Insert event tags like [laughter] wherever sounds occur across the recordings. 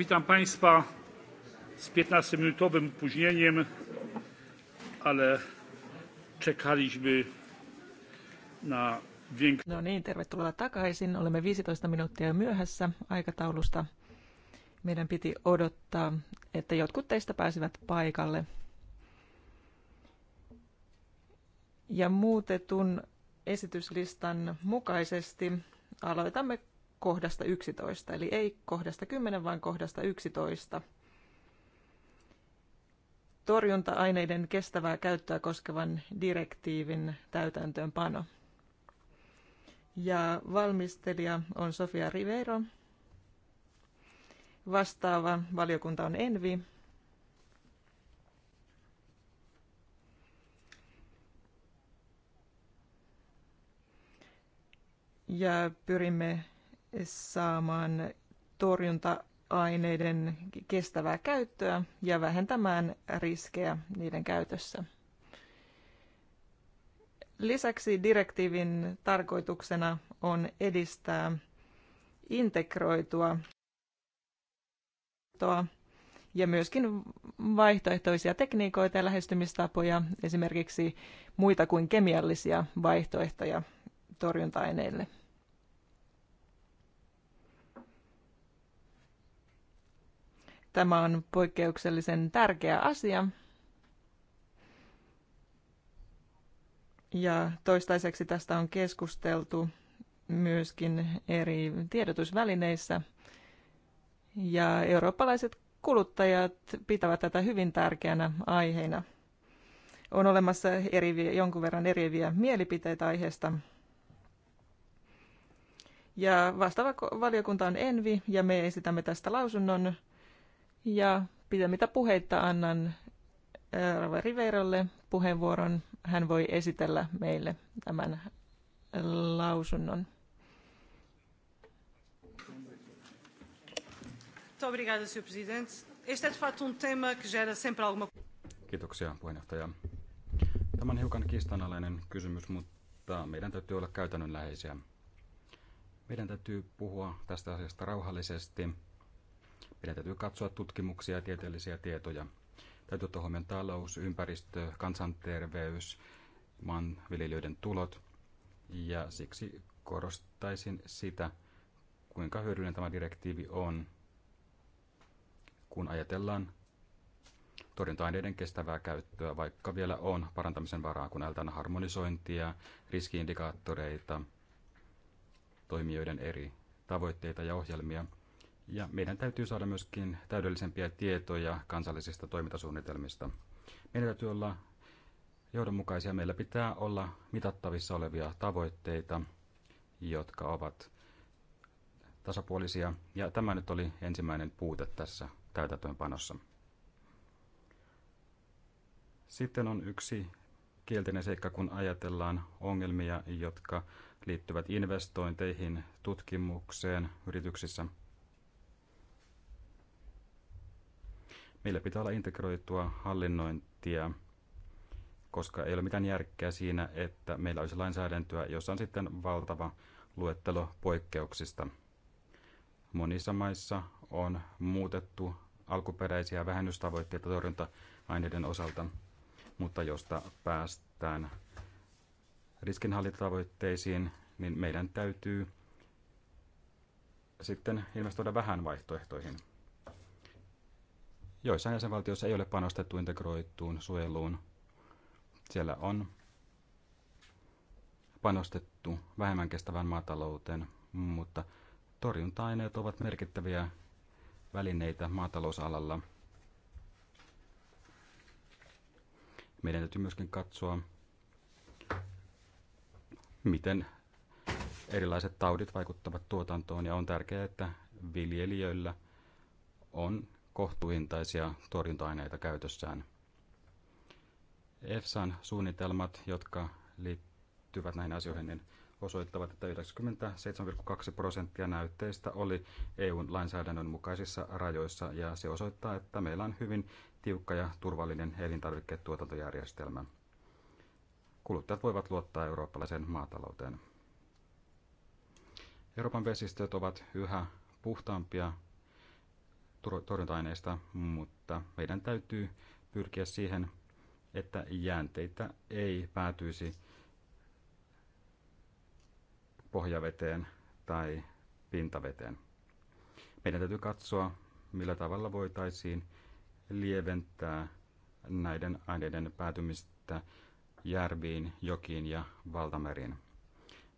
Witam Państwa z 15-minutowym opóźnieniem, ale czekaliśmy na większą... No niin, tervetuloa takaisin. Olemme 15 minuuttia myöhässä aikataulusta. Meidän piti odottaa, että jotkut teistä pääsivät paikalle. Ja muutetun esityslistan mukaisesti aloitamme kohdasta 11, eli ei kohdasta 10, vaan kohdasta 11. Torjunta-aineiden kestävää käyttöä koskevan direktiivin täytäntöönpano. Ja valmistelija on Sofia Rivero. Vastaava valiokunta on Envi. Ja pyrimme saamaan torjunta-aineiden kestävää käyttöä ja vähentämään riskejä niiden käytössä. Lisäksi direktiivin tarkoituksena on edistää integroitua ja myöskin vaihtoehtoisia tekniikoita ja lähestymistapoja, esimerkiksi muita kuin kemiallisia vaihtoehtoja torjunta-aineille. Tämä on poikkeuksellisen tärkeä asia. Ja toistaiseksi tästä on keskusteltu myöskin eri tiedotusvälineissä. Ja eurooppalaiset kuluttajat pitävät tätä hyvin tärkeänä aiheena. On olemassa eri, jonkun verran eriviä mielipiteitä aiheesta. Ja vastaava valiokunta on Envi, ja me esitämme tästä lausunnon ja pitämitä puheita annan eh, Rava Riveirolle puheenvuoron. Hän voi esitellä meille tämän lausunnon. Um Kiitoksia puheenjohtaja. Tämä on hiukan kiistanalainen kysymys, mutta meidän täytyy olla käytännönläheisiä. Meidän täytyy puhua tästä asiasta rauhallisesti meidän täytyy katsoa tutkimuksia ja tieteellisiä tietoja. Täytyy ottaa huomioon talous, ympäristö, kansanterveys, maanviljelijöiden tulot. Ja siksi korostaisin sitä, kuinka hyödyllinen tämä direktiivi on, kun ajatellaan torjunta-aineiden kestävää käyttöä, vaikka vielä on parantamisen varaa, kun ajatellaan harmonisointia, riskiindikaattoreita, toimijoiden eri tavoitteita ja ohjelmia – ja meidän täytyy saada myöskin täydellisempiä tietoja kansallisista toimintasuunnitelmista. Meidän täytyy olla johdonmukaisia. Meillä pitää olla mitattavissa olevia tavoitteita, jotka ovat tasapuolisia. Ja tämä nyt oli ensimmäinen puute tässä täytäntöönpanossa. Sitten on yksi kielteinen seikka, kun ajatellaan ongelmia, jotka liittyvät investointeihin, tutkimukseen yrityksissä – Meillä pitää olla integroitua hallinnointia, koska ei ole mitään järkeä siinä, että meillä olisi lainsäädäntöä, jossa on sitten valtava luettelo poikkeuksista. Monissa maissa on muutettu alkuperäisiä vähennystavoitteita torjunta-aineiden osalta, mutta josta päästään riskinhallintatavoitteisiin, niin meidän täytyy sitten investoida vähän vaihtoehtoihin joissain jäsenvaltioissa ei ole panostettu integroituun suojeluun. Siellä on panostettu vähemmän kestävän maatalouteen, mutta torjunta-aineet ovat merkittäviä välineitä maatalousalalla. Meidän täytyy myöskin katsoa, miten erilaiset taudit vaikuttavat tuotantoon ja on tärkeää, että viljelijöillä on kohtuuhintaisia torjunta-aineita käytössään. EFSAn suunnitelmat, jotka liittyvät näihin asioihin, niin osoittavat, että 97,2 prosenttia näytteistä oli EUn lainsäädännön mukaisissa rajoissa, ja se osoittaa, että meillä on hyvin tiukka ja turvallinen elintarviketuotantojärjestelmä. Kuluttajat voivat luottaa eurooppalaiseen maatalouteen. Euroopan vesistöt ovat yhä puhtaampia torjunta-aineista, mutta meidän täytyy pyrkiä siihen, että jäänteitä ei päätyisi pohjaveteen tai pintaveteen. Meidän täytyy katsoa, millä tavalla voitaisiin lieventää näiden aineiden päätymistä järviin, jokiin ja valtameriin.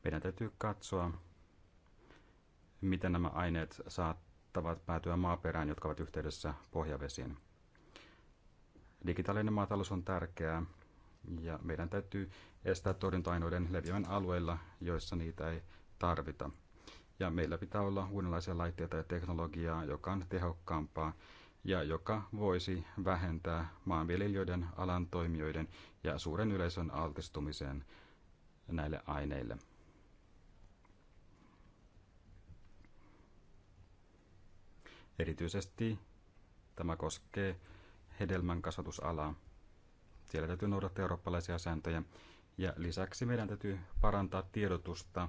Meidän täytyy katsoa, miten nämä aineet saattavat saattavat päätyä maaperään, jotka ovat yhteydessä pohjavesiin. Digitaalinen maatalous on tärkeää ja meidän täytyy estää torjunta-aineiden leviämään alueilla, joissa niitä ei tarvita. Ja meillä pitää olla uudenlaisia laitteita ja teknologiaa, joka on tehokkaampaa ja joka voisi vähentää maanviljelijöiden, alan toimijoiden ja suuren yleisön altistumiseen näille aineille. Erityisesti tämä koskee hedelmän kasvatusalaa. Siellä täytyy noudattaa eurooppalaisia sääntöjä. Ja lisäksi meidän täytyy parantaa tiedotusta,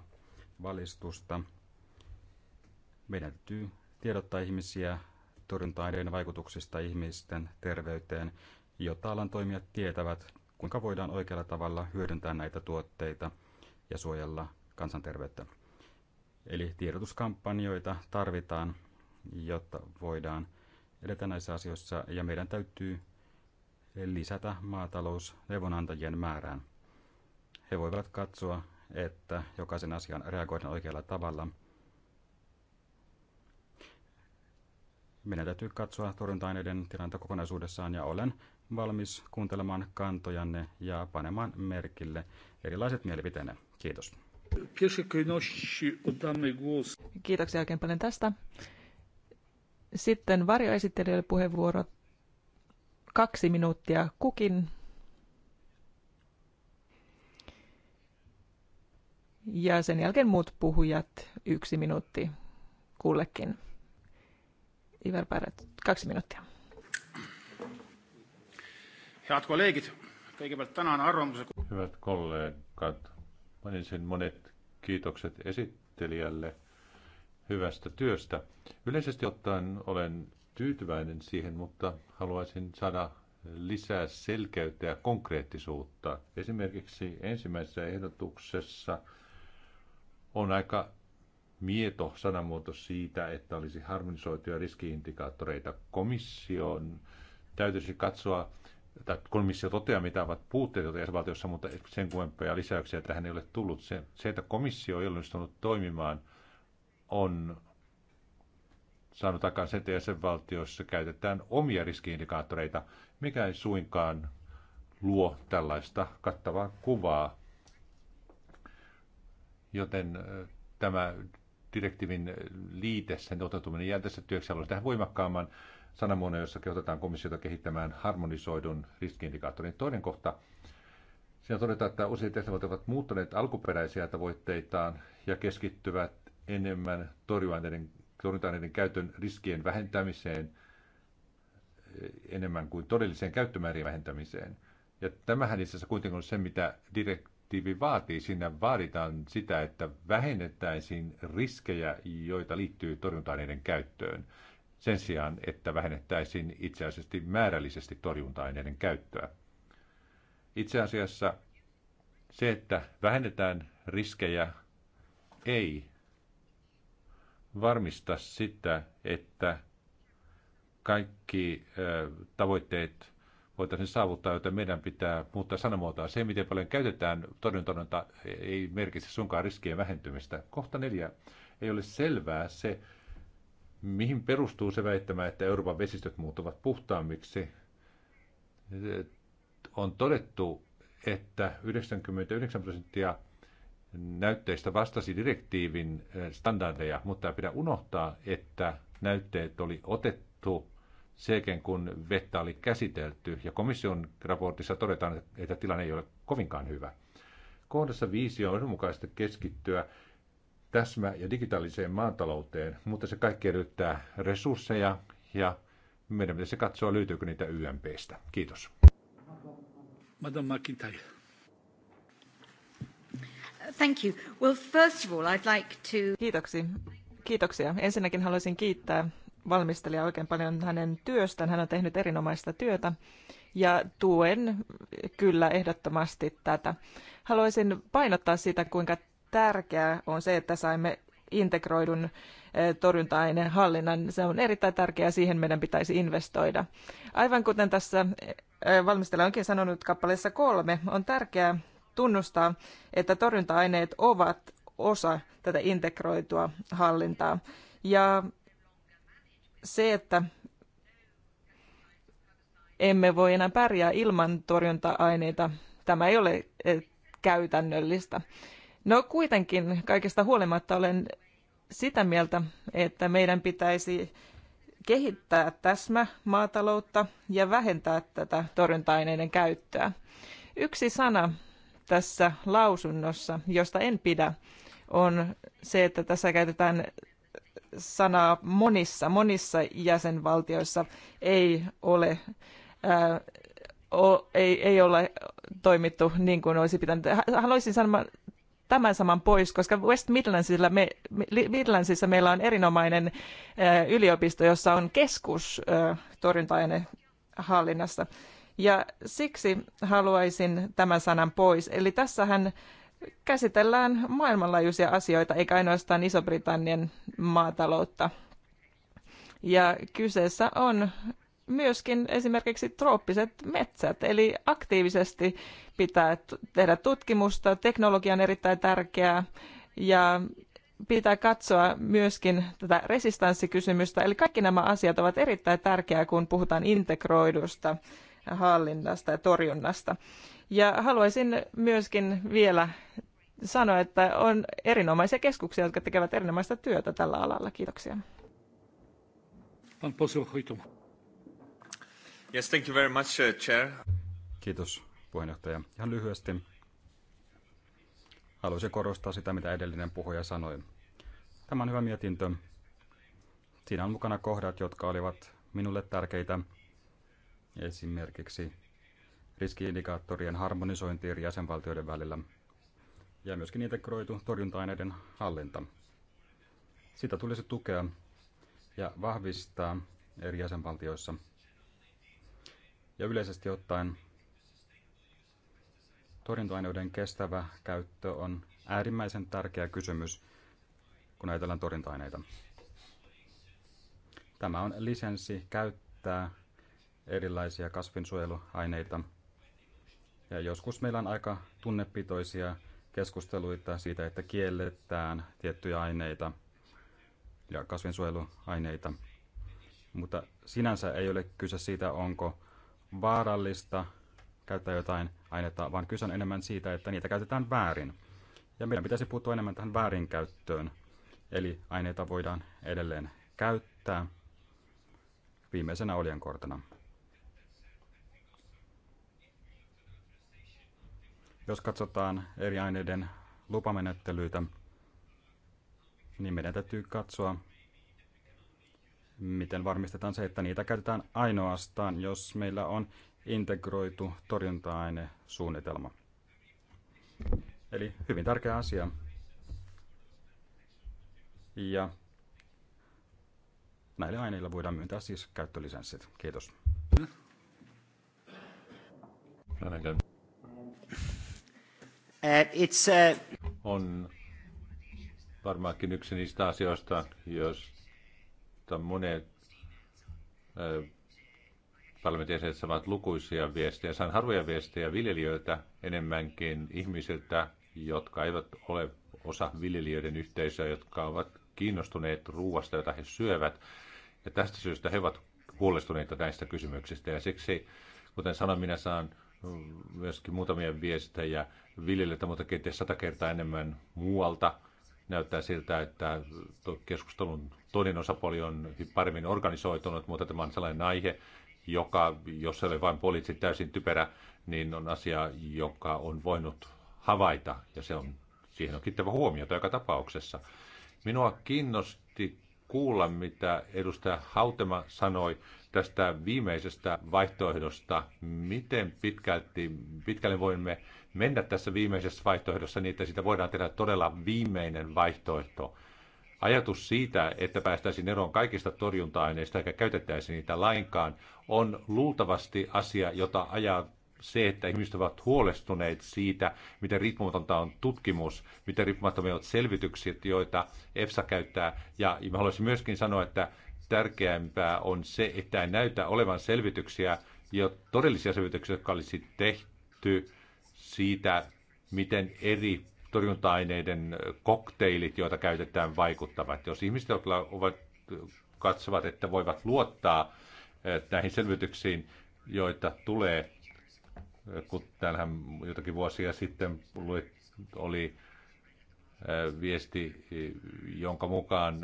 valistusta. Meidän täytyy tiedottaa ihmisiä torjunta-aineiden vaikutuksista ihmisten terveyteen, jotta alan toimijat tietävät, kuinka voidaan oikealla tavalla hyödyntää näitä tuotteita ja suojella kansanterveyttä. Eli tiedotuskampanjoita tarvitaan jotta voidaan edetä näissä asioissa ja meidän täytyy lisätä maatalousneuvonantajien määrään. He voivat katsoa, että jokaisen asian reagoidaan oikealla tavalla. Meidän täytyy katsoa torjunta-aineiden tilannetta kokonaisuudessaan ja olen valmis kuuntelemaan kantojanne ja panemaan merkille erilaiset mielipiteenne. Kiitos. Kiitoksia oikein paljon tästä. Sitten varjoesittelijöille puheenvuoro. Kaksi minuuttia kukin. Ja sen jälkeen muut puhujat yksi minuutti kullekin. Iver Paret, kaksi minuuttia. Hyvät kollegit, tänään arvomuksen. Hyvät kollegat, panisin monet kiitokset esittelijälle hyvästä työstä. Yleisesti ottaen olen tyytyväinen siihen, mutta haluaisin saada lisää selkeyttä ja konkreettisuutta. Esimerkiksi ensimmäisessä ehdotuksessa on aika mieto sanamuoto siitä, että olisi harmonisoituja riskiindikaattoreita. Komission täytyisi katsoa, tai komissio toteaa, mitä ovat puutteet jäsenvaltiossa, mutta sen ja lisäyksiä tähän ei ole tullut. Se, se että komissio ei onnistunut toimimaan – on saanut aikaan sen, että jäsenvaltioissa käytetään omia riskiindikaattoreita, mikä ei suinkaan luo tällaista kattavaa kuvaa. Joten tämä direktiivin liite, sen toteutuminen jää tässä työksi tähän voimakkaamman sanamuodon, jossa kehotetaan komissiota kehittämään harmonisoidun riskiindikaattorin. Toinen kohta, siinä todetaan, että useat tehtävät ovat muuttaneet alkuperäisiä tavoitteitaan ja keskittyvät enemmän torjunta-aineiden, käytön riskien vähentämiseen enemmän kuin todelliseen käyttömäärien vähentämiseen. Ja tämähän itse asiassa kuitenkin on se, mitä direktiivi vaatii. Siinä vaaditaan sitä, että vähennettäisiin riskejä, joita liittyy torjunta-aineiden käyttöön. Sen sijaan, että vähennettäisiin itse asiassa määrällisesti torjunta-aineiden käyttöä. Itse asiassa se, että vähennetään riskejä, ei varmistaa sitä, että kaikki tavoitteet voitaisiin saavuttaa, joita meidän pitää muuttaa sanamuotoa. Se, miten paljon käytetään todennäköisesti ei merkitse sunkaan riskien vähentymistä. Kohta neljä. Ei ole selvää se, mihin perustuu se väittämä, että Euroopan vesistöt muuttuvat puhtaammiksi. On todettu, että 99 prosenttia näytteistä vastasi direktiivin eh, standardeja, mutta pidä unohtaa, että näytteet oli otettu sekin, kun vettä oli käsitelty, ja komission raportissa todetaan, että tilanne ei ole kovinkaan hyvä. Kohdassa viisi on mukaista keskittyä täsmä- ja digitaaliseen maatalouteen, mutta se kaikki edellyttää resursseja, ja meidän pitäisi katsoa, löytyykö niitä YMPstä. Kiitos. Madame McIntyre. Kiitoksi. Kiitoksia. Ensinnäkin haluaisin kiittää valmistelija oikein paljon hänen työstään. Hän on tehnyt erinomaista työtä ja tuen kyllä ehdottomasti tätä. Haluaisin painottaa sitä, kuinka tärkeää on se, että saimme integroidun eh, torjunta-aineen hallinnan. Se on erittäin tärkeää, siihen meidän pitäisi investoida. Aivan kuten tässä eh, valmistelija onkin sanonut kappaleessa kolme, on tärkeää, tunnustaa, että torjunta-aineet ovat osa tätä integroitua hallintaa. Ja se, että emme voi enää pärjää ilman torjunta-aineita, tämä ei ole e, käytännöllistä. No kuitenkin kaikesta huolimatta olen sitä mieltä, että meidän pitäisi kehittää täsmä maataloutta ja vähentää tätä torjunta-aineiden käyttöä. Yksi sana, tässä lausunnossa, josta en pidä, on se, että tässä käytetään sanaa monissa. Monissa jäsenvaltioissa ei ole, ää, o, ei, ei ole toimittu niin kuin olisi pitänyt. Haluaisin sanoa tämän saman pois, koska West Midlandsilla me, Midlandsissa meillä on erinomainen ää, yliopisto, jossa on keskus ää, torjunta ainehallinnassa hallinnassa. Ja siksi haluaisin tämän sanan pois. Eli tässähän käsitellään maailmanlaajuisia asioita, eikä ainoastaan Iso-Britannian maataloutta. Ja kyseessä on myöskin esimerkiksi trooppiset metsät, eli aktiivisesti pitää tehdä tutkimusta, teknologia on erittäin tärkeää ja pitää katsoa myöskin tätä resistanssikysymystä, eli kaikki nämä asiat ovat erittäin tärkeää, kun puhutaan integroidusta hallinnasta ja torjunnasta. Ja haluaisin myöskin vielä sanoa, että on erinomaisia keskuksia, jotka tekevät erinomaista työtä tällä alalla. Kiitoksia. Yes, thank you very much, uh, chair. Kiitos puheenjohtaja. Ihan lyhyesti haluaisin korostaa sitä, mitä edellinen puhuja sanoi. Tämä on hyvä mietintö. Siinä on mukana kohdat, jotka olivat minulle tärkeitä esimerkiksi riskiindikaattorien harmonisointi eri jäsenvaltioiden välillä ja myöskin integroitu torjunta-aineiden hallinta. Sitä tulisi tukea ja vahvistaa eri jäsenvaltioissa. Ja yleisesti ottaen torjunta-aineiden kestävä käyttö on äärimmäisen tärkeä kysymys, kun ajatellaan torjunta-aineita. Tämä on lisenssi käyttää erilaisia kasvinsuojeluaineita. Ja joskus meillä on aika tunnepitoisia keskusteluita siitä, että kielletään tiettyjä aineita ja kasvinsuojeluaineita. Mutta sinänsä ei ole kyse siitä, onko vaarallista käyttää jotain ainetta, vaan kyse on enemmän siitä, että niitä käytetään väärin. Ja meidän pitäisi puuttua enemmän tähän väärinkäyttöön. Eli aineita voidaan edelleen käyttää viimeisenä oljenkortena. Jos katsotaan eri aineiden lupamenettelyitä, niin meidän täytyy katsoa, miten varmistetaan se, että niitä käytetään ainoastaan, jos meillä on integroitu torjunta-ainesuunnitelma. Eli hyvin tärkeä asia. Ja näille aineille voidaan myöntää siis käyttölisenssit. Kiitos. Mm. Uh, it's, uh... On varmaankin yksi niistä asioista, joista monet uh, parlamentin saavat lukuisia viestejä. Saan harvoja viestejä viljelijöiltä enemmänkin ihmisiltä, jotka eivät ole osa viljelijöiden yhteisöä, jotka ovat kiinnostuneet ruuasta, jota he syövät. Ja tästä syystä he ovat huolestuneita näistä kysymyksistä. Ja siksi, kuten sanoin, minä saan myöskin muutamia viestejä viljelijöiltä, mutta kenties sata kertaa enemmän muualta. Näyttää siltä, että keskustelun toinen osapuoli on paremmin organisoitunut, mutta tämä on sellainen aihe, joka, jos se ole vain poliitsi täysin typerä, niin on asia, joka on voinut havaita, ja se on, siihen on kittävä huomiota joka tapauksessa. Minua kiinnosti kuulla, mitä edustaja Hautema sanoi tästä viimeisestä vaihtoehdosta. Miten pitkälti, pitkälle voimme mennä tässä viimeisessä vaihtoehdossa niin, että siitä voidaan tehdä todella viimeinen vaihtoehto? Ajatus siitä, että päästäisiin eroon kaikista torjunta-aineista eikä käytettäisi niitä lainkaan, on luultavasti asia, jota ajaa se, että ihmiset ovat huolestuneet siitä, miten riippumatonta on tutkimus, miten riippumattomia ovat selvitykset, joita EFSA käyttää. Ja mä haluaisin myöskin sanoa, että tärkeämpää on se, että ei näytä olevan selvityksiä ja todellisia selvityksiä, jotka olisi tehty siitä, miten eri torjunta-aineiden kokteilit, joita käytetään, vaikuttavat. Jos ihmiset, ovat, katsovat, että voivat luottaa eh, näihin selvityksiin, joita tulee, eh, kun täällähän jotakin vuosia sitten oli eh, viesti, jonka mukaan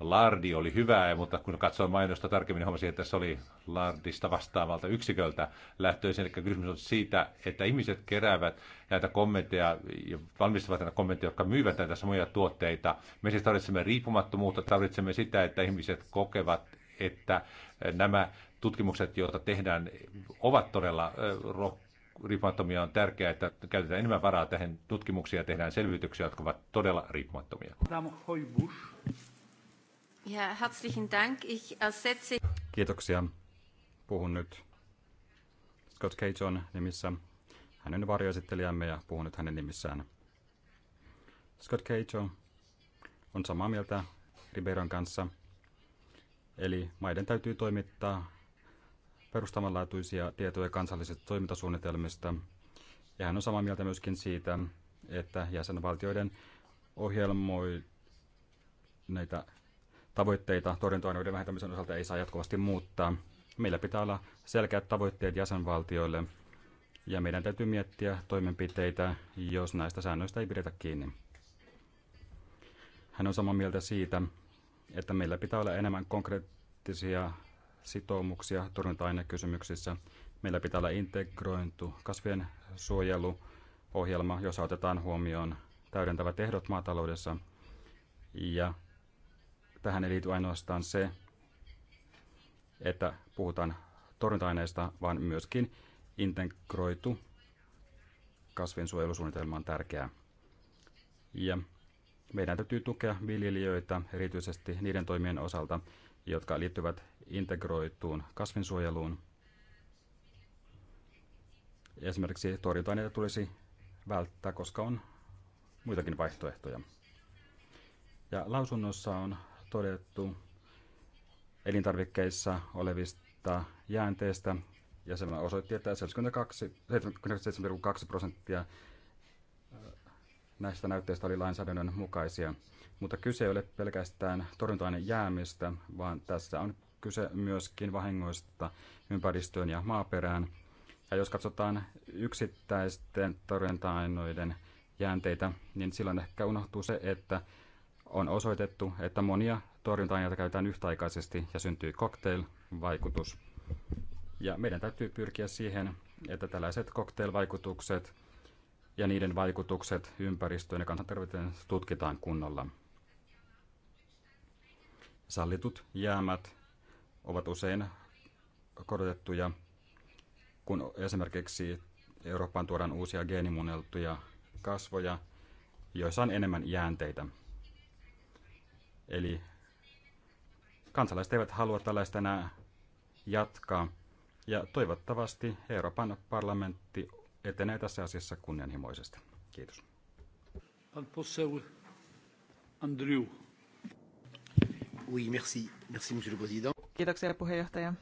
Lardi oli hyvää, mutta kun katsoin mainosta tarkemmin, niin huomasin, että se oli Lardista vastaavalta yksiköltä lähtöisin. Eli kysymys on siitä, että ihmiset keräävät näitä kommentteja ja valmistavat näitä kommentteja, jotka myyvät näitä samoja tuotteita. Me siis tarvitsemme riippumattomuutta, tarvitsemme sitä, että ihmiset kokevat, että nämä tutkimukset, joita tehdään, ovat todella riippumattomia. On tärkeää, että käytetään enemmän varaa tähän tutkimuksiin ja tehdään selvityksiä, jotka ovat todella riippumattomia. Ja, herzlichen Dank. Ich ersetze... Kiitoksia. Puhun nyt Scott Cajon nimissä. Hänen varjoesittelijämme ja puhun nyt hänen nimissään. Scott Cajon on samaa mieltä Riberon kanssa. Eli maiden täytyy toimittaa perustavanlaatuisia tietoja kansallisista toimintasuunnitelmista. Ja hän on samaa mieltä myöskin siitä, että jäsenvaltioiden ohjelmoi näitä tavoitteita torjuntoaineiden vähentämisen osalta ei saa jatkuvasti muuttaa. Meillä pitää olla selkeät tavoitteet jäsenvaltioille ja meidän täytyy miettiä toimenpiteitä, jos näistä säännöistä ei pidetä kiinni. Hän on samaa mieltä siitä, että meillä pitää olla enemmän konkreettisia sitoumuksia torjunta-ainekysymyksissä. Meillä pitää olla integrointu kasvien suojeluohjelma, jossa otetaan huomioon täydentävät ehdot maataloudessa ja tähän ei liity ainoastaan se, että puhutaan torjunta-aineista, vaan myöskin integroitu kasvinsuojelusuunnitelma on tärkeää. Ja meidän täytyy tukea viljelijöitä erityisesti niiden toimien osalta, jotka liittyvät integroituun kasvinsuojeluun. Esimerkiksi torjunta-aineita tulisi välttää, koska on muitakin vaihtoehtoja. Ja lausunnossa on todettu elintarvikkeissa olevista jäänteistä, ja se osoitti, että 77,2 prosenttia äh, näistä näytteistä oli lainsäädännön mukaisia. Mutta kyse ei ole pelkästään torjunta-aineen jäämistä, vaan tässä on kyse myöskin vahingoista ympäristöön ja maaperään. Ja jos katsotaan yksittäisten torjunta ainoiden jäänteitä, niin silloin ehkä unohtuu se, että on osoitettu, että monia torjunta-aineita käytetään yhtäaikaisesti ja syntyy cocktail-vaikutus. Ja meidän täytyy pyrkiä siihen, että tällaiset cocktail-vaikutukset ja niiden vaikutukset ympäristöön ja kansanterveyteen tutkitaan kunnolla. Sallitut jäämät ovat usein korotettuja, kun esimerkiksi Eurooppaan tuodaan uusia geenimuunneltuja kasvoja, joissa on enemmän jäänteitä. Eli kansalaiset eivät halua tällaista enää jatkaa. Ja toivottavasti Euroopan parlamentti etenee tässä asiassa kunnianhimoisesti. Kiitos. Andrew. Oui, merci. Merci, le Kiitoksia, puheenjohtaja.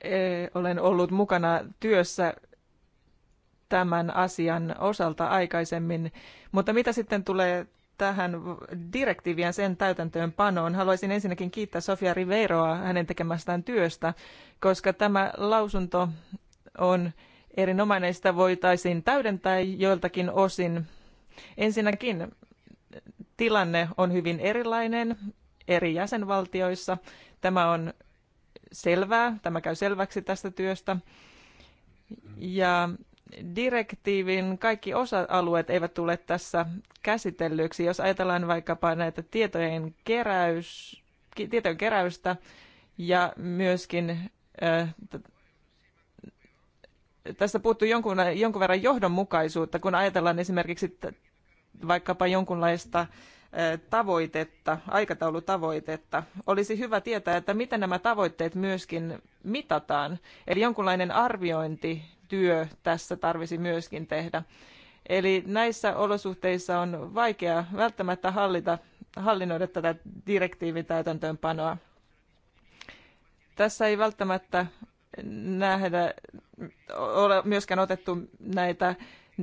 E, olen ollut mukana työssä tämän asian osalta aikaisemmin. Mutta mitä sitten tulee tähän direktiivien sen täytäntöönpanoon. Haluaisin ensinnäkin kiittää Sofia Riveroa hänen tekemästään työstä, koska tämä lausunto on erinomainen. Sitä voitaisiin täydentää joiltakin osin. Ensinnäkin tilanne on hyvin erilainen eri jäsenvaltioissa. Tämä on selvää, tämä käy selväksi tästä työstä. Ja direktiivin kaikki osa-alueet eivät tule tässä käsitellyksi. Jos ajatellaan vaikkapa näitä tietojen, keräys, tietojen keräystä ja myöskin tässä puuttuu jonkun, jonkun verran johdonmukaisuutta, kun ajatellaan esimerkiksi vaikkapa jonkunlaista tavoitetta, aikataulutavoitetta. Olisi hyvä tietää, että miten nämä tavoitteet myöskin mitataan. Eli jonkunlainen arviointi työ tässä tarvisi myöskin tehdä. Eli näissä olosuhteissa on vaikea välttämättä hallita, hallinnoida tätä direktiivin täytäntöönpanoa. Tässä ei välttämättä nähdä, ole myöskään otettu näitä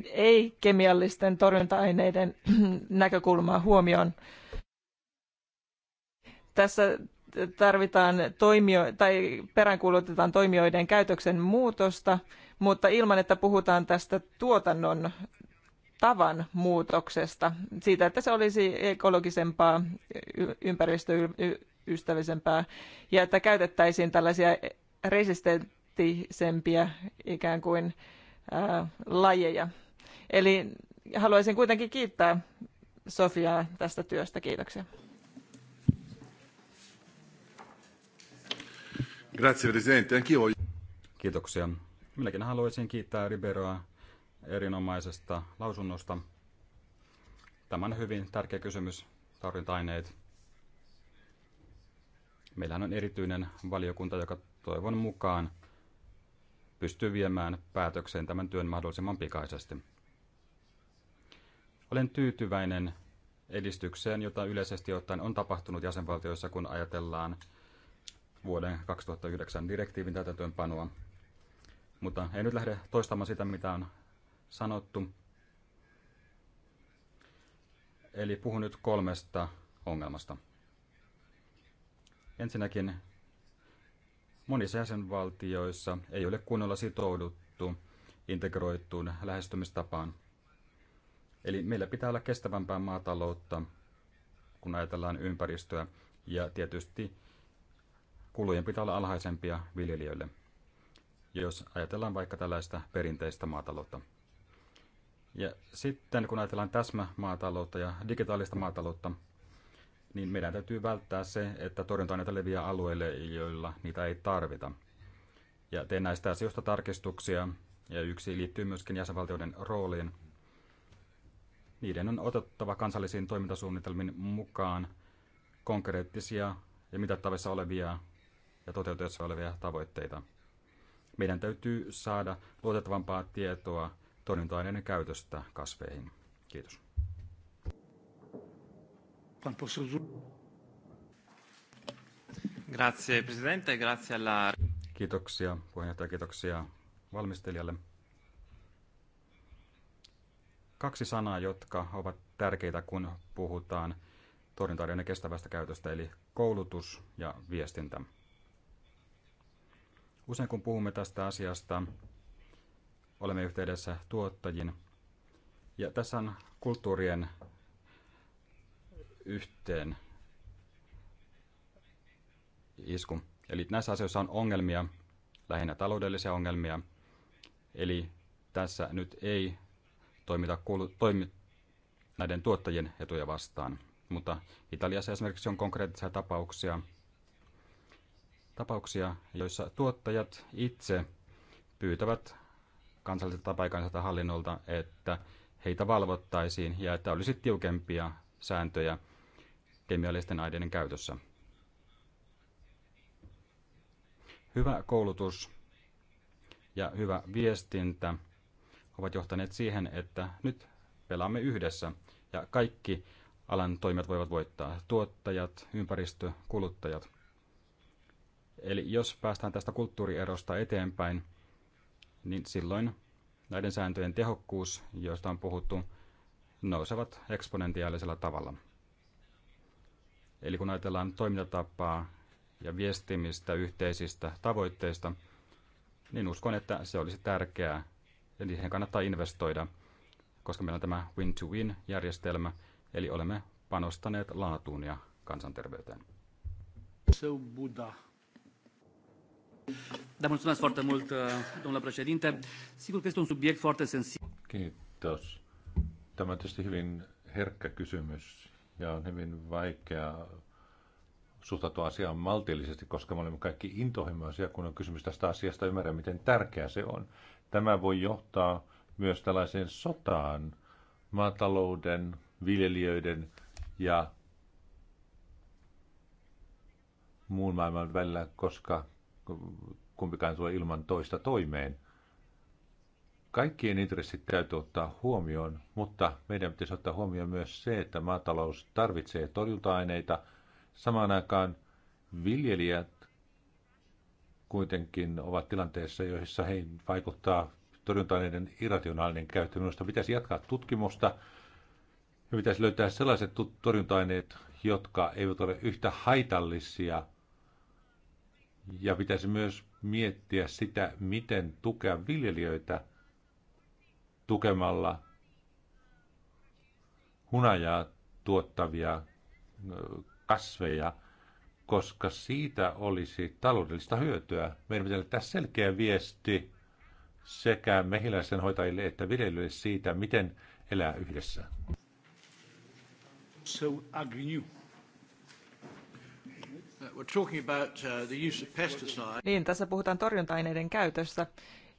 ei-kemiallisten torjunta-aineiden [clears throat] näkökulmaa huomioon. Tässä tarvitaan toimio- tai peräänkuulutetaan toimijoiden käytöksen muutosta mutta ilman, että puhutaan tästä tuotannon tavan muutoksesta, siitä, että se olisi ekologisempaa, ympäristöystävällisempää ja että käytettäisiin tällaisia resistenttisempiä ikään kuin ää, lajeja. Eli haluaisin kuitenkin kiittää Sofiaa tästä työstä. Kiitoksia. Grazie Presidente, anch'io voglio... Kiitoksia. Minäkin haluaisin kiittää Riberoa erinomaisesta lausunnosta. Tämä on hyvin tärkeä kysymys, tarvintaineet. Meillähän on erityinen valiokunta, joka toivon mukaan pystyy viemään päätökseen tämän työn mahdollisimman pikaisesti. Olen tyytyväinen edistykseen, jota yleisesti ottaen on tapahtunut jäsenvaltioissa, kun ajatellaan vuoden 2009 direktiivin täytäntöönpanoa. Mutta en nyt lähde toistamaan sitä, mitä on sanottu. Eli puhun nyt kolmesta ongelmasta. Ensinnäkin monissa jäsenvaltioissa ei ole kunnolla sitouduttu integroittuun lähestymistapaan. Eli meillä pitää olla kestävämpää maataloutta, kun ajatellaan ympäristöä, ja tietysti kulujen pitää olla alhaisempia viljelijöille jos ajatellaan vaikka tällaista perinteistä maataloutta. Ja sitten kun ajatellaan täsmämaataloutta ja digitaalista maataloutta, niin meidän täytyy välttää se, että torjunta-aineita leviää alueille, joilla niitä ei tarvita. Ja teen näistä asioista tarkistuksia, ja yksi liittyy myöskin jäsenvaltioiden rooliin. Niiden on otettava kansallisiin toimintasuunnitelmiin mukaan konkreettisia ja mitattavissa olevia ja toteutuessa olevia tavoitteita. Meidän täytyy saada luotettavampaa tietoa torjunta-aineiden käytöstä kasveihin. Kiitos. Grazie Presidente, grazie alla... Kiitoksia puheenjohtaja, kiitoksia valmistelijalle. Kaksi sanaa, jotka ovat tärkeitä, kun puhutaan torjunta kestävästä käytöstä, eli koulutus ja viestintä. Usein kun puhumme tästä asiasta, olemme yhteydessä tuottajin Ja tässä on kulttuurien yhteen isku. Eli näissä asioissa on ongelmia, lähinnä taloudellisia ongelmia. Eli tässä nyt ei toimita kuulu, toimi näiden tuottajien etuja vastaan. Mutta Italiassa esimerkiksi on konkreettisia tapauksia, tapauksia, joissa tuottajat itse pyytävät kansalliselta paikalliselta hallinnolta, että heitä valvottaisiin ja että olisi tiukempia sääntöjä kemiallisten aineiden käytössä. Hyvä koulutus ja hyvä viestintä ovat johtaneet siihen, että nyt pelaamme yhdessä ja kaikki alan toimijat voivat voittaa, tuottajat, ympäristö, kuluttajat. Eli jos päästään tästä kulttuurierosta eteenpäin, niin silloin näiden sääntöjen tehokkuus, joista on puhuttu, nousevat eksponentiaalisella tavalla. Eli kun ajatellaan toimintatapaa ja viestimistä yhteisistä tavoitteista, niin uskon, että se olisi tärkeää. Eli siihen kannattaa investoida, koska meillä on tämä win-to-win-järjestelmä, eli olemme panostaneet laatuun ja kansanterveyteen. So Buddha. Da, Mulțumesc foarte mult, uh, domnule președinte. Sigur că este un subiect foarte sensibil. Kiitos. Tämä on tietysti hyvin herkkä kysymys ja on hyvin vaikea suhtautua asiaan maltillisesti, koska me olemme kaikki intohimoisia, kun on kysymys tästä asiasta, ymmärrä miten tärkeä se on. Tämä voi johtaa myös tällaiseen sotaan maatalouden, viljelijöiden ja muun maailman välillä, koska kumpikaan tule ilman toista toimeen. Kaikkien intressit täytyy ottaa huomioon, mutta meidän pitäisi ottaa huomioon myös se, että maatalous tarvitsee torjunta-aineita. Samaan aikaan viljelijät kuitenkin ovat tilanteessa, joissa heihin vaikuttaa torjunta-aineiden irrationaalinen käyttö. Minusta pitäisi jatkaa tutkimusta ja pitäisi löytää sellaiset torjunta-aineet, jotka eivät ole yhtä haitallisia – ja pitäisi myös miettiä sitä, miten tukea viljelijöitä tukemalla hunajaa tuottavia kasveja, koska siitä olisi taloudellista hyötyä. Meidän pitää tehdä selkeä viesti sekä mehiläisten hoitajille että viljelijöille siitä, miten elää yhdessä. So agree. Uh, niin, tässä puhutaan torjunta-aineiden käytössä.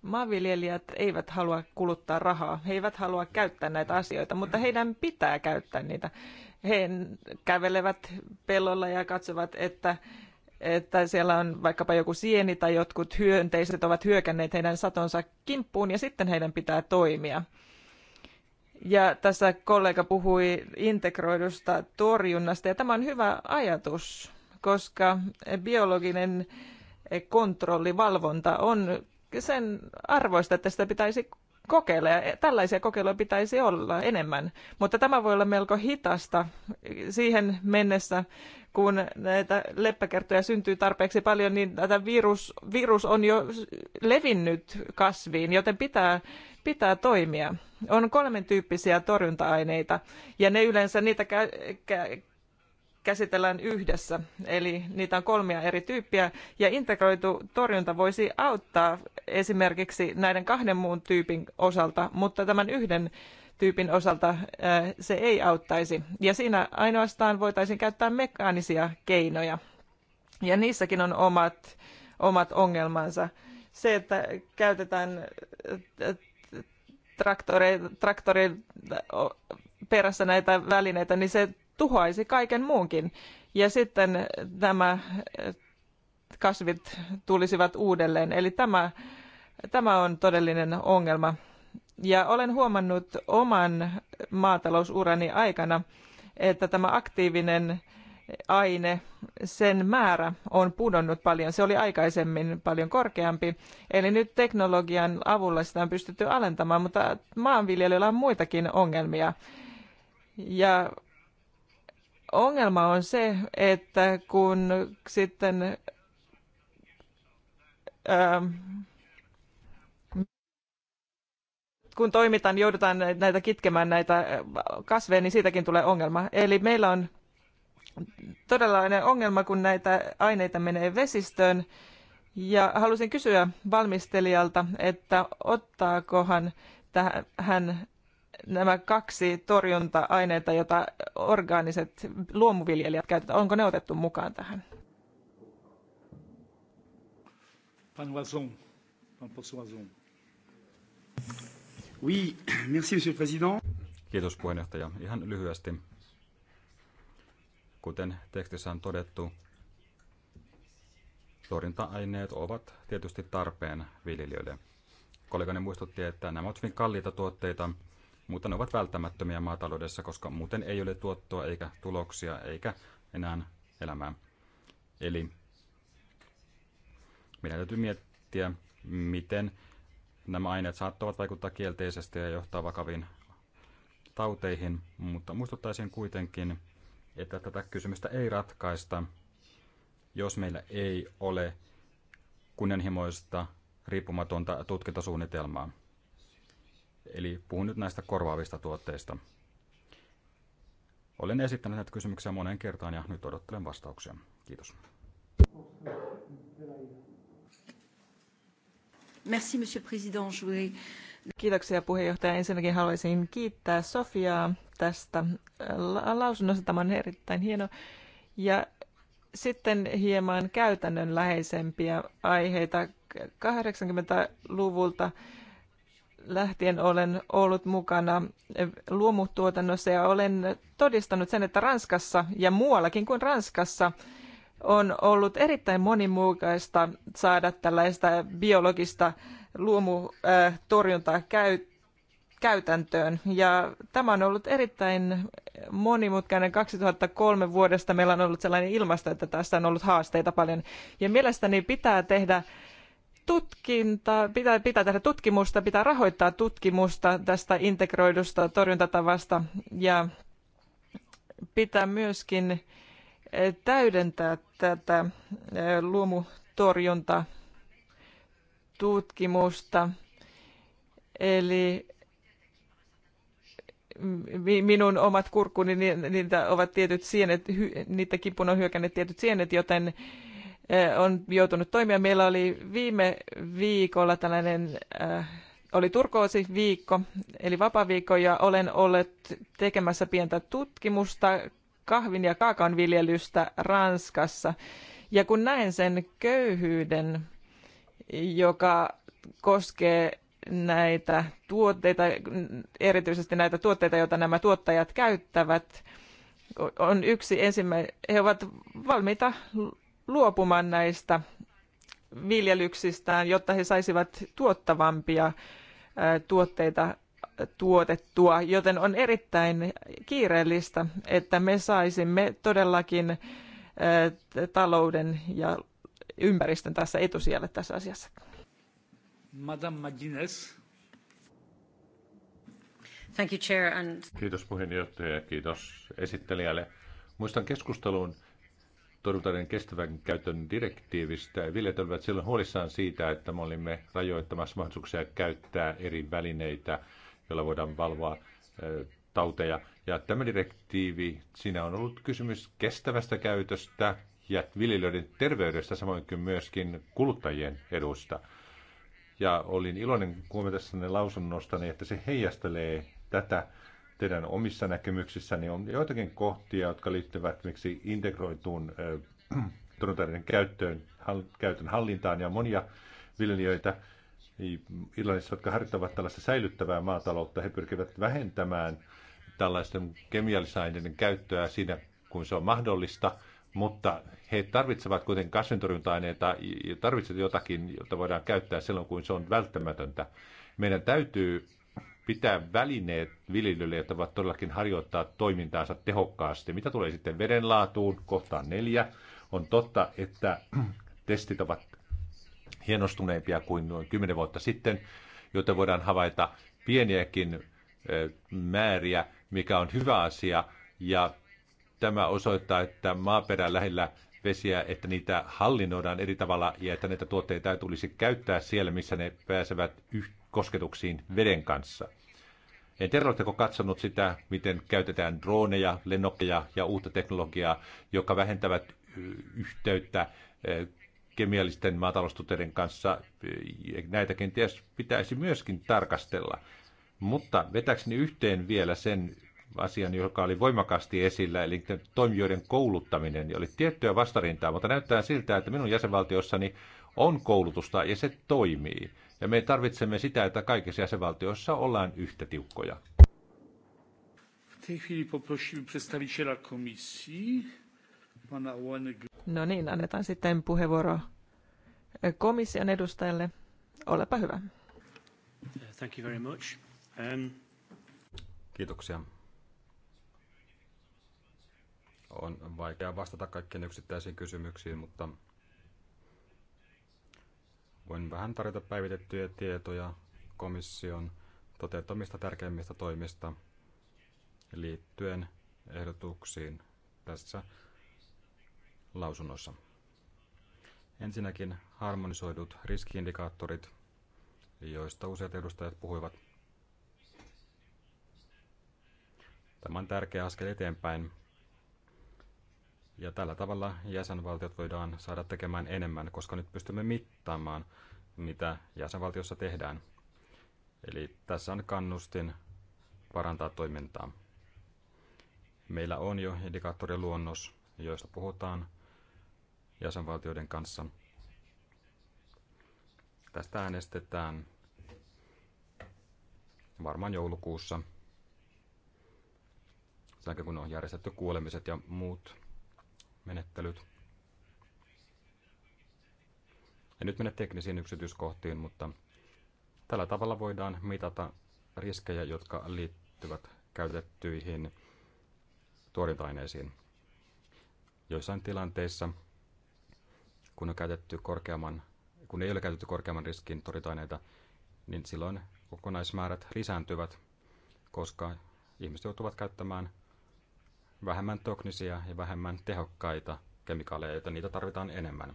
Maanviljelijät eivät halua kuluttaa rahaa, he eivät halua käyttää näitä asioita, mutta heidän pitää käyttää niitä. He kävelevät pellolla ja katsovat, että että siellä on vaikkapa joku sieni tai jotkut hyönteiset ovat hyökänneet heidän satonsa kimppuun ja sitten heidän pitää toimia. Ja tässä kollega puhui integroidusta torjunnasta ja tämä on hyvä ajatus koska biologinen kontrolli, valvonta on sen arvoista, että sitä pitäisi kokeilla. Ja tällaisia kokeiluja pitäisi olla enemmän, mutta tämä voi olla melko hitasta siihen mennessä, kun näitä leppäkertoja syntyy tarpeeksi paljon, niin tämä virus, virus on jo levinnyt kasviin, joten pitää, pitää toimia. On kolmen tyyppisiä torjunta-aineita, ja ne yleensä niitä kä- kä- käsitellään yhdessä, eli niitä on kolmia eri tyyppiä, ja integroitu torjunta voisi auttaa esimerkiksi näiden kahden muun tyypin osalta, mutta tämän yhden tyypin osalta se ei auttaisi. Ja siinä ainoastaan voitaisiin käyttää mekaanisia keinoja, ja niissäkin on omat, omat ongelmansa. Se, että käytetään traktoreita, traktoreita perässä näitä välineitä, niin se tuhoaisi kaiken muunkin. Ja sitten nämä äh, kasvit tulisivat uudelleen. Eli tämä, tämä on todellinen ongelma. Ja olen huomannut oman maatalousurani aikana, että tämä aktiivinen aine, sen määrä on pudonnut paljon. Se oli aikaisemmin paljon korkeampi. Eli nyt teknologian avulla sitä on pystytty alentamaan, mutta maanviljelijöillä on muitakin ongelmia. Ja ongelma on se, että kun sitten ää, ähm, kun toimitaan, joudutaan näitä kitkemään näitä äh, kasveja, niin siitäkin tulee ongelma. Eli meillä on todellainen ongelma, kun näitä aineita menee vesistöön. Ja halusin kysyä valmistelijalta, että ottaakohan tähän nämä kaksi torjunta-aineita, joita orgaaniset luomuviljelijät käyttävät, onko ne otettu mukaan tähän? Oui, merci, monsieur le président. Kiitos puheenjohtaja. Ihan lyhyesti. Kuten tekstissä on todettu, torjunta-aineet ovat tietysti tarpeen viljelijöille. Kollegani muistutti, että nämä ovat hyvin kalliita tuotteita, mutta ne ovat välttämättömiä maataloudessa, koska muuten ei ole tuottoa eikä tuloksia eikä enää elämää. Eli meidän täytyy miettiä, miten nämä aineet saattavat vaikuttaa kielteisesti ja johtaa vakaviin tauteihin, mutta muistuttaisin kuitenkin, että tätä kysymystä ei ratkaista, jos meillä ei ole kunnianhimoista riippumatonta tutkintasuunnitelmaa. Eli puhun nyt näistä korvaavista tuotteista. Olen esittänyt näitä kysymyksiä moneen kertaan ja nyt odottelen vastauksia. Kiitos. Merci, monsieur le président. Je Kiitoksia puheenjohtaja. Ensinnäkin haluaisin kiittää Sofiaa tästä äh, lausunnosta. Tämä on erittäin hieno. Ja sitten hieman käytännönläheisempiä aiheita 80-luvulta lähtien olen ollut mukana luomutuotannossa ja olen todistanut sen, että Ranskassa ja muuallakin kuin Ranskassa on ollut erittäin monimutkaista saada tällaista biologista luomutorjuntaa äh, käytäntöön. Ja tämä on ollut erittäin monimutkainen. 2003 vuodesta meillä on ollut sellainen ilmasto, että tässä on ollut haasteita paljon. Ja mielestäni pitää tehdä tutkinta, pitää, pitää tehdä tutkimusta, pitää rahoittaa tutkimusta tästä integroidusta torjuntatavasta ja pitää myöskin eh, täydentää tätä eh, luomutorjunta tutkimusta. Eli mm, minun omat kurkkuni, niitä ovat tietyt sienet, niitä kipun on hyökänneet tietyt sienet, joten on joutunut toimia. Meillä oli viime viikolla tällainen oli turkoosi viikko, eli vapaviikko, ja olen ollut tekemässä pientä tutkimusta kahvin ja kaakan viljelystä Ranskassa. Ja kun näen sen köyhyyden, joka koskee näitä tuotteita, erityisesti näitä tuotteita, joita nämä tuottajat käyttävät, on yksi ensimmäinen, he ovat valmiita luopumaan näistä viljelyksistään, jotta he saisivat tuottavampia tuotteita tuotettua, joten on erittäin kiireellistä, että me saisimme todellakin talouden ja ympäristön tässä etusijalle tässä asiassa. Madame Thank you, Chair. And... Kiitos puheenjohtaja ja kiitos esittelijälle. Muistan keskustelun, torjuntaiden kestävän käytön direktiivistä. Viljelijät olivat silloin huolissaan siitä, että me olimme rajoittamassa mahdollisuuksia käyttää eri välineitä, joilla voidaan valvoa tauteja. Ja tämä direktiivi, siinä on ollut kysymys kestävästä käytöstä ja viljelijöiden terveydestä, samoin kuin myöskin kuluttajien edusta. Ja olin iloinen huomatessani lausunnostani, niin että se heijastelee tätä teidän omissa näkemyksissänne on joitakin kohtia, jotka liittyvät miksi integroituun torjuntaiden [clears throat] käyttöön, hall, käytön hallintaan ja monia viljelijöitä Irlannissa, jotka harjoittavat tällaista säilyttävää maataloutta, he pyrkivät vähentämään tällaisten kemiallisaineiden käyttöä siinä, kun se on mahdollista, mutta he tarvitsevat kuitenkin kasvintorjunta-aineita ja tarvitsevat jotakin, jota voidaan käyttää silloin, kun se on välttämätöntä. Meidän täytyy pitää välineet viljelijöille, jotta voivat todellakin harjoittaa toimintaansa tehokkaasti. Mitä tulee sitten vedenlaatuun, kohtaan neljä, on totta, että [clears throat] testit ovat hienostuneempia kuin noin kymmenen vuotta sitten, joten voidaan havaita pieniäkin määriä, mikä on hyvä asia, ja tämä osoittaa, että maaperän lähellä vesiä, että niitä hallinnoidaan eri tavalla ja että näitä tuotteita ei tulisi käyttää siellä, missä ne pääsevät yhteen kosketuksiin veden kanssa. En tiedä, oletteko katsonut sitä, miten käytetään droneja, lennokkeja ja uutta teknologiaa, joka vähentävät yhteyttä kemiallisten maataloustuteiden kanssa. Näitä kenties pitäisi myöskin tarkastella. Mutta vetäkseni yhteen vielä sen asian, joka oli voimakkaasti esillä, eli toimijoiden kouluttaminen. Oli tiettyä vastarintaa, mutta näyttää siltä, että minun jäsenvaltiossani on koulutusta ja se toimii. Ja me tarvitsemme sitä, että kaikissa jäsenvaltioissa ollaan yhtä tiukkoja. No niin, annetaan sitten puheenvuoro komission edustajalle. Olepa hyvä. Thank you very much. Um... Kiitoksia. On vaikea vastata kaikkien yksittäisiin kysymyksiin, mutta Voin vähän tarjota päivitettyjä tietoja komission toteuttamista tärkeimmistä toimista liittyen ehdotuksiin tässä lausunnossa. Ensinnäkin harmonisoidut riskiindikaattorit, joista useat edustajat puhuivat. Tämä on tärkeä askel eteenpäin, ja tällä tavalla jäsenvaltiot voidaan saada tekemään enemmän, koska nyt pystymme mittaamaan, mitä jäsenvaltiossa tehdään. Eli tässä on kannustin parantaa toimintaa. Meillä on jo indikaattoriluonnos, joista puhutaan jäsenvaltioiden kanssa. Tästä äänestetään varmaan joulukuussa, sen kun on järjestetty kuulemiset ja muut menettelyt. En nyt mene teknisiin yksityiskohtiin, mutta tällä tavalla voidaan mitata riskejä, jotka liittyvät käytettyihin tuorintaineisiin. Joissain tilanteissa, kun, on käytetty korkeamman, kun ei ole käytetty korkeamman riskin tuorintaineita, niin silloin kokonaismäärät lisääntyvät, koska ihmiset joutuvat käyttämään vähemmän toksisia ja vähemmän tehokkaita kemikaaleja, joita niitä tarvitaan enemmän.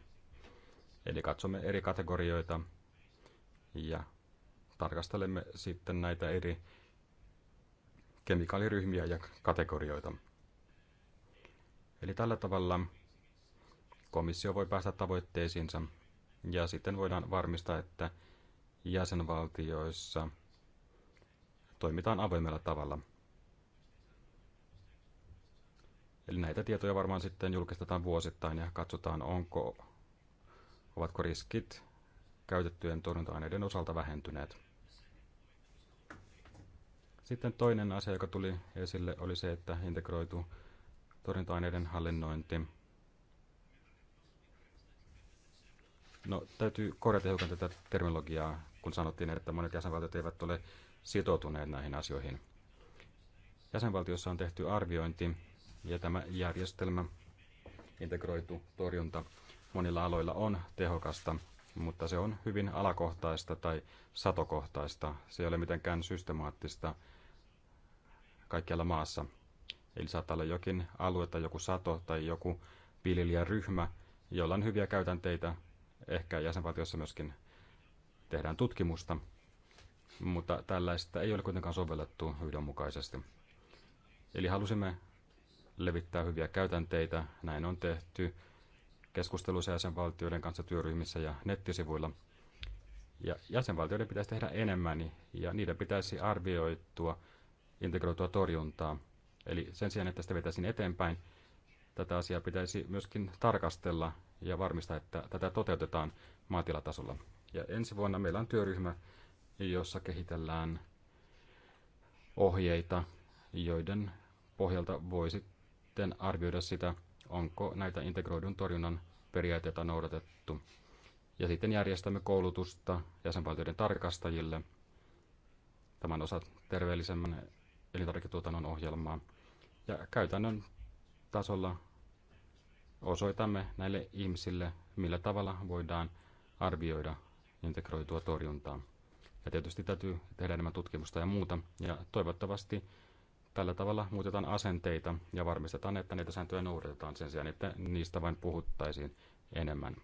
Eli katsomme eri kategorioita ja tarkastelemme sitten näitä eri kemikaaliryhmiä ja kategorioita. Eli tällä tavalla komissio voi päästä tavoitteisiinsa ja sitten voidaan varmistaa, että jäsenvaltioissa toimitaan avoimella tavalla – Eli näitä tietoja varmaan sitten julkistetaan vuosittain ja katsotaan, onko, ovatko riskit käytettyjen torjunta-aineiden osalta vähentyneet. Sitten toinen asia, joka tuli esille, oli se, että integroitu torjunta-aineiden hallinnointi. No, täytyy korjata hiukan tätä terminologiaa, kun sanottiin, että monet jäsenvaltiot eivät ole sitoutuneet näihin asioihin. Jäsenvaltiossa on tehty arviointi ja tämä järjestelmä, integroitu torjunta monilla aloilla on tehokasta, mutta se on hyvin alakohtaista tai satokohtaista. Se ei ole mitenkään systemaattista kaikkialla maassa. Eli saattaa olla jokin alue tai joku sato tai joku viljelijäryhmä, jolla on hyviä käytänteitä. Ehkä jäsenvaltiossa myöskin tehdään tutkimusta, mutta tällaista ei ole kuitenkaan sovellettu yhdenmukaisesti. Eli halusimme levittää hyviä käytänteitä. Näin on tehty keskusteluissa jäsenvaltioiden kanssa työryhmissä ja nettisivuilla. Ja jäsenvaltioiden pitäisi tehdä enemmän ja niiden pitäisi arvioitua integroitua torjuntaa. Eli sen sijaan, että sitä vetäisiin eteenpäin, tätä asiaa pitäisi myöskin tarkastella ja varmistaa, että tätä toteutetaan maatilatasolla. Ja ensi vuonna meillä on työryhmä, jossa kehitellään ohjeita, joiden pohjalta voisi sitten arvioida sitä, onko näitä integroidun torjunnan periaatteita noudatettu. Ja sitten järjestämme koulutusta jäsenvaltioiden tarkastajille. Tämän osa terveellisemmän elintarviketuotannon ohjelmaa. Ja käytännön tasolla osoitamme näille ihmisille, millä tavalla voidaan arvioida integroitua torjuntaa. Ja tietysti täytyy tehdä enemmän tutkimusta ja muuta. Ja toivottavasti Tällä tavalla muutetaan asenteita ja varmistetaan, että niitä sääntöjä noudatetaan sen sijaan, että niistä vain puhuttaisiin enemmän.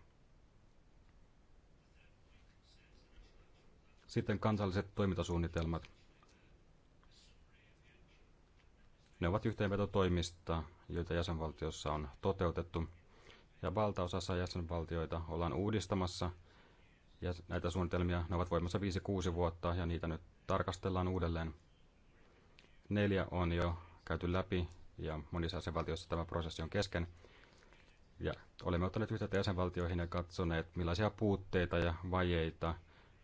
Sitten kansalliset toimintasuunnitelmat. Ne ovat yhteenvetotoimista, joita jäsenvaltiossa on toteutettu, ja valtaosassa jäsenvaltioita ollaan uudistamassa ja näitä suunnitelmia. Ne ovat voimassa 5-6 vuotta ja niitä nyt tarkastellaan uudelleen. Neljä on jo käyty läpi ja monissa jäsenvaltioissa tämä prosessi on kesken. Ja olemme ottaneet yhteyttä jäsenvaltioihin ja katsoneet, millaisia puutteita ja vajeita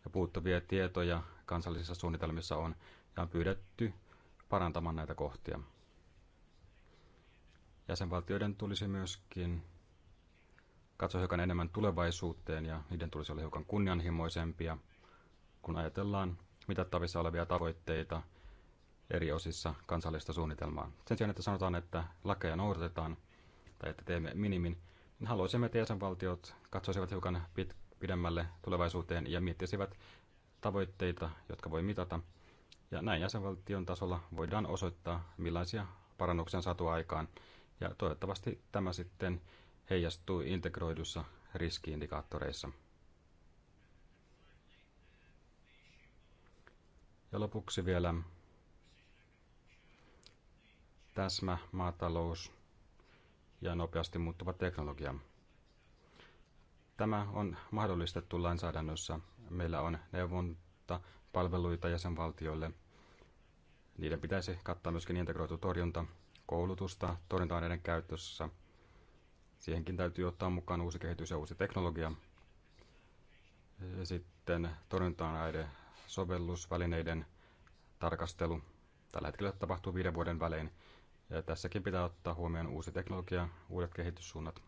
ja puuttuvia tietoja kansallisissa suunnitelmissa on, ja on pyydetty parantamaan näitä kohtia. Jäsenvaltioiden tulisi myöskin katsoa hiukan enemmän tulevaisuuteen, ja niiden tulisi olla hiukan kunnianhimoisempia, kun ajatellaan mitattavissa olevia tavoitteita – eri osissa kansallista suunnitelmaa. Sen sijaan, että sanotaan, että lakeja noudatetaan tai että teemme minimin, niin haluaisimme, että jäsenvaltiot katsoisivat hiukan pit- pidemmälle tulevaisuuteen ja miettisivät tavoitteita, jotka voi mitata. Ja näin jäsenvaltion tasolla voidaan osoittaa, millaisia parannuksia on saatu aikaan. Ja toivottavasti tämä sitten heijastuu integroidussa riskiindikaattoreissa. Ja lopuksi vielä täsmä, maatalous ja nopeasti muuttuva teknologia. Tämä on mahdollistettu lainsäädännössä. Meillä on neuvonta, palveluita jäsenvaltioille. Niiden pitäisi kattaa myöskin integroitu torjunta, koulutusta, torjunta-aineiden käytössä. Siihenkin täytyy ottaa mukaan uusi kehitys ja uusi teknologia. Sitten torjunta-aineiden sovellusvälineiden tarkastelu. Tällä hetkellä tapahtuu viiden vuoden välein ja tässäkin pitää ottaa huomioon uusi teknologia, uudet kehityssuunnat.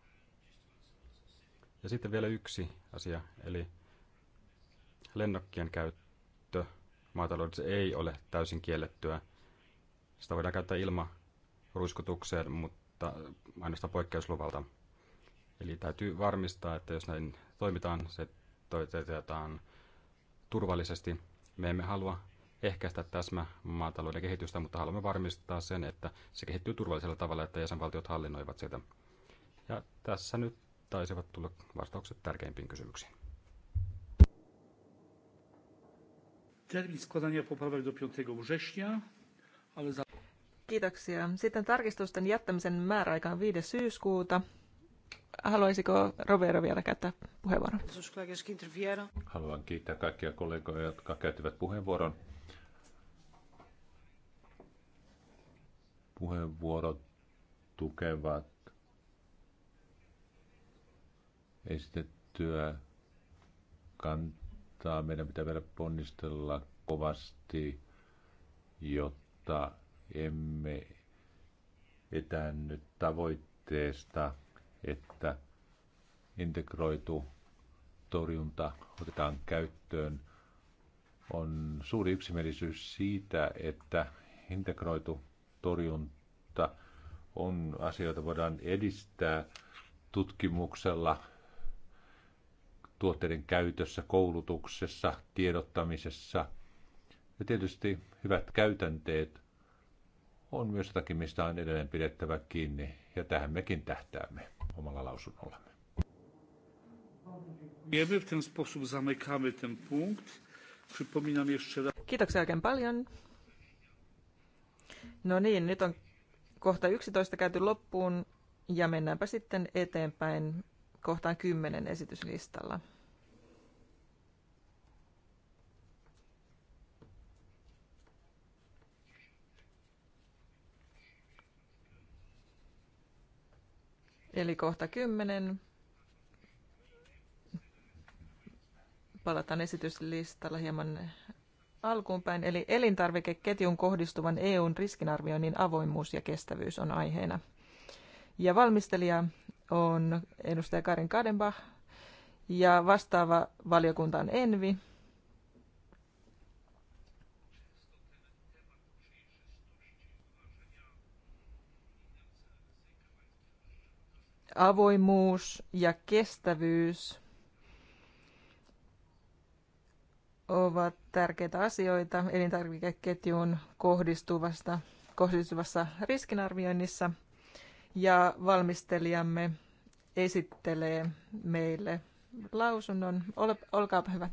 Ja sitten vielä yksi asia, eli lennokkien käyttö maataloudessa ei ole täysin kiellettyä. Sitä voidaan käyttää ilmaruiskutukseen, mutta ainoastaan poikkeusluvalta. Eli täytyy varmistaa, että jos näin toimitaan, se toteutetaan turvallisesti. Me emme halua ehkäistä täsmä maatalouden kehitystä, mutta haluamme varmistaa sen, että se kehittyy turvallisella tavalla, että jäsenvaltiot hallinnoivat sitä. Ja tässä nyt taisivat tulla vastaukset tärkeimpiin kysymyksiin. Termin Kiitoksia. Sitten tarkistusten jättämisen määräaika on 5. syyskuuta. Haluaisiko Rovero vielä käyttää puheenvuoron? Haluan kiittää kaikkia kollegoja, jotka käyttivät puheenvuoron. puheenvuorot tukevat esitettyä kantaa. Meidän pitää vielä ponnistella kovasti, jotta emme etäänny tavoitteesta, että integroitu torjunta otetaan käyttöön. On suuri yksimielisyys siitä, että integroitu torjunta on asioita, voidaan edistää tutkimuksella, tuotteiden käytössä, koulutuksessa, tiedottamisessa. Ja tietysti hyvät käytänteet on myös jotakin, mistä on edelleen pidettävä kiinni, ja tähän mekin tähtäämme omalla lausunnollamme. Kiitoksia oikein paljon. No niin, nyt on kohta 11 käyty loppuun ja mennäänpä sitten eteenpäin kohtaan 10 esityslistalla. Eli kohta 10. Palataan esityslistalla hieman Alkuunpäin eli elintarvikeketjun kohdistuvan EUn riskinarvioinnin avoimuus ja kestävyys on aiheena. Ja valmistelija on edustaja Karin Kadenbach ja vastaava valiokunta on Envi. Avoimuus ja kestävyys ovat tärkeitä asioita elintarvikeketjuun kohdistuvasta, kohdistuvassa riskinarvioinnissa. Ja valmistelijamme esittelee meille lausunnon. Ol, olkaapa hyvä.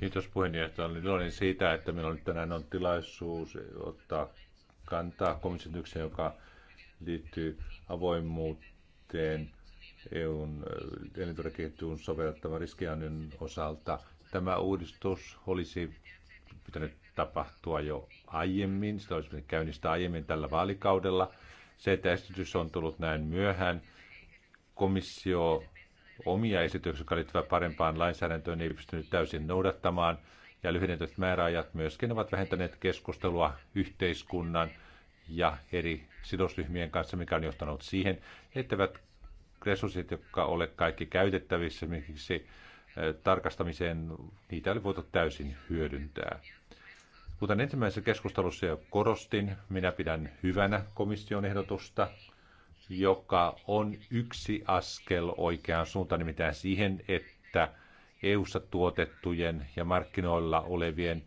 Kiitos puheenjohtaja. Olen iloinen siitä, että meillä on nyt tänään on tilaisuus ottaa kantaa komission joka liittyy avoimuuteen EUn äh, elintarvikeketjuun sovellettavan riskiannin osalta tämä uudistus olisi pitänyt tapahtua jo aiemmin, sitä olisi pitänyt käynnistää aiemmin tällä vaalikaudella. Se, että esitys on tullut näin myöhään, komissio omia esityksiä, jotka liittyvät parempaan lainsäädäntöön, ei pystynyt täysin noudattamaan, ja lyhennetyt määräajat myöskin ovat vähentäneet keskustelua yhteiskunnan ja eri sidosryhmien kanssa, mikä on johtanut siihen, etteivät resurssit, jotka ole kaikki käytettävissä, esimerkiksi tarkastamiseen, niitä oli voitu täysin hyödyntää. Kuten ensimmäisessä keskustelussa jo korostin, minä pidän hyvänä komission ehdotusta, joka on yksi askel oikeaan suuntaan, nimittäin siihen, että EU-ssa tuotettujen ja markkinoilla olevien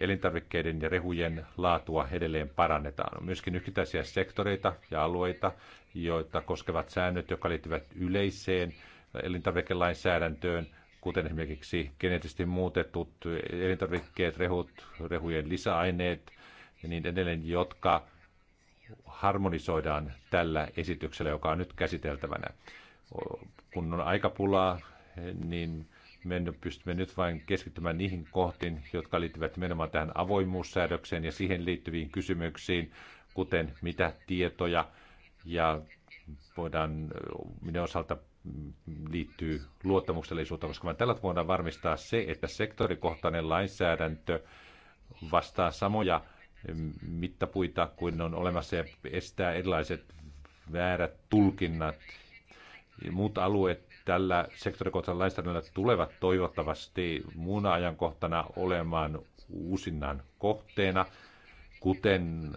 elintarvikkeiden ja rehujen laatua edelleen parannetaan. On myöskin yksittäisiä sektoreita ja alueita, joita koskevat säännöt, jotka liittyvät yleiseen elintarvikelainsäädäntöön – kuten esimerkiksi geneettisesti muutetut elintarvikkeet, rehut, rehujen lisäaineet ja niin edelleen, jotka harmonisoidaan tällä esityksellä, joka on nyt käsiteltävänä. Kun on aikapulaa, niin me pystymme nyt vain keskittymään niihin kohtiin, jotka liittyvät nimenomaan tähän avoimuussäädökseen ja siihen liittyviin kysymyksiin, kuten mitä tietoja ja voidaan minne osalta liittyy luottamuksellisuutta, koska me tällä voidaan varmistaa se, että sektorikohtainen lainsäädäntö vastaa samoja mm, mittapuita kuin on olemassa ja estää erilaiset väärät tulkinnat. Muut alueet tällä sektorikohtaisella lainsäädännöllä tulevat toivottavasti muuna ajankohtana olemaan uusinnan kohteena – Kuten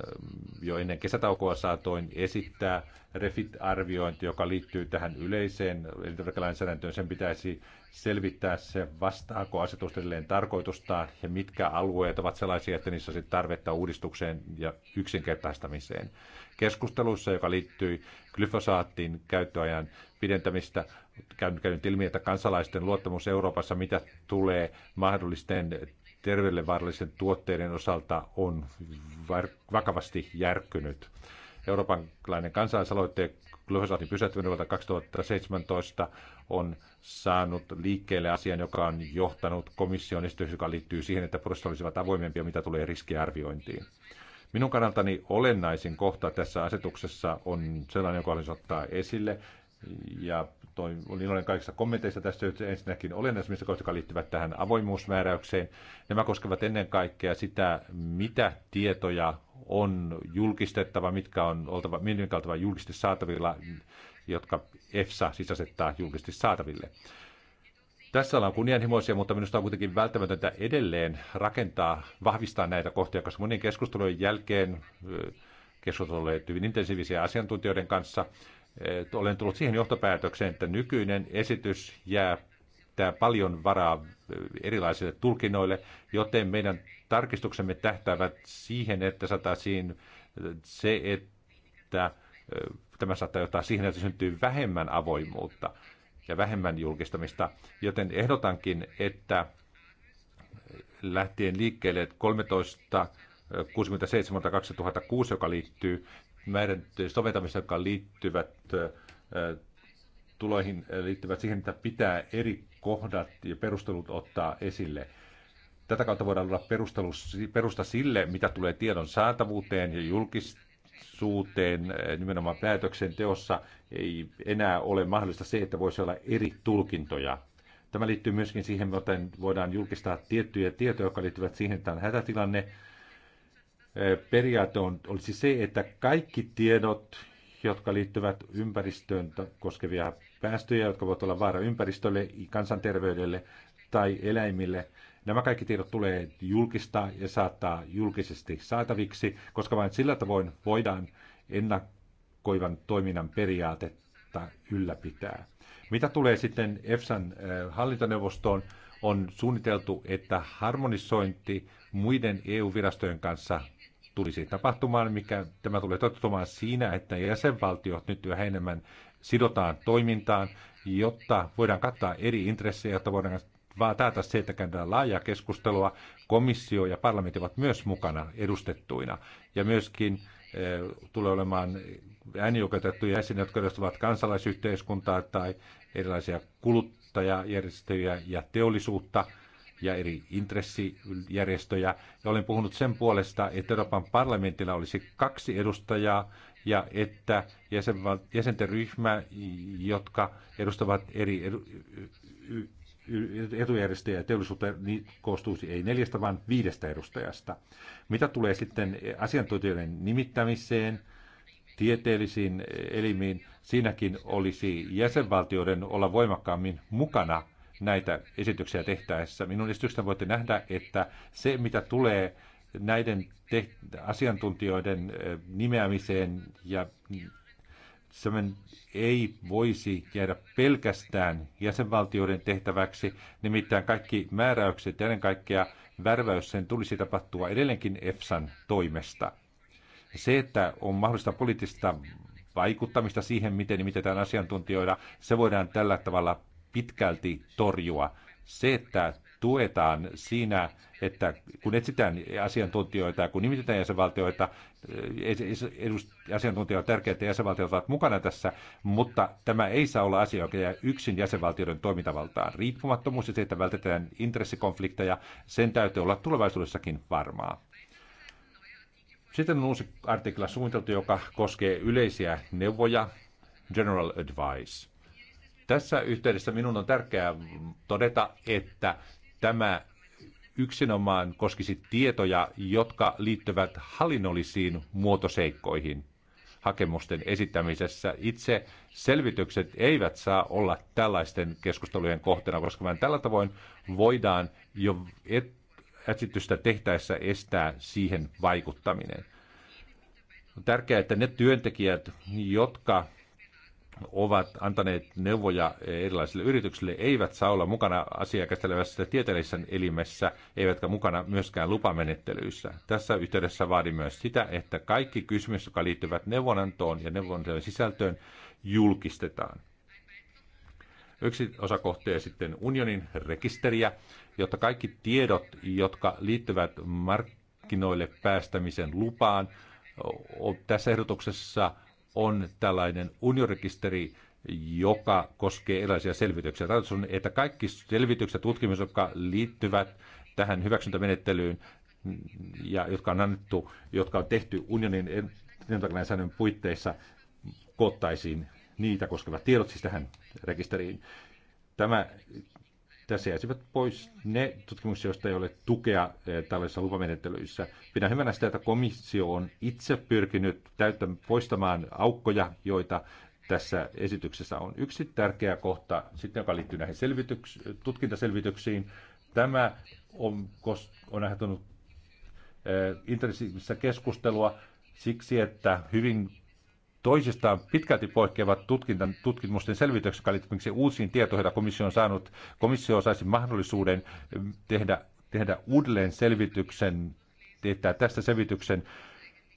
jo ennen kesätaukoa saatoin esittää, refit-arviointi, joka liittyy tähän yleiseen elintarvikelainsäädäntöön, sen pitäisi selvittää se, vastaako asetus edelleen tarkoitustaan ja mitkä alueet ovat sellaisia, että niissä olisi tarvetta uudistukseen ja yksinkertaistamiseen. Keskusteluissa, joka liittyy glyfosaattiin käyttöajan pidentämistä, käynyt ilmi, että kansalaisten luottamus Euroopassa, mitä tulee mahdollisten terveelle vaarallisten tuotteiden osalta on vakavasti järkkynyt. Euroopanlainen kansalaisaloitteen glyfosaatin pysäyttäminen vuodelta 2017 on saanut liikkeelle asian, joka on johtanut komission esitys, joka liittyy siihen, että prosessit olisivat avoimempia, mitä tulee riskiarviointiin. Minun kannaltani olennaisin kohta tässä asetuksessa on sellainen, joka olisi ottaa esille, ja toin, olin iloinen kaikista kommenteista tässä ensinnäkin olennaisemmista kohdista, jotka liittyvät tähän avoimuusmääräykseen. Nämä koskevat ennen kaikkea sitä, mitä tietoja on julkistettava, mitkä on oltava, mitkä oltava julkisesti saatavilla, jotka EFSA siis asettaa julkisesti saataville. Tässä ollaan kunnianhimoisia, mutta minusta on kuitenkin välttämätöntä edelleen rakentaa, vahvistaa näitä kohtia, koska monien keskustelujen jälkeen keskustelut olleet hyvin intensiivisiä asiantuntijoiden kanssa, Eh, olen tullut siihen johtopäätökseen, että nykyinen esitys jää tää paljon varaa eh, erilaisille tulkinnoille, joten meidän tarkistuksemme tähtäävät siihen, että saataisiin eh, se, että tämä saattaa johtaa siihen, että syntyy vähemmän avoimuutta ja vähemmän julkistamista. Joten ehdotankin, että lähtien liikkeelle 13 2006, joka liittyy määrän soveltamista, jotka liittyvät tuloihin, liittyvät siihen, että pitää eri kohdat ja perustelut ottaa esille. Tätä kautta voidaan olla perusta sille, mitä tulee tiedon saatavuuteen ja julkisuuteen nimenomaan päätöksenteossa. Ei enää ole mahdollista se, että voisi olla eri tulkintoja Tämä liittyy myöskin siihen, miten voidaan julkistaa tiettyjä tietoja, jotka liittyvät siihen, että on hätätilanne, periaate on, olisi se, että kaikki tiedot, jotka liittyvät ympäristöön koskevia päästöjä, jotka voivat olla vaara ympäristölle, kansanterveydelle tai eläimille, Nämä kaikki tiedot tulee julkistaa ja saattaa julkisesti saataviksi, koska vain sillä tavoin voidaan ennakoivan toiminnan periaatetta ylläpitää. Mitä tulee sitten EFSAn hallintoneuvostoon, on suunniteltu, että harmonisointi muiden EU-virastojen kanssa tulisi tapahtumaan, mikä tämä tulee toteutumaan siinä, että jäsenvaltiot nyt yhä enemmän sidotaan toimintaan, jotta voidaan kattaa eri intressejä, jotta voidaan vaan taata se, että käydään laajaa keskustelua. Komissio ja parlamentti ovat myös mukana edustettuina. Ja myöskin e, tulee olemaan äänioikeutettuja jäseniä, jotka edustavat kansalaisyhteiskuntaa tai erilaisia kuluttajajärjestöjä ja teollisuutta – ja eri intressijärjestöjä. Ja olen puhunut sen puolesta, että Euroopan parlamentilla olisi kaksi edustajaa ja että jäsenten ryhmä, jotka edustavat eri edu, etujärjestöjä ja teollisuutta niin koostuisi ei neljästä, vaan viidestä edustajasta. Mitä tulee sitten asiantuntijoiden nimittämiseen, tieteellisiin elimiin, siinäkin olisi jäsenvaltioiden olla voimakkaammin mukana näitä esityksiä tehtäessä. Minun esityksestäni voitte nähdä, että se mitä tulee näiden asiantuntijoiden nimeämiseen ja semmen, ei voisi jäädä pelkästään jäsenvaltioiden tehtäväksi, nimittäin kaikki määräykset ja ennen kaikkea värväys sen tulisi tapahtua edelleenkin EFSAn toimesta. Se, että on mahdollista poliittista vaikuttamista siihen, miten nimitetään asiantuntijoita, se voidaan tällä tavalla pitkälti torjua. Se, että tuetaan siinä, että kun etsitään asiantuntijoita ja kun nimitetään jäsenvaltioita, eh, asiantuntijoita on tärkeää, että jäsenvaltiot ovat mukana tässä, mutta tämä ei saa olla asia, joka jää yksin jäsenvaltioiden toimintavaltaan. Riippumattomuus ja se, että vältetään intressikonflikteja, sen täytyy olla tulevaisuudessakin varmaa. Sitten on uusi artikla suunniteltu, joka koskee yleisiä neuvoja, general advice. Tässä yhteydessä minun on tärkeää todeta, että tämä yksinomaan koskisi tietoja, jotka liittyvät hallinnollisiin muotoseikkoihin hakemusten esittämisessä. Itse selvitykset eivät saa olla tällaisten keskustelujen kohteena, koska vain tällä tavoin voidaan jo etsitystä tehtäessä estää siihen vaikuttaminen. On tärkeää, että ne työntekijät, jotka ovat antaneet neuvoja erilaisille yrityksille, eivät saa olla mukana asiaa käsittelevässä tieteellisessä elimessä, eivätkä mukana myöskään lupamenettelyissä. Tässä yhteydessä vaadin myös sitä, että kaikki kysymykset, jotka liittyvät neuvonantoon ja neuvonantojen sisältöön, julkistetaan. Yksi osakohtia sitten unionin rekisteriä, jotta kaikki tiedot, jotka liittyvät markkinoille päästämisen lupaan, tässä ehdotuksessa on tällainen uniorekisteri, joka koskee erilaisia selvityksiä. Tarkoitus on, että kaikki selvitykset ja tutkimukset, jotka liittyvät tähän hyväksyntämenettelyyn ja jotka on annettu, jotka on tehty unionin lentokoneen puitteissa, koottaisiin niitä koskevat tiedot siis tähän rekisteriin. Tämä tässä jäisivät pois ne tutkimukset, joista ei ole tukea eh, tällaisissa lupamenettelyissä. Pidän hyvänä sitä, että komissio on itse pyrkinyt täyttämään, poistamaan aukkoja, joita tässä esityksessä on. Yksi tärkeä kohta, sitten, joka liittyy näihin selvityks- tutkintaselvityksiin, tämä on, on aiheuttanut eh, intensiivistä keskustelua siksi, että hyvin toisistaan pitkälti poikkeavat tutkintan, tutkimusten selvitykset, jotka liittyvät uusiin tietoihin, joita komissio on saanut. Komissio saisi mahdollisuuden tehdä, tehdä uudelleen selvityksen, teettää tästä selvityksen,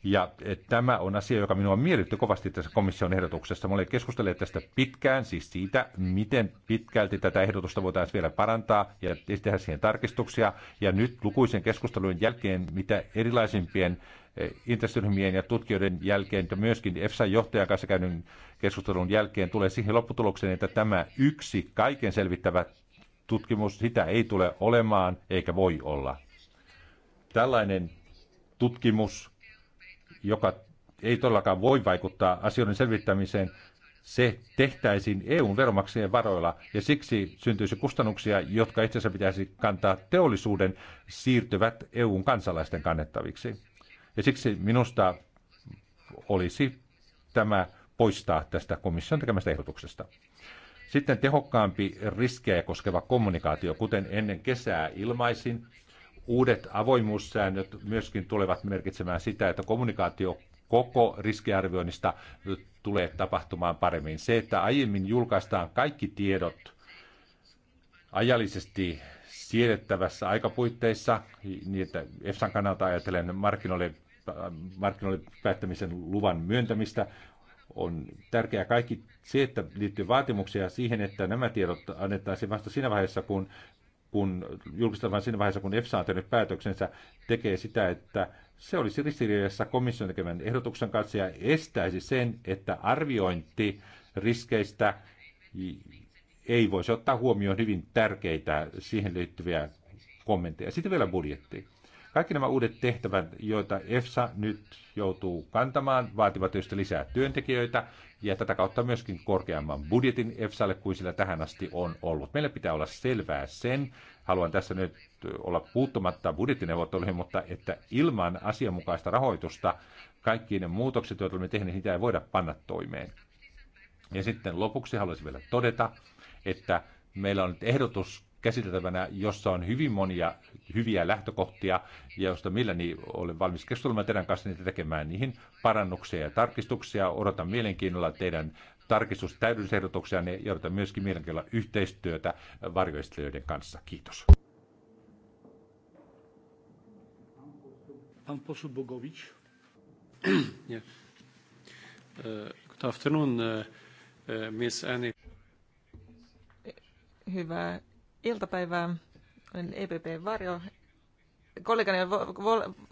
ja e, tämä on asia, joka minua miellytti kovasti tässä komission ehdotuksessa. Mä olen keskustellut tästä pitkään, siis siitä, miten pitkälti tätä ehdotusta voitaisiin vielä parantaa ja tehdä siihen tarkistuksia. Ja nyt lukuisen keskustelun jälkeen, mitä erilaisimpien intressiryhmien ja tutkijoiden jälkeen ja myöskin EFSAn johtajan kanssa käydyn keskustelun jälkeen tulee siihen lopputulokseen, että tämä yksi kaiken selvittävä tutkimus, sitä ei tule olemaan eikä voi olla. Tällainen tutkimus, joka ei todellakaan voi vaikuttaa asioiden selvittämiseen, se tehtäisiin EUn veromaksajien varoilla ja siksi syntyisi kustannuksia, jotka itse asiassa pitäisi kantaa teollisuuden siirtyvät EUn kansalaisten kannettaviksi. Ja siksi minusta olisi tämä poistaa tästä komission tekemästä ehdotuksesta. Sitten tehokkaampi riskejä koskeva kommunikaatio, kuten ennen kesää ilmaisin. Uudet avoimuussäännöt myöskin tulevat merkitsemään sitä, että kommunikaatio koko riskiarvioinnista tulee tapahtumaan paremmin. Se, että aiemmin julkaistaan kaikki tiedot ajallisesti siedettävässä aikapuitteissa, niin että EFSAn kannalta ajatellen markkinoille markkinoille päättämisen luvan myöntämistä. On tärkeää kaikki se, että liittyy vaatimuksia siihen, että nämä tiedot annettaisiin vasta siinä vaiheessa, kun kun julkistetaan siinä vaiheessa, kun EFSA on tehnyt päätöksensä, tekee sitä, että se olisi ristiriidassa komission tekemän ehdotuksen kanssa ja estäisi sen, että arviointi riskeistä ei voisi ottaa huomioon hyvin tärkeitä siihen liittyviä kommentteja. Sitten vielä budjetti. Kaikki nämä uudet tehtävät, joita EFSA nyt joutuu kantamaan, vaativat tietysti lisää työntekijöitä ja tätä kautta myöskin korkeamman budjetin EFSAlle kuin sillä tähän asti on ollut. Meillä pitää olla selvää sen, haluan tässä nyt olla puuttumatta budjettineuvotteluihin, mutta että ilman asianmukaista rahoitusta kaikki ne muutokset, joita olemme tehneet, niitä ei voida panna toimeen. Ja sitten lopuksi haluaisin vielä todeta, että meillä on nyt ehdotus käsiteltävänä, jossa on hyvin monia hyviä lähtökohtia, ja josta milläni olen valmis keskustelemaan teidän kanssa niitä tekemään niihin parannuksia ja tarkistuksia. Odotan mielenkiinnolla teidän tarkistus täydellisehdotuksia, ja odotan myöskin mielenkiinnolla yhteistyötä varjoistelijoiden kanssa. Kiitos. Pan poseł Bogowicz. [clears throat] Nie. E, good afternoon, e, e, Miss Annie. Hyvää iltapäivää. Olen EPPn varjo. Kollegani,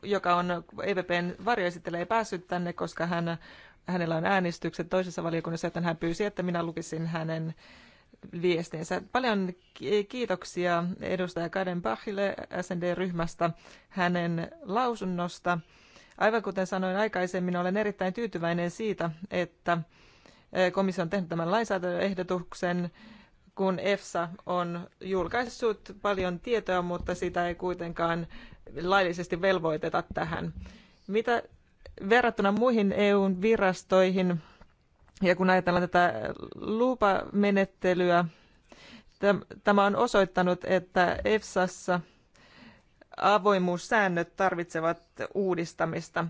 joka on EPPn esittelee, ei päässyt tänne, koska hän, hänellä on äänestykset toisessa valiokunnassa, joten hän pyysi, että minä lukisin hänen viestinsä. Paljon kiitoksia edustaja Kaden Bachille SND-ryhmästä hänen lausunnosta. Aivan kuten sanoin aikaisemmin, olen erittäin tyytyväinen siitä, että eh, komissio on tehnyt tämän lainsäädäntöehdotuksen. ehdotuksen kun EFSA on julkaissut paljon tietoa, mutta sitä ei kuitenkaan laillisesti velvoiteta tähän. Mitä verrattuna muihin eu virastoihin, ja kun ajatellaan tätä lupamenettelyä, tämä on osoittanut, että EFSAssa avoimuussäännöt tarvitsevat uudistamista.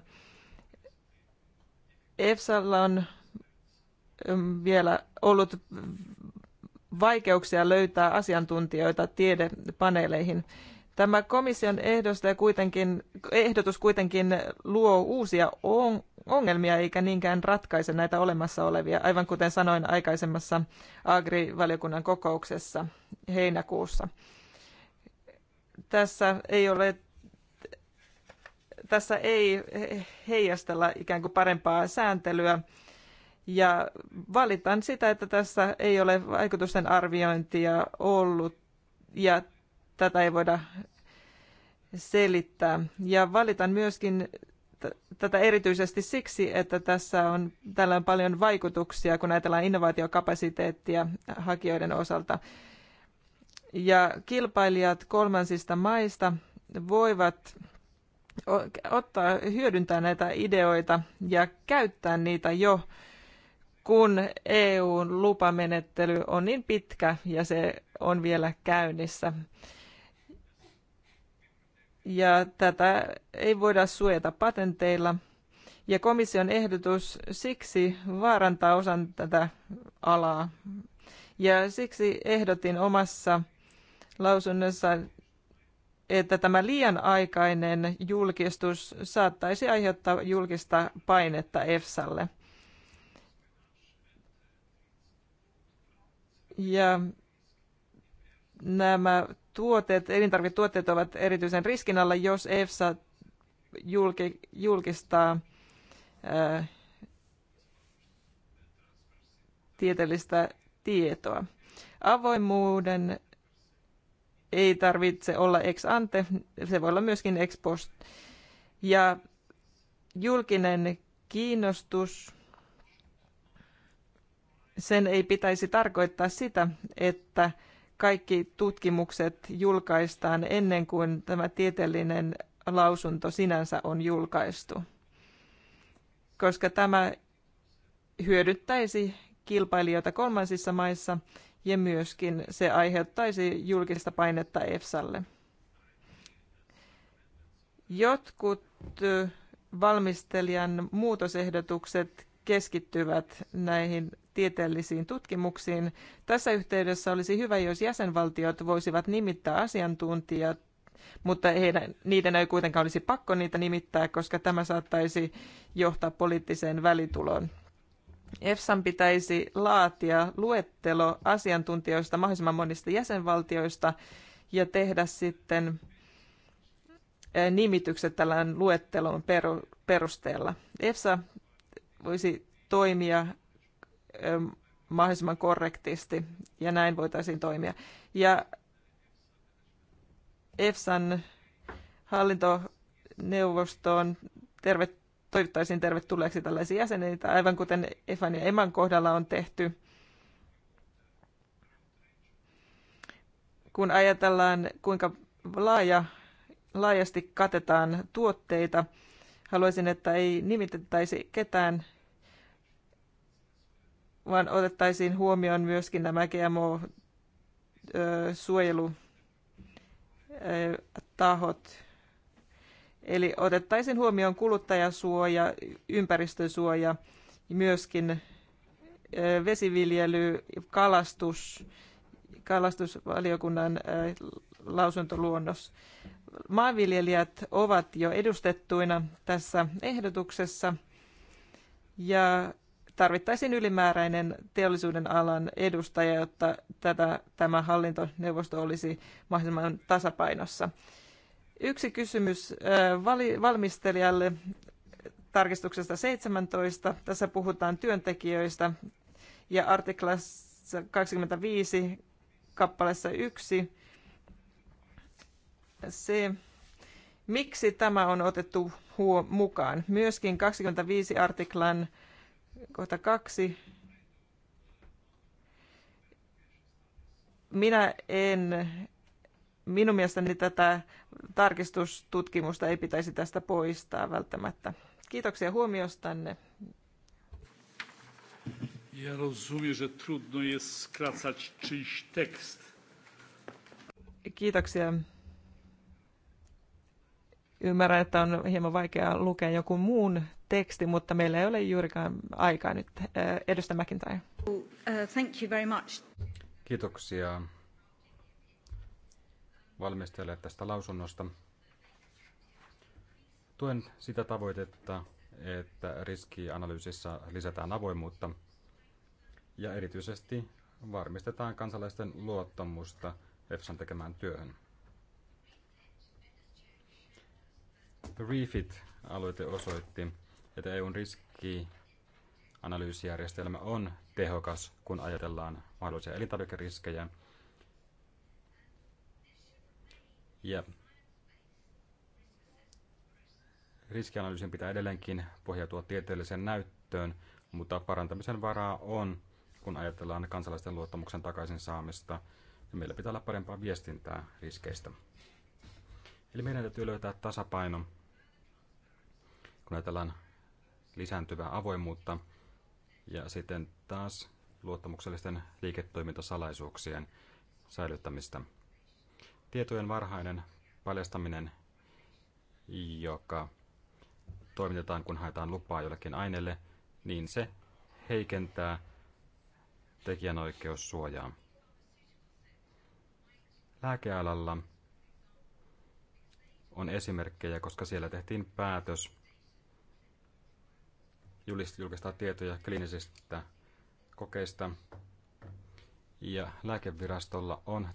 EFSAlla on mm, vielä ollut vaikeuksia löytää asiantuntijoita tiedepaneeleihin. Tämä komission kuitenkin, ehdotus kuitenkin luo uusia ongelmia eikä niinkään ratkaise näitä olemassa olevia, aivan kuten sanoin aikaisemmassa Agri-valiokunnan kokouksessa heinäkuussa. Tässä ei ole tässä ei heijastella ikään kuin parempaa sääntelyä ja valitan sitä, että tässä ei ole vaikutusten arviointia ollut ja tätä ei voida selittää. Ja valitan myöskin tätä erityisesti siksi, että tässä on tällä on paljon vaikutuksia, kun ajatellaan innovaatiokapasiteettia hakijoiden osalta. Ja kilpailijat kolmansista maista voivat ottaa, hyödyntää näitä ideoita ja käyttää niitä jo kun EUn lupamenettely on niin pitkä ja se on vielä käynnissä. Ja tätä ei voida suojata patenteilla. Ja komission ehdotus siksi vaarantaa osan tätä alaa. Ja siksi ehdotin omassa lausunnossa, että tämä liian aikainen julkistus saattaisi aiheuttaa julkista painetta EFSAlle – Ja nämä tuotteet, elintarviketuotteet ovat erityisen riskin alla, jos EFSA julki, julkistaa ää, äh, tieteellistä tietoa. Avoimuuden ei tarvitse olla ex ante, se voi olla myöskin ex post. Ja julkinen kiinnostus sen ei pitäisi tarkoittaa sitä, että kaikki tutkimukset julkaistaan ennen kuin tämä tieteellinen lausunto sinänsä on julkaistu, koska tämä hyödyttäisi kilpailijoita kolmansissa maissa ja myöskin se aiheuttaisi julkista painetta EFSAlle. Jotkut valmistelijan muutosehdotukset keskittyvät näihin tieteellisiin tutkimuksiin. Tässä yhteydessä olisi hyvä, jos jäsenvaltiot voisivat nimittää asiantuntijat, mutta heidän, niiden ei kuitenkaan olisi pakko niitä nimittää, koska tämä saattaisi johtaa poliittiseen välituloon. EFSAn pitäisi laatia luettelo asiantuntijoista mahdollisimman monista jäsenvaltioista ja tehdä sitten nimitykset tällään luettelon perusteella. EFSA voisi toimia mahdollisimman korrektisti, ja näin voitaisiin toimia. Ja EFSAn hallintoneuvostoon tervet, toivottaisiin tervetulleeksi tällaisia jäseniä, aivan kuten EFAN ja EMAN kohdalla on tehty. Kun ajatellaan, kuinka laaja, laajasti katetaan tuotteita, haluaisin, että ei nimitettäisi ketään vaan otettaisiin huomioon myöskin nämä GMO-suojelutahot. Eh, Eli otettaisiin huomioon kuluttajasuoja, ympäristösuoja, myöskin eh, vesiviljely, kalastus, kalastusvaliokunnan eh, lausuntoluonnos. Maanviljelijät ovat jo edustettuina tässä ehdotuksessa ja tarvittaisiin ylimääräinen teollisuuden alan edustaja, jotta tätä, tämä hallintoneuvosto olisi mahdollisimman tasapainossa. Yksi kysymys vali, valmistelijalle tarkistuksesta 17. Tässä puhutaan työntekijöistä ja artiklassa 25 kappaleessa 1 se, miksi tämä on otettu huo- mukaan. Myöskin 25 artiklan Kohta kaksi. Minä en, minun mielestäni tätä tarkistustutkimusta ei pitäisi tästä poistaa välttämättä. Kiitoksia huomiostanne. Ja rozumiem, że trudno jest skracać czyjś tekst. Kiitoksia. Ymmärrän, että on hieman vaikeaa lukea joku muun teksti, mutta meillä ei ole juurikaan aikaa nyt. Äh, edustaja McIntyre. Uh, thank you very much. Kiitoksia valmistajalle tästä lausunnosta. Tuen sitä tavoitetta, että riskianalyysissa lisätään avoimuutta ja erityisesti varmistetaan kansalaisten luottamusta EFSAn tekemään työhön. Refit-aloite osoitti, että EUn riskianalyysijärjestelmä on tehokas, kun ajatellaan mahdollisia elintarvikeriskejä. Ja riskianalyysin pitää edelleenkin pohjautua tieteelliseen näyttöön, mutta parantamisen varaa on, kun ajatellaan kansalaisten luottamuksen takaisin saamista. Ja meillä pitää olla parempaa viestintää riskeistä. Eli meidän täytyy löytää tasapaino, kun ajatellaan lisääntyvää avoimuutta ja sitten taas luottamuksellisten liiketoimintasalaisuuksien säilyttämistä. Tietojen varhainen paljastaminen, joka toimitetaan, kun haetaan lupaa jollekin aineelle, niin se heikentää tekijänoikeussuojaa. Lääkealalla on esimerkkejä, koska siellä tehtiin päätös, julkistaa tietoja kliinisistä kokeista. Ja lääkevirastolla on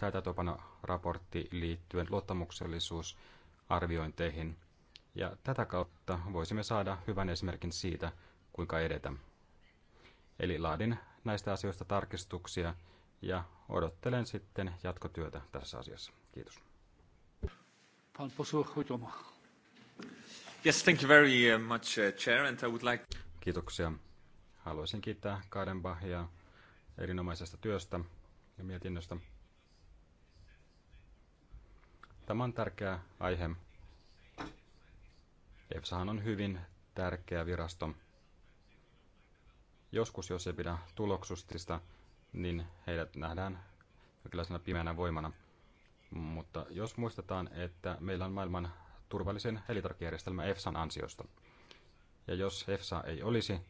raportti liittyen luottamuksellisuusarviointeihin. Ja tätä kautta voisimme saada hyvän esimerkin siitä, kuinka edetä. Eli laadin näistä asioista tarkistuksia ja odottelen sitten jatkotyötä tässä asiassa. Kiitos. Yes, thank you very uh, much, uh, Chair, and I would like... Kiitoksia. Haluaisin kiittää Kadenbachia erinomaisesta työstä ja mietinnöstä. Tämä on tärkeä aihe. EFSAhan on hyvin tärkeä virasto. Joskus, jos ei pidä tuloksustista, niin heidät nähdään jonkinlaisena pimeänä voimana. Mutta jos muistetaan, että meillä on maailman turvallisen elintarvikejärjestelmä EFSAn ansiosta. Ja jos EFSA ei olisi,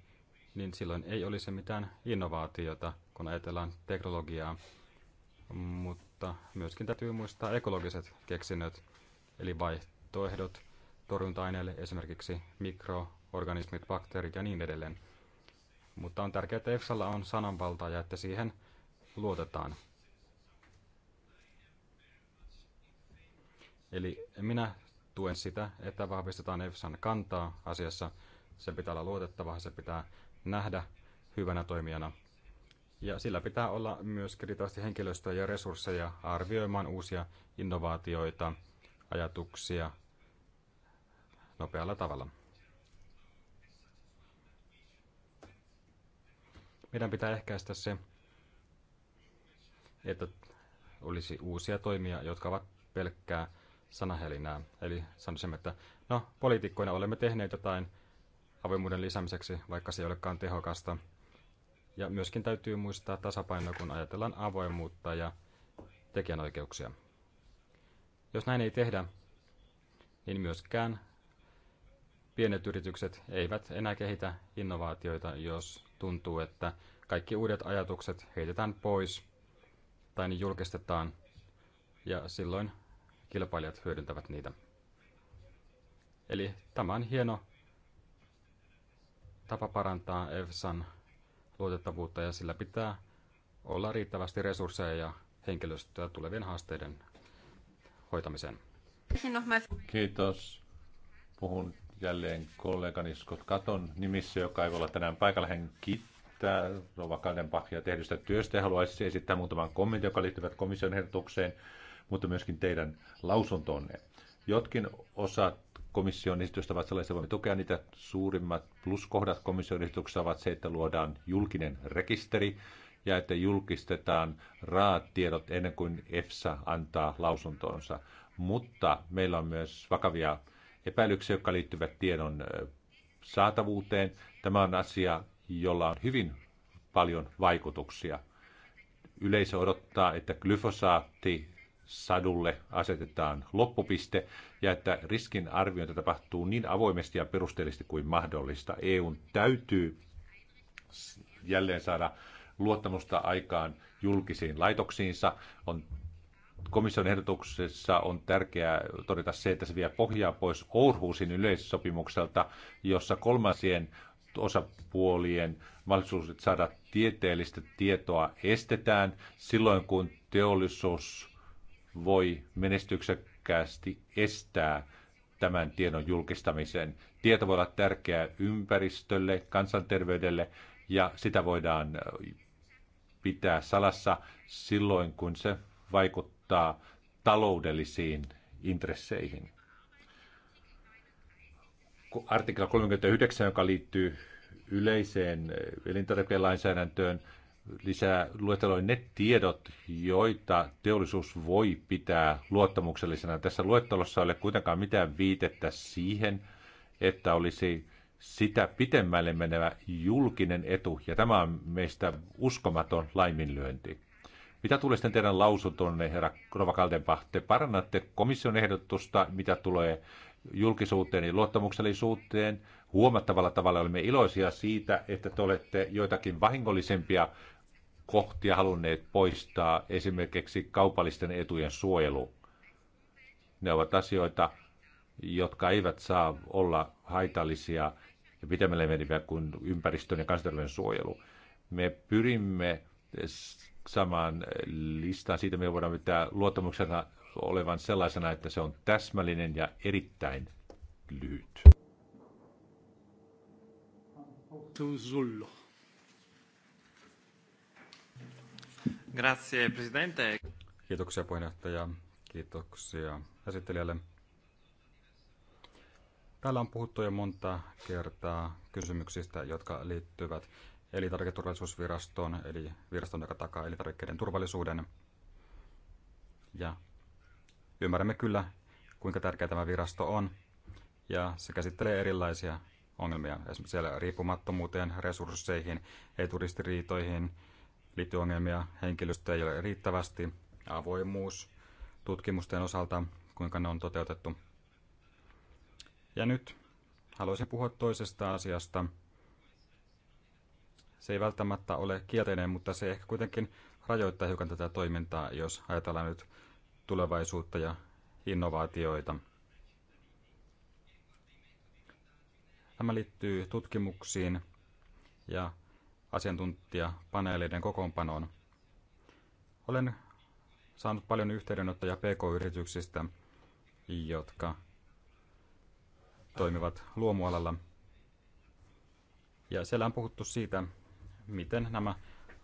niin silloin ei olisi mitään innovaatiota, kun ajatellaan teknologiaa. Mutta myöskin täytyy muistaa ekologiset keksinnöt, eli vaihtoehdot torjunta-aineille, esimerkiksi mikroorganismit, bakteerit ja niin edelleen. Mutta on tärkeää, että EFSAlla on sananvaltaa ja että siihen luotetaan. Eli minä tuen sitä, että vahvistetaan EFSAn kantaa asiassa – sen pitää olla luotettava, se pitää nähdä hyvänä toimijana. Ja sillä pitää olla myös riittävästi henkilöstöä ja resursseja arvioimaan uusia innovaatioita, ajatuksia nopealla tavalla. Meidän pitää ehkäistä se, että olisi uusia toimia, jotka ovat pelkkää sanahelinää. Eli sanoisimme, että no, poliitikkoina olemme tehneet jotain, avoimuuden lisäämiseksi, vaikka se ei olekaan tehokasta. Ja myöskin täytyy muistaa tasapaino, kun ajatellaan avoimuutta ja tekijänoikeuksia. Jos näin ei tehdä, niin myöskään pienet yritykset eivät enää kehitä innovaatioita, jos tuntuu, että kaikki uudet ajatukset heitetään pois tai ne julkistetaan, ja silloin kilpailijat hyödyntävät niitä. Eli tämä on hieno tapa parantaa EFSAn luotettavuutta ja sillä pitää olla riittävästi resursseja ja henkilöstöä tulevien haasteiden hoitamiseen. Kiitos. Puhun jälleen kollegani Scott Katon nimissä, joka ei voi olla tänään paikalla. Hän kiittää Rova Kaldenbachia tehdystä työstä ja haluaisi esittää muutaman kommentin, joka liittyvät komission ehdotukseen, mutta myöskin teidän lausuntoonne. Jotkin osat komission esitystä ovat sellaisia, voimme tukea niitä. Suurimmat pluskohdat komission esityksessä ovat se, että luodaan julkinen rekisteri ja että julkistetaan raatiedot ennen kuin EFSA antaa lausuntonsa. Mutta meillä on myös vakavia epäilyksiä, jotka liittyvät tiedon saatavuuteen. Tämä on asia, jolla on hyvin paljon vaikutuksia. Yleisö odottaa, että glyfosaatti sadulle asetetaan loppupiste ja että riskin arviointi tapahtuu niin avoimesti ja perusteellisesti kuin mahdollista. EUn täytyy jälleen saada luottamusta aikaan julkisiin laitoksiinsa. On, komission ehdotuksessa on tärkeää todeta se, että se vie pohjaa pois Orhusin yleissopimukselta, jossa kolmansien osapuolien mahdollisuudet saada tieteellistä tietoa estetään silloin, kun teollisuus voi menestyksekkäästi estää tämän tiedon julkistamisen. Tieto voi olla tärkeää ympäristölle, kansanterveydelle ja sitä voidaan pitää salassa silloin, kun se vaikuttaa taloudellisiin intresseihin. Artikla 39, joka liittyy yleiseen elintarvikelainsäädäntöön, lisää luetteloin ne tiedot, joita teollisuus voi pitää luottamuksellisena. Tässä luettelossa ei ole kuitenkaan mitään viitettä siihen, että olisi sitä pitemmälle menevä julkinen etu, ja tämä on meistä uskomaton laiminlyönti. Mitä tulee sitten teidän lausuntonne, herra Rova Kaltenbach? Te parannatte komission ehdotusta, mitä tulee julkisuuteen ja luottamuksellisuuteen. Huomattavalla tavalla olemme iloisia siitä, että te olette joitakin vahingollisempia kohtia halunneet poistaa, esimerkiksi kaupallisten etujen suojelu. Ne ovat asioita, jotka eivät saa olla haitallisia ja pitemmälle meneviä kuin ympäristön ja kansanterveyden suojelu. Me pyrimme samaan listaan siitä, me voidaan pitää luottamuksena olevan sellaisena, että se on täsmällinen ja erittäin lyhyt. Zullo. Grazie, presidente. Kiitoksia puheenjohtaja. Kiitoksia esittelijälle. Täällä on puhuttu jo monta kertaa kysymyksistä, jotka liittyvät elintarviketurvallisuusvirastoon, eli viraston, joka takaa elintarvikkeiden turvallisuuden. Ja ymmärrämme kyllä, kuinka tärkeä tämä virasto on, ja se käsittelee erilaisia ongelmia, esimerkiksi siellä riippumattomuuteen, resursseihin, eturistiriitoihin, liittyy ongelmia, henkilöstöä ei ole riittävästi, avoimuus tutkimusten osalta, kuinka ne on toteutettu. Ja nyt haluaisin puhua toisesta asiasta. Se ei välttämättä ole kielteinen, mutta se ehkä kuitenkin rajoittaa hiukan tätä toimintaa, jos ajatellaan nyt tulevaisuutta ja innovaatioita. Tämä liittyy tutkimuksiin ja asiantuntijapaneeleiden kokoonpanoon. Olen saanut paljon yhteydenottoja pk-yrityksistä, jotka toimivat luomualalla. Ja siellä on puhuttu siitä, miten nämä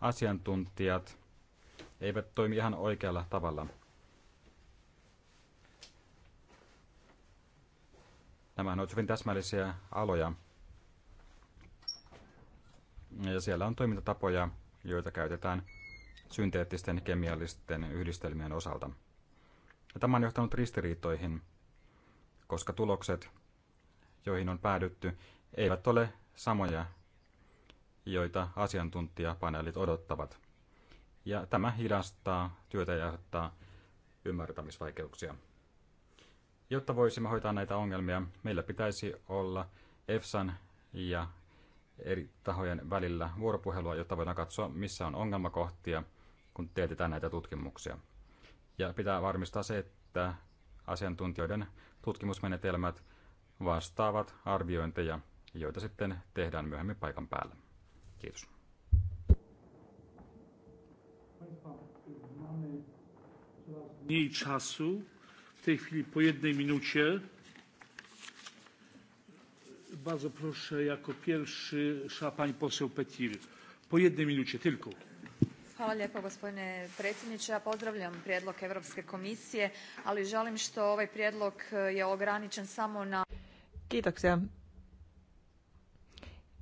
asiantuntijat eivät toimi ihan oikealla tavalla. Nämä ovat hyvin täsmällisiä aloja, ja siellä on toimintatapoja, joita käytetään synteettisten kemiallisten yhdistelmien osalta. Ja tämä on johtanut ristiriitoihin, koska tulokset, joihin on päädytty, eivät ole samoja, joita asiantuntijapaneelit odottavat. Ja tämä hidastaa työtä ja aiheuttaa ymmärtämisvaikeuksia. Jotta voisimme hoitaa näitä ongelmia, meillä pitäisi olla EFSAn ja eri tahojen välillä vuoropuhelua, jotta voidaan katsoa, missä on ongelmakohtia, kun teetetään näitä tutkimuksia. Ja pitää varmistaa se, että asiantuntijoiden tutkimusmenetelmät vastaavat arviointeja, joita sitten tehdään myöhemmin paikan päällä. Kiitos. Mniej czasu, w tej chwili po jednej minucie. Bardzo proszę, jako pierwszy szła pani poseł Petir. Po jednej minucie tylko. Hvala lijepo gospodine predsjedniče. Ja pozdravljam prijedlog Europske komisije, ali žalim što ovaj prijedlog eh, je ograničen samo na... Kiitoksia.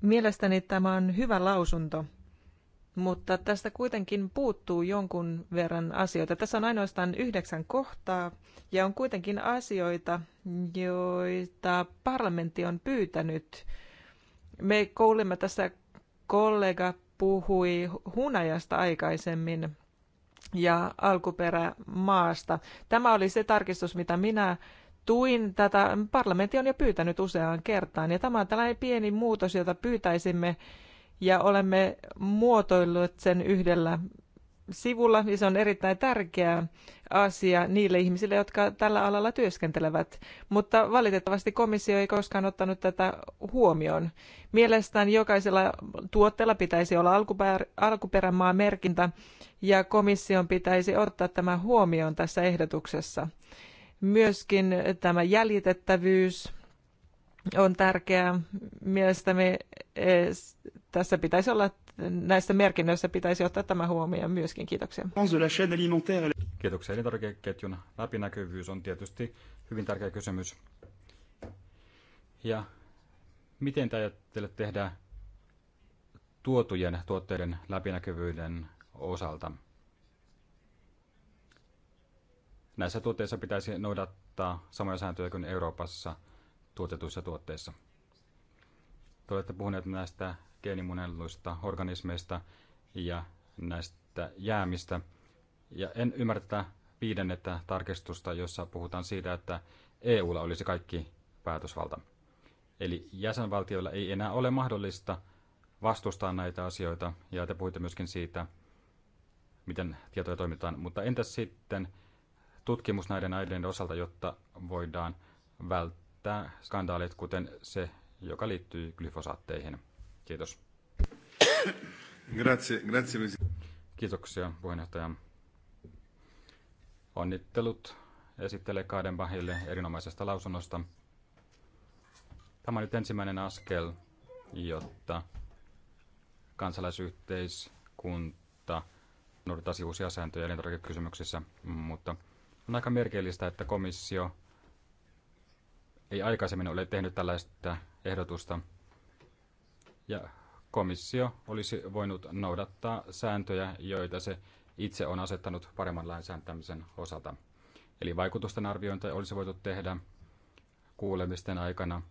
Mielestäni tämä on hyvä lausunto mutta tästä kuitenkin puuttuu jonkun verran asioita. Tässä on ainoastaan yhdeksän kohtaa ja on kuitenkin asioita, joita parlamentti on pyytänyt. Me koulimme tässä kollega puhui hunajasta aikaisemmin ja alkuperämaasta. Tämä oli se tarkistus, mitä minä tuin tätä. Parlamentti on jo pyytänyt useaan kertaan ja tämä on tällainen pieni muutos, jota pyytäisimme ja olemme muotoilleet sen yhdellä sivulla ja se on erittäin tärkeä asia niille ihmisille, jotka tällä alalla työskentelevät. Mutta valitettavasti komissio ei koskaan ottanut tätä huomioon. Mielestäni jokaisella tuotteella pitäisi olla alkuperämaa merkintä ja komission pitäisi ottaa tämä huomioon tässä ehdotuksessa. Myöskin tämä jäljitettävyys on tärkeää. Mielestäni eh, tässä pitäisi olla, näissä merkinnöissä pitäisi ottaa tämä huomioon myöskin. Kiitoksia. Kiitoksia. Elintarvikeketjun läpinäkyvyys on tietysti hyvin tärkeä kysymys. Ja miten te ajattelette tehdä tuotujen tuotteiden läpinäkyvyyden osalta? Näissä tuotteissa pitäisi noudattaa samoja sääntöjä kuin Euroopassa – tuotetuissa tuotteissa. Te olette puhuneet näistä geenimunelluista organismeista ja näistä jäämistä. Ja en ymmärrä tätä viidennettä tarkistusta, jossa puhutaan siitä, että EUlla olisi kaikki päätösvalta. Eli jäsenvaltioilla ei enää ole mahdollista vastustaa näitä asioita, ja te puhuitte myöskin siitä, miten tietoja toimitaan. Mutta entäs sitten tutkimus näiden aineiden osalta, jotta voidaan välttää selvittää skandaalit, kuten se, joka liittyy glyfosaatteihin. Kiitos. Grazie, grazie. Kiitoksia puheenjohtaja. Onnittelut esittelee Kaadenbahille erinomaisesta lausunnosta. Tämä on nyt ensimmäinen askel, jotta kansalaisyhteiskunta noudattaisi uusia sääntöjä elintarvikekysymyksissä, mutta on aika merkeellistä, että komissio ei aikaisemmin ole tehnyt tällaista ehdotusta. Ja komissio olisi voinut noudattaa sääntöjä, joita se itse on asettanut paremman lainsäätämisen osalta. Eli vaikutusten arviointia olisi voitu tehdä kuulemisten aikana.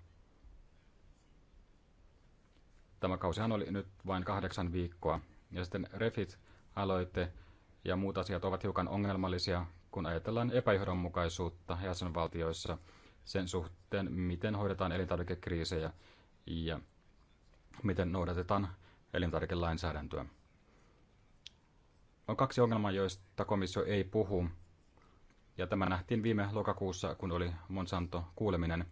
Tämä kausihan oli nyt vain kahdeksan viikkoa. Ja sitten Refit-aloite ja muut asiat ovat hiukan ongelmallisia, kun ajatellaan epäjohdonmukaisuutta jäsenvaltioissa – sen suhteen, miten hoidetaan elintarvikekriisejä ja miten noudatetaan elintarvikelainsäädäntöä. On kaksi ongelmaa, joista komissio ei puhu. Ja tämä nähtiin viime lokakuussa, kun oli Monsanto-kuuleminen.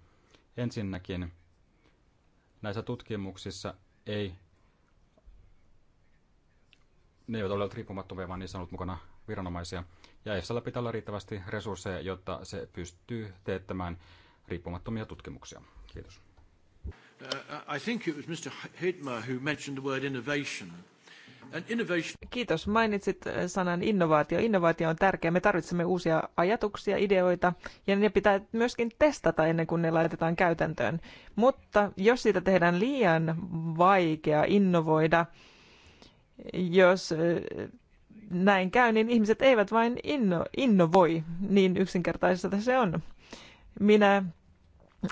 Ensinnäkin näissä tutkimuksissa ei, ne eivät ole olleet riippumattomia, vaan niissä on ollut mukana viranomaisia ja EFSAlla pitää olla riittävästi resursseja, jotta se pystyy teettämään riippumattomia tutkimuksia. Kiitos. Uh, I think it was Mr. Hitmer who mentioned the word innovation. Kiitos. Mainitsit uh, sanan innovaatio. Innovaatio on tärkeä. Me tarvitsemme uusia ajatuksia, ideoita, ja ne pitää myöskin testata ennen kuin ne laitetaan käytäntöön. Mutta jos siitä tehdään liian vaikea innovoida, jos uh, näin käy, niin ihmiset eivät vain inno, innovoi. Niin yksinkertaista se on. Minä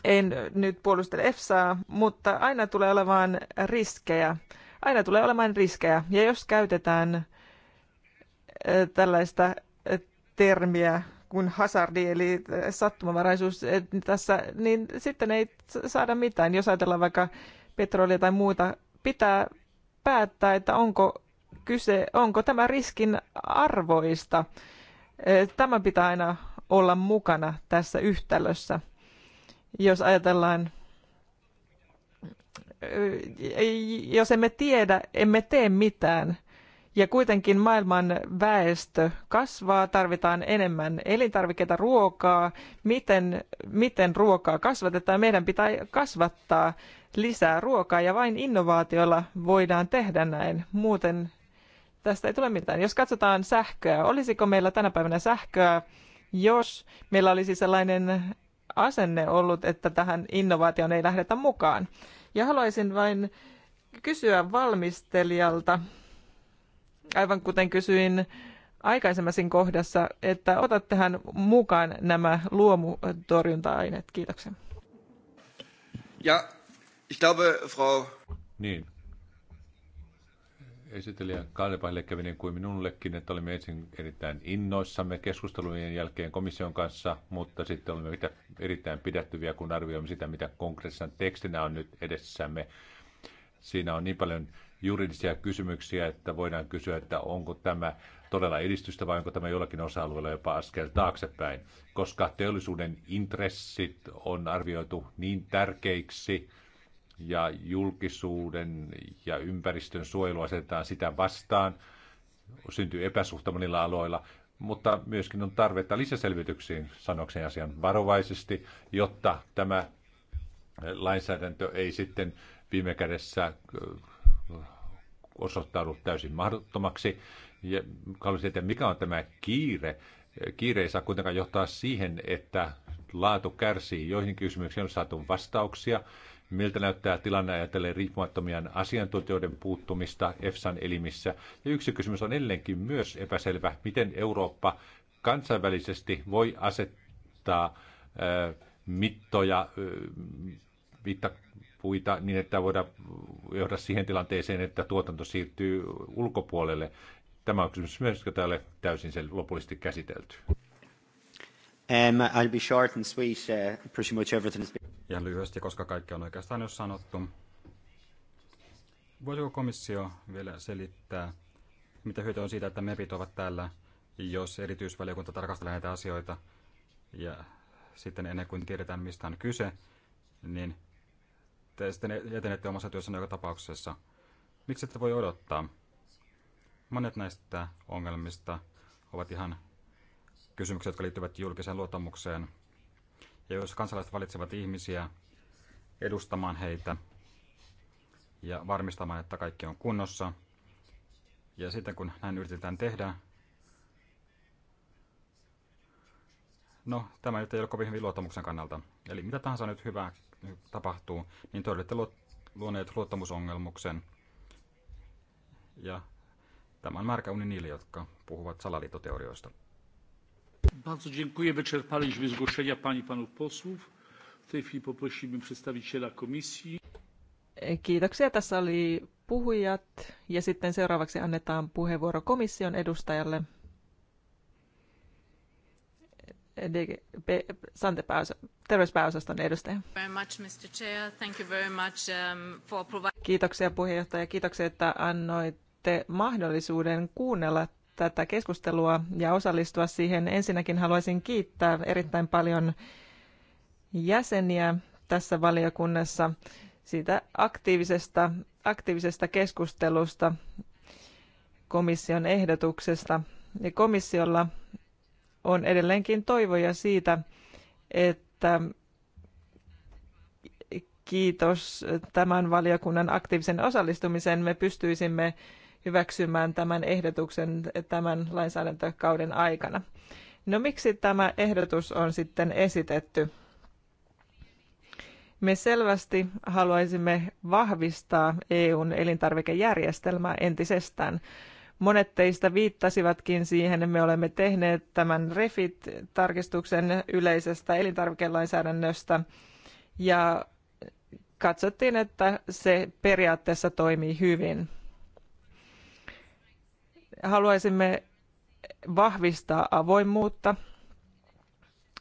en nyt puolustele EFSAa, mutta aina tulee olemaan riskejä. Aina tulee olemaan riskejä. Ja jos käytetään tällaista termiä kuin hazardi, eli sattumavaraisuus tässä, niin sitten ei saada mitään. Jos ajatellaan vaikka petrolia tai muuta, pitää päättää, että onko kyse, onko tämä riskin arvoista. E, tämä pitää aina olla mukana tässä yhtälössä. Jos ajatellaan, e, jos emme tiedä, emme tee mitään. Ja kuitenkin maailman väestö kasvaa, tarvitaan enemmän elintarvikkeita, ruokaa. Miten, miten ruokaa kasvatetaan? Meidän pitää kasvattaa lisää ruokaa ja vain innovaatioilla voidaan tehdä näin. Muuten tästä ei tule mitään. Jos katsotaan sähköä, olisiko meillä tänä päivänä sähköä, jos meillä olisi sellainen asenne ollut, että tähän innovaatioon ei lähdetä mukaan. Ja haluaisin vain kysyä valmistelijalta, aivan kuten kysyin aikaisemmassa kohdassa, että otat tähän mukaan nämä luomutorjunta-aineet. Kiitoksia. Ja, ich glaube, Frau... Niin, esittelijä Kaalepaille kävi niin kuin minullekin, että olimme ensin erittäin innoissamme keskustelujen jälkeen komission kanssa, mutta sitten olimme erittäin pidättyviä, kun arvioimme sitä, mitä kongressissa tekstinä on nyt edessämme. Siinä on niin paljon juridisia kysymyksiä, että voidaan kysyä, että onko tämä todella edistystä vai onko tämä jollakin osa-alueella jopa askel taaksepäin, koska teollisuuden intressit on arvioitu niin tärkeiksi, ja julkisuuden ja ympäristön suojelu asetetaan sitä vastaan. Syntyy epäsuhta monilla aloilla, mutta myöskin on tarvetta lisäselvityksiin, sanoksen asian varovaisesti, jotta tämä lainsäädäntö ei sitten viime kädessä äh, osoittaudu täysin mahdottomaksi. Ja haluaisin tietää, mikä on tämä kiire. Kiire ei saa kuitenkaan johtaa siihen, että laatu kärsii. Joihin kysymyksiin on saatu vastauksia miltä näyttää tilanne ajatellen riippumattomien asiantuntijoiden puuttumista EFSAn elimissä. Ja yksi kysymys on edelleenkin myös epäselvä, miten Eurooppa kansainvälisesti voi asettaa mittoja, mittapuita niin, että voidaan johda siihen tilanteeseen, että tuotanto siirtyy ulkopuolelle. Tämä on kysymys myös, joka täällä täysin sel- lopullisesti käsitelty. Um, I'll be short and sweet. Uh, pretty much everything has been ihan lyhyesti, koska kaikki on oikeastaan jo sanottu. Voisiko komissio vielä selittää, mitä hyötyä on siitä, että MEPit ovat täällä, jos erityisvaliokunta tarkastelee näitä asioita ja sitten ennen kuin tiedetään, mistä on kyse, niin te sitten etenette omassa työssä joka tapauksessa. Miksi ette voi odottaa? Monet näistä ongelmista ovat ihan kysymyksiä, jotka liittyvät julkiseen luottamukseen – ja jos kansalaiset valitsevat ihmisiä edustamaan heitä ja varmistamaan, että kaikki on kunnossa. Ja sitten kun näin yritetään tehdä, no tämä nyt ei ole kovin hyvin luottamuksen kannalta. Eli mitä tahansa nyt hyvää tapahtuu, niin te olette luoneet luottamusongelmuksen. Ja tämä on märkä uni niille, jotka puhuvat salaliittoteorioista. Bardzo dziękuję. Wyczerpaliśmy zgłoszenia pani i panów posłów. W tej chwili poprosimy przedstawiciela komisji. Kiitoksia. Tässä oli puhujat ja sitten seuraavaksi annetaan puheenvuoro komission edustajalle. terveyspääosaston edustaja. Um, Kiitoksia puheenjohtaja. Kiitoksia, että annoitte mahdollisuuden kuunnella tätä keskustelua ja osallistua siihen. Ensinnäkin haluaisin kiittää erittäin paljon jäseniä tässä valiokunnassa siitä aktiivisesta, aktiivisesta keskustelusta komission ehdotuksesta. Ja komissiolla on edelleenkin toivoja siitä, että kiitos tämän valiokunnan aktiivisen osallistumisen me pystyisimme hyväksymään tämän ehdotuksen tämän lainsäädäntökauden aikana. No miksi tämä ehdotus on sitten esitetty? Me selvästi haluaisimme vahvistaa EUn elintarvikejärjestelmää entisestään. Monet teistä viittasivatkin siihen, että me olemme tehneet tämän REFIT-tarkistuksen yleisestä elintarvikelainsäädännöstä ja katsottiin, että se periaatteessa toimii hyvin haluaisimme vahvistaa avoimuutta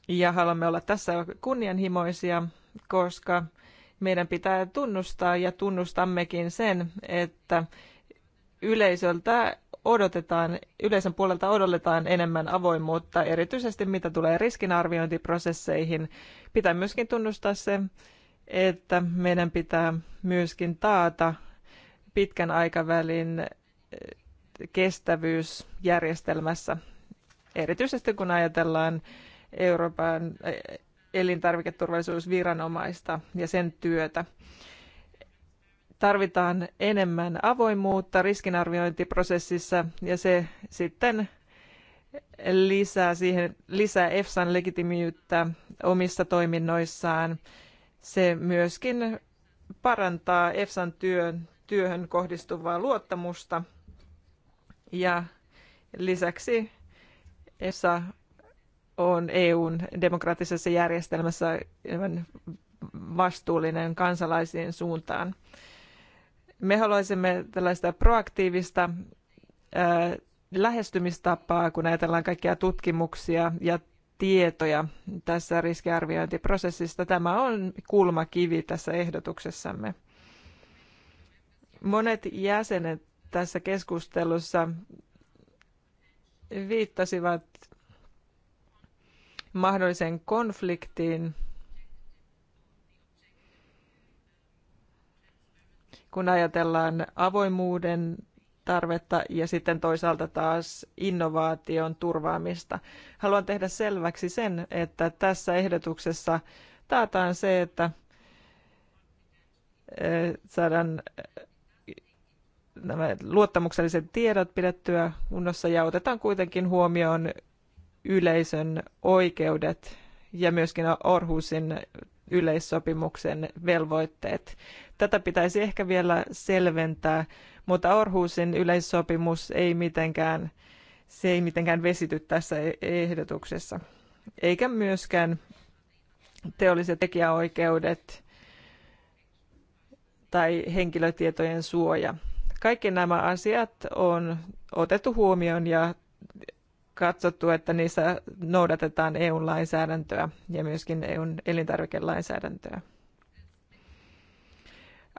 ja haluamme olla tässä kunnianhimoisia, koska meidän pitää tunnustaa ja tunnustammekin sen, että yleisöltä odotetaan, yleisön puolelta odotetaan enemmän avoimuutta, erityisesti mitä tulee riskinarviointiprosesseihin. Pitää myöskin tunnustaa se, että meidän pitää myöskin taata pitkän aikavälin kestävyysjärjestelmässä, erityisesti kun ajatellaan Euroopan elintarviketurvallisuusviranomaista ja sen työtä. Tarvitaan enemmän avoimuutta riskinarviointiprosessissa ja se sitten lisää, siihen, lisää EFSAn legitimiyttä omissa toiminnoissaan. Se myöskin parantaa EFSAn työn, työhön kohdistuvaa luottamusta – ja lisäksi ESA on EUn demokraattisessa järjestelmässä vastuullinen kansalaisiin suuntaan. Me haluaisimme tällaista proaktiivista lähestymistapaa, kun ajatellaan kaikkia tutkimuksia ja tietoja tässä riskiarviointiprosessista. Tämä on kulmakivi tässä ehdotuksessamme. Monet jäsenet tässä keskustelussa viittasivat mahdolliseen konfliktiin, kun ajatellaan avoimuuden tarvetta ja sitten toisaalta taas innovaation turvaamista. Haluan tehdä selväksi sen, että tässä ehdotuksessa taataan se, että eh, saadaan nämä luottamukselliset tiedot pidettyä kunnossa ja otetaan kuitenkin huomioon yleisön oikeudet ja myöskin Orhusin yleissopimuksen velvoitteet. Tätä pitäisi ehkä vielä selventää, mutta Orhusin yleissopimus ei mitenkään, se ei mitenkään vesity tässä e- ehdotuksessa. Eikä myöskään teolliset tekijäoikeudet tai henkilötietojen suoja. Kaikki nämä asiat on otettu huomioon ja katsottu, että niissä noudatetaan EU-lainsäädäntöä ja myöskin EUn elintarvikelainsäädäntöä.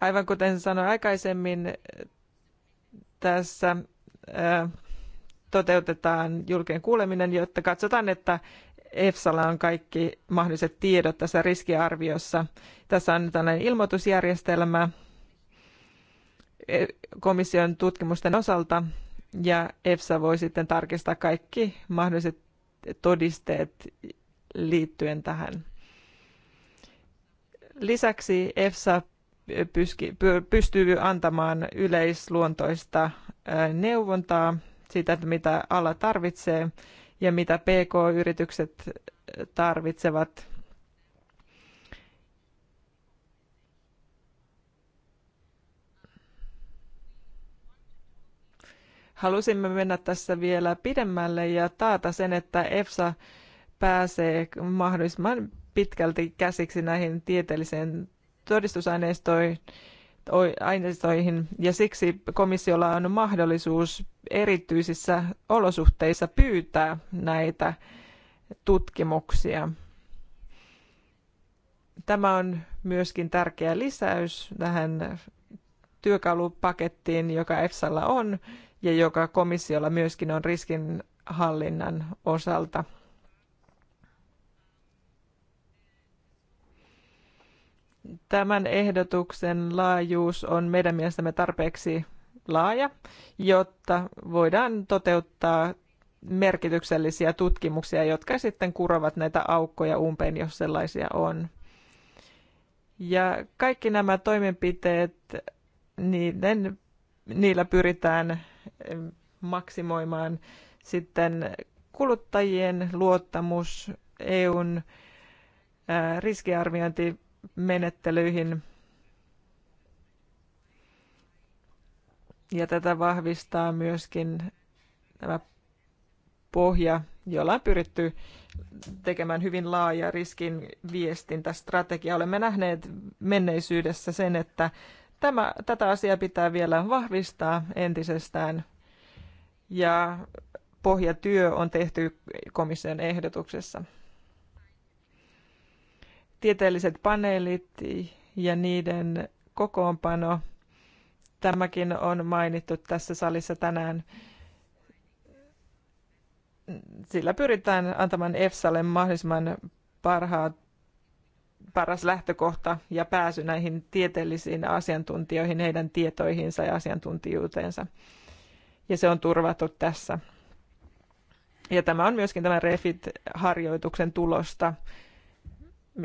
Aivan kuten sanoin aikaisemmin, tässä toteutetaan julkinen kuuleminen, jotta katsotaan, että EFSAlla on kaikki mahdolliset tiedot tässä riskiarviossa. Tässä on tällainen ilmoitusjärjestelmä, komission tutkimusten osalta ja EFSA voi sitten tarkistaa kaikki mahdolliset todisteet liittyen tähän. Lisäksi EFSA pystyy antamaan yleisluontoista neuvontaa siitä, mitä ala tarvitsee ja mitä PK-yritykset tarvitsevat Halusimme mennä tässä vielä pidemmälle ja taata sen, että EFSA pääsee mahdollisimman pitkälti käsiksi näihin tieteellisiin todistusaineistoihin ja siksi komissiolla on mahdollisuus erityisissä olosuhteissa pyytää näitä tutkimuksia. Tämä on myöskin tärkeä lisäys tähän työkalupakettiin, joka EFSAlla on, ja joka komissiolla myöskin on riskinhallinnan osalta. Tämän ehdotuksen laajuus on meidän mielestämme tarpeeksi laaja, jotta voidaan toteuttaa merkityksellisiä tutkimuksia, jotka sitten kurovat näitä aukkoja umpeen, jos sellaisia on. Ja kaikki nämä toimenpiteet, niiden, niillä pyritään maksimoimaan sitten kuluttajien luottamus EUn riskiarviointimenettelyihin ja tätä vahvistaa myöskin tämä pohja, jolla on pyritty tekemään hyvin laaja riskin viestintästrategia. Olemme nähneet menneisyydessä sen, että Tämä, tätä asiaa pitää vielä vahvistaa entisestään ja pohjatyö on tehty komission ehdotuksessa. Tieteelliset paneelit ja niiden kokoonpano, tämäkin on mainittu tässä salissa tänään. Sillä pyritään antamaan EFSAlle mahdollisimman parhaat paras lähtökohta ja pääsy näihin tieteellisiin asiantuntijoihin, heidän tietoihinsa ja asiantuntijuuteensa. Ja se on turvattu tässä. Ja tämä on myöskin tämän REFIT-harjoituksen tulosta.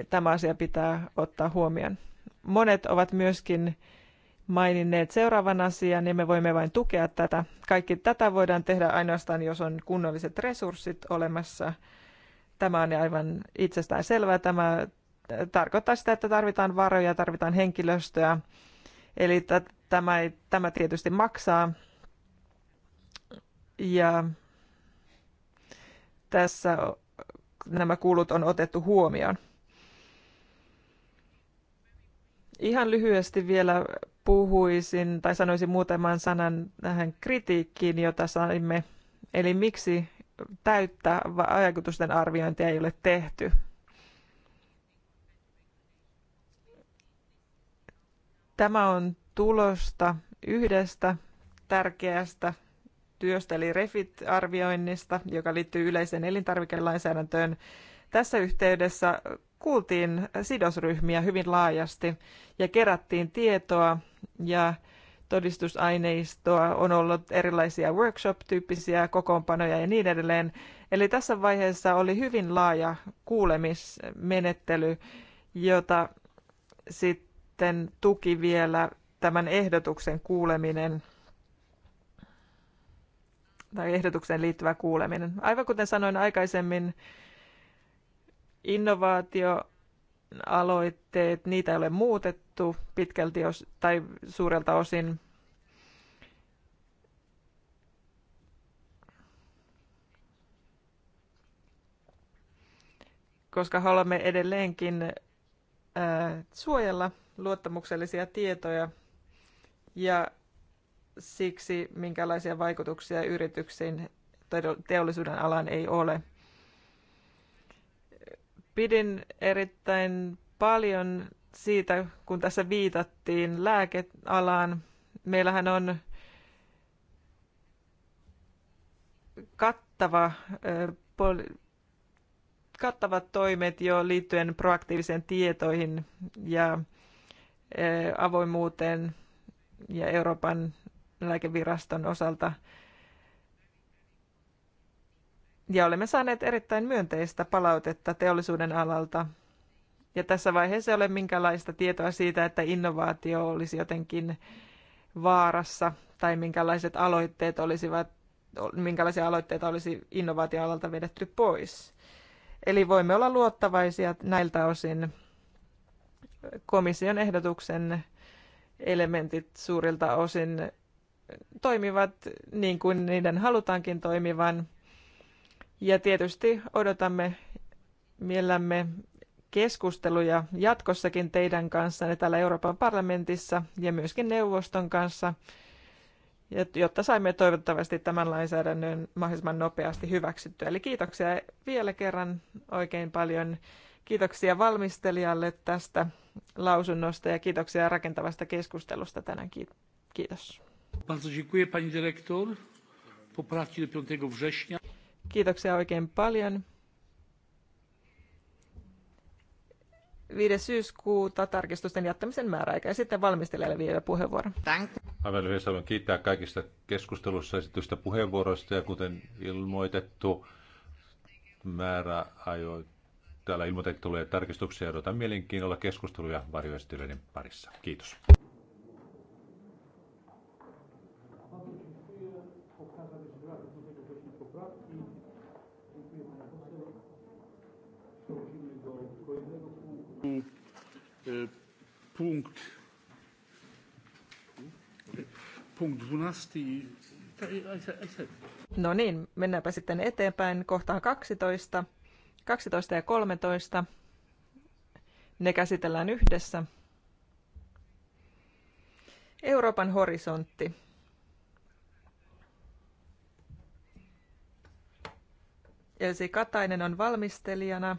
Tämä asia pitää ottaa huomioon. Monet ovat myöskin maininneet seuraavan asian, ja me voimme vain tukea tätä. Kaikki tätä voidaan tehdä ainoastaan, jos on kunnolliset resurssit olemassa. Tämä on aivan itsestään selvää. Tämä tarkoittaa sitä, että tarvitaan varoja, tarvitaan henkilöstöä. Eli tämä, tämä tietysti maksaa. Ja tässä nämä kulut on otettu huomioon. Ihan lyhyesti vielä puhuisin tai sanoisin muutaman sanan tähän kritiikkiin, jota saimme. Eli miksi täyttä vaikutusten arviointia ei ole tehty. Tämä on tulosta yhdestä tärkeästä työstä eli REFIT-arvioinnista, joka liittyy yleiseen elintarvikelainsäädäntöön. Tässä yhteydessä kuultiin sidosryhmiä hyvin laajasti ja kerättiin tietoa ja todistusaineistoa, on ollut erilaisia workshop-tyyppisiä kokoonpanoja ja niin edelleen. Eli tässä vaiheessa oli hyvin laaja kuulemismenettely, jota sitten sitten tuki vielä tämän ehdotuksen kuuleminen tai ehdotukseen liittyvä kuuleminen. Aivan kuten sanoin aikaisemmin, innovaatioaloitteet, niitä ei ole muutettu pitkälti os, tai suurelta osin. Koska haluamme edelleenkin suojella luottamuksellisia tietoja ja siksi minkälaisia vaikutuksia yrityksiin tai teollisuuden alan ei ole. Pidin erittäin paljon siitä, kun tässä viitattiin lääkealaan. Meillähän on kattava, kattavat toimet jo liittyen proaktiivisiin tietoihin ja Eh, avoimuuteen ja Euroopan lääkeviraston osalta. Ja olemme saaneet erittäin myönteistä palautetta teollisuuden alalta. Ja tässä vaiheessa ei ole minkälaista tietoa siitä, että innovaatio olisi jotenkin vaarassa tai minkälaiset aloitteet olisivat, minkälaisia aloitteita olisi innovaatioalalta vedetty pois. Eli voimme olla luottavaisia näiltä osin komission ehdotuksen elementit suurilta osin toimivat niin kuin niiden halutaankin toimivan. Ja tietysti odotamme mielämme keskusteluja jatkossakin teidän kanssa täällä Euroopan parlamentissa ja myöskin neuvoston kanssa, jotta saimme toivottavasti tämän lainsäädännön mahdollisimman nopeasti hyväksyttyä. Eli kiitoksia vielä kerran oikein paljon Kiitoksia valmistelijalle tästä lausunnosta ja kiitoksia rakentavasta keskustelusta tänään. Kiitos. Kiitoksia oikein paljon. 5. syyskuuta tarkistusten jättämisen määräaika ja sitten valmistelijalle vielä puheenvuoro. Aivan lyhyesti haluan kiittää kaikista keskustelussa esitystä puheenvuoroista ja kuten ilmoitettu, määräajoit täällä ilmoitettuja tarkistuksia. Odotan mielenkiinnolla keskusteluja varjoistyöiden parissa. Kiitos. Punkt, punkt 12. No niin, mennäänpä sitten eteenpäin kohtaan 12. 12 ja 13. Ne käsitellään yhdessä. Euroopan horisontti. Elsi Katainen on valmistelijana.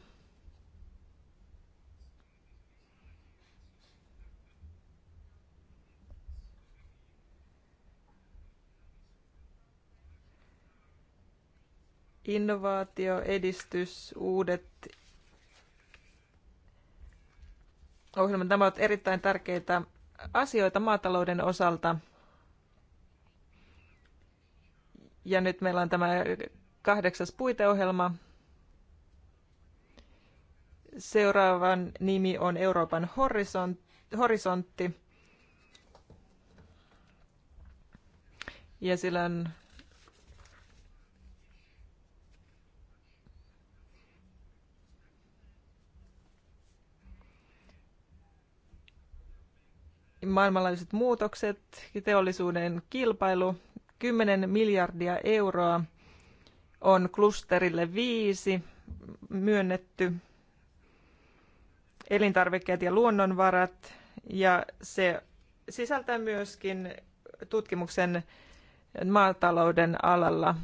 innovaatio, edistys, uudet ohjelmat. Nämä ovat erittäin tärkeitä asioita maatalouden osalta. Ja nyt meillä on tämä kahdeksas puiteohjelma. Seuraavan nimi on Euroopan horisontti. Ja sillä on maailmanlaajuiset muutokset, teollisuuden kilpailu, 10 miljardia euroa on klusterille viisi myönnetty elintarvikkeet ja luonnonvarat ja se sisältää myöskin tutkimuksen maatalouden alalla.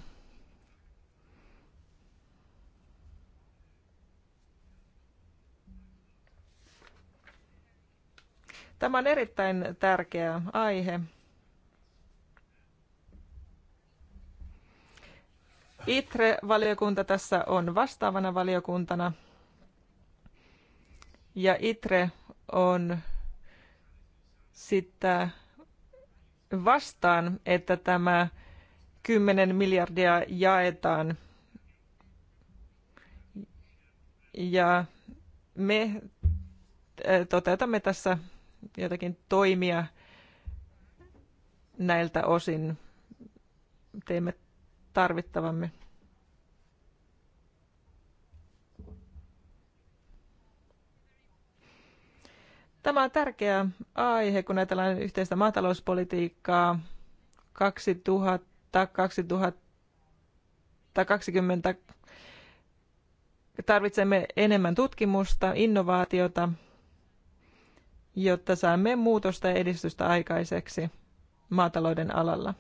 Tämä on erittäin tärkeä aihe. ITRE-valiokunta tässä on vastaavana valiokuntana. Ja ITRE on sitä vastaan, että tämä 10 miljardia jaetaan. Ja me toteutamme tässä jotakin toimia näiltä osin. Teemme tarvittavamme. Tämä on tärkeä aihe, kun ajatellaan yhteistä maatalouspolitiikkaa 2000, 2020 tarvitsemme enemmän tutkimusta, innovaatiota, jotta saamme muutosta ja edistystä aikaiseksi maatalouden alalla.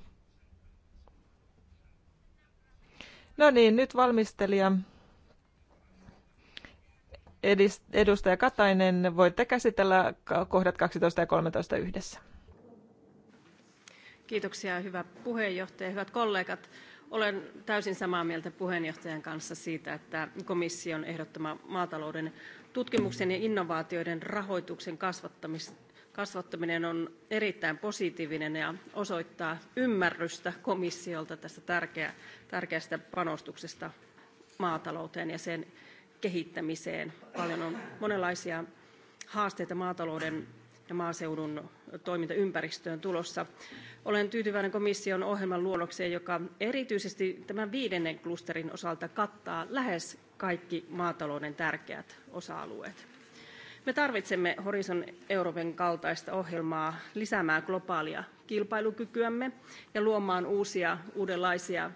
No niin, nyt valmistelija edustaja Katainen, voitte käsitellä kohdat 12 ja 13 yhdessä. Kiitoksia, hyvä puheenjohtaja, hyvät kollegat. Olen täysin samaa mieltä puheenjohtajan kanssa siitä, että komission ehdottama maatalouden tutkimuksen ja innovaatioiden rahoituksen kasvattaminen on erittäin positiivinen ja osoittaa ymmärrystä komissiolta tästä tärkeä, tärkeästä panostuksesta maatalouteen ja sen kehittämiseen. Paljon on monenlaisia haasteita maatalouden ja maaseudun toimintaympäristöön tulossa. Olen tyytyväinen komission ohjelman luonnokseen, joka erityisesti tämän viidennen klusterin osalta kattaa lähes kaikki maatalouden tärkeät osa-alueet. Me tarvitsemme Horizon Euroopan kaltaista ohjelmaa lisäämään globaalia kilpailukykyämme ja luomaan uusia uudenlaisia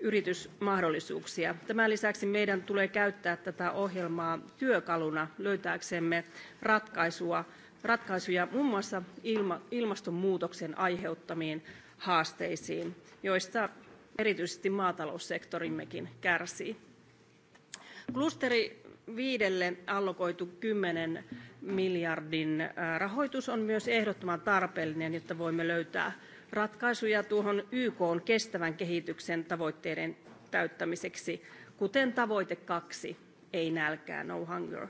yritysmahdollisuuksia. Tämän lisäksi meidän tulee käyttää tätä ohjelmaa työkaluna löytääksemme ratkaisua, ratkaisuja muun muassa ilma, ilmastonmuutoksen aiheuttamiin haasteisiin, joista erityisesti maataloussektorimmekin kärsii. Klusteri viidelle allokoitu 10 miljardin äh, rahoitus on myös ehdottoman tarpeellinen, jotta voimme löytää ratkaisuja tuohon YK on kestävän kehityksen tavoitteiden täyttämiseksi, kuten tavoite kaksi, ei nälkää, no hunger.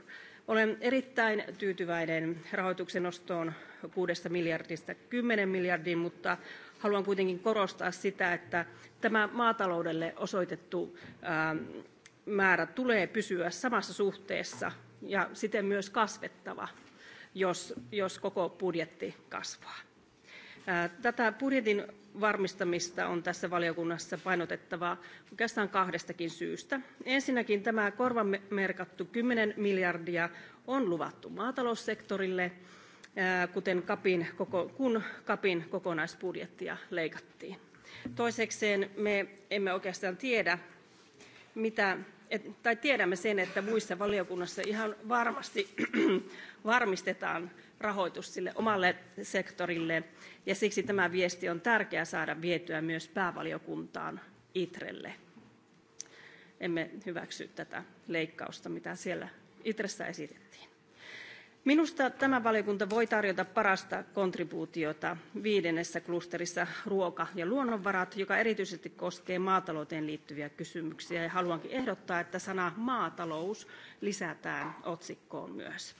Olen erittäin tyytyväinen rahoituksen nostoon 6 miljardista 10 miljardiin, mutta haluan kuitenkin korostaa sitä, että tämä maataloudelle osoitettu ähm, määrä tulee pysyä samassa suhteessa ja siten myös kasvettava, jos, jos koko budjetti kasvaa. Tätä budjetin varmistamista on tässä valiokunnassa painotettava oikeastaan kahdestakin syystä. Ensinnäkin tämä korvamerkattu 10 miljardia on luvattu maataloussektorille, kuten kapin, kun kapin kokonaisbudjettia leikattiin. Toisekseen me emme oikeastaan tiedä, mitä tai tiedämme sen, että muissa valiokunnassa ihan varmasti [clears throat] varmistetaan rahoitus sille omalle sektorille, ja siksi tämä viesti on tärkeää saada vietyä myös päävaliokuntaan ITRElle. Emme hyväksy tätä leikkausta, mitä siellä ITREssä esitettiin. Minusta tämä valiokunta voi tarjota parasta kontribuutiota viidennessä klusterissa ruoka- ja luonnonvarat, joka erityisesti koskee maatalouteen liittyviä kysymyksiä. Ja haluankin ehdottaa, että sana maatalous lisätään otsikkoon myös.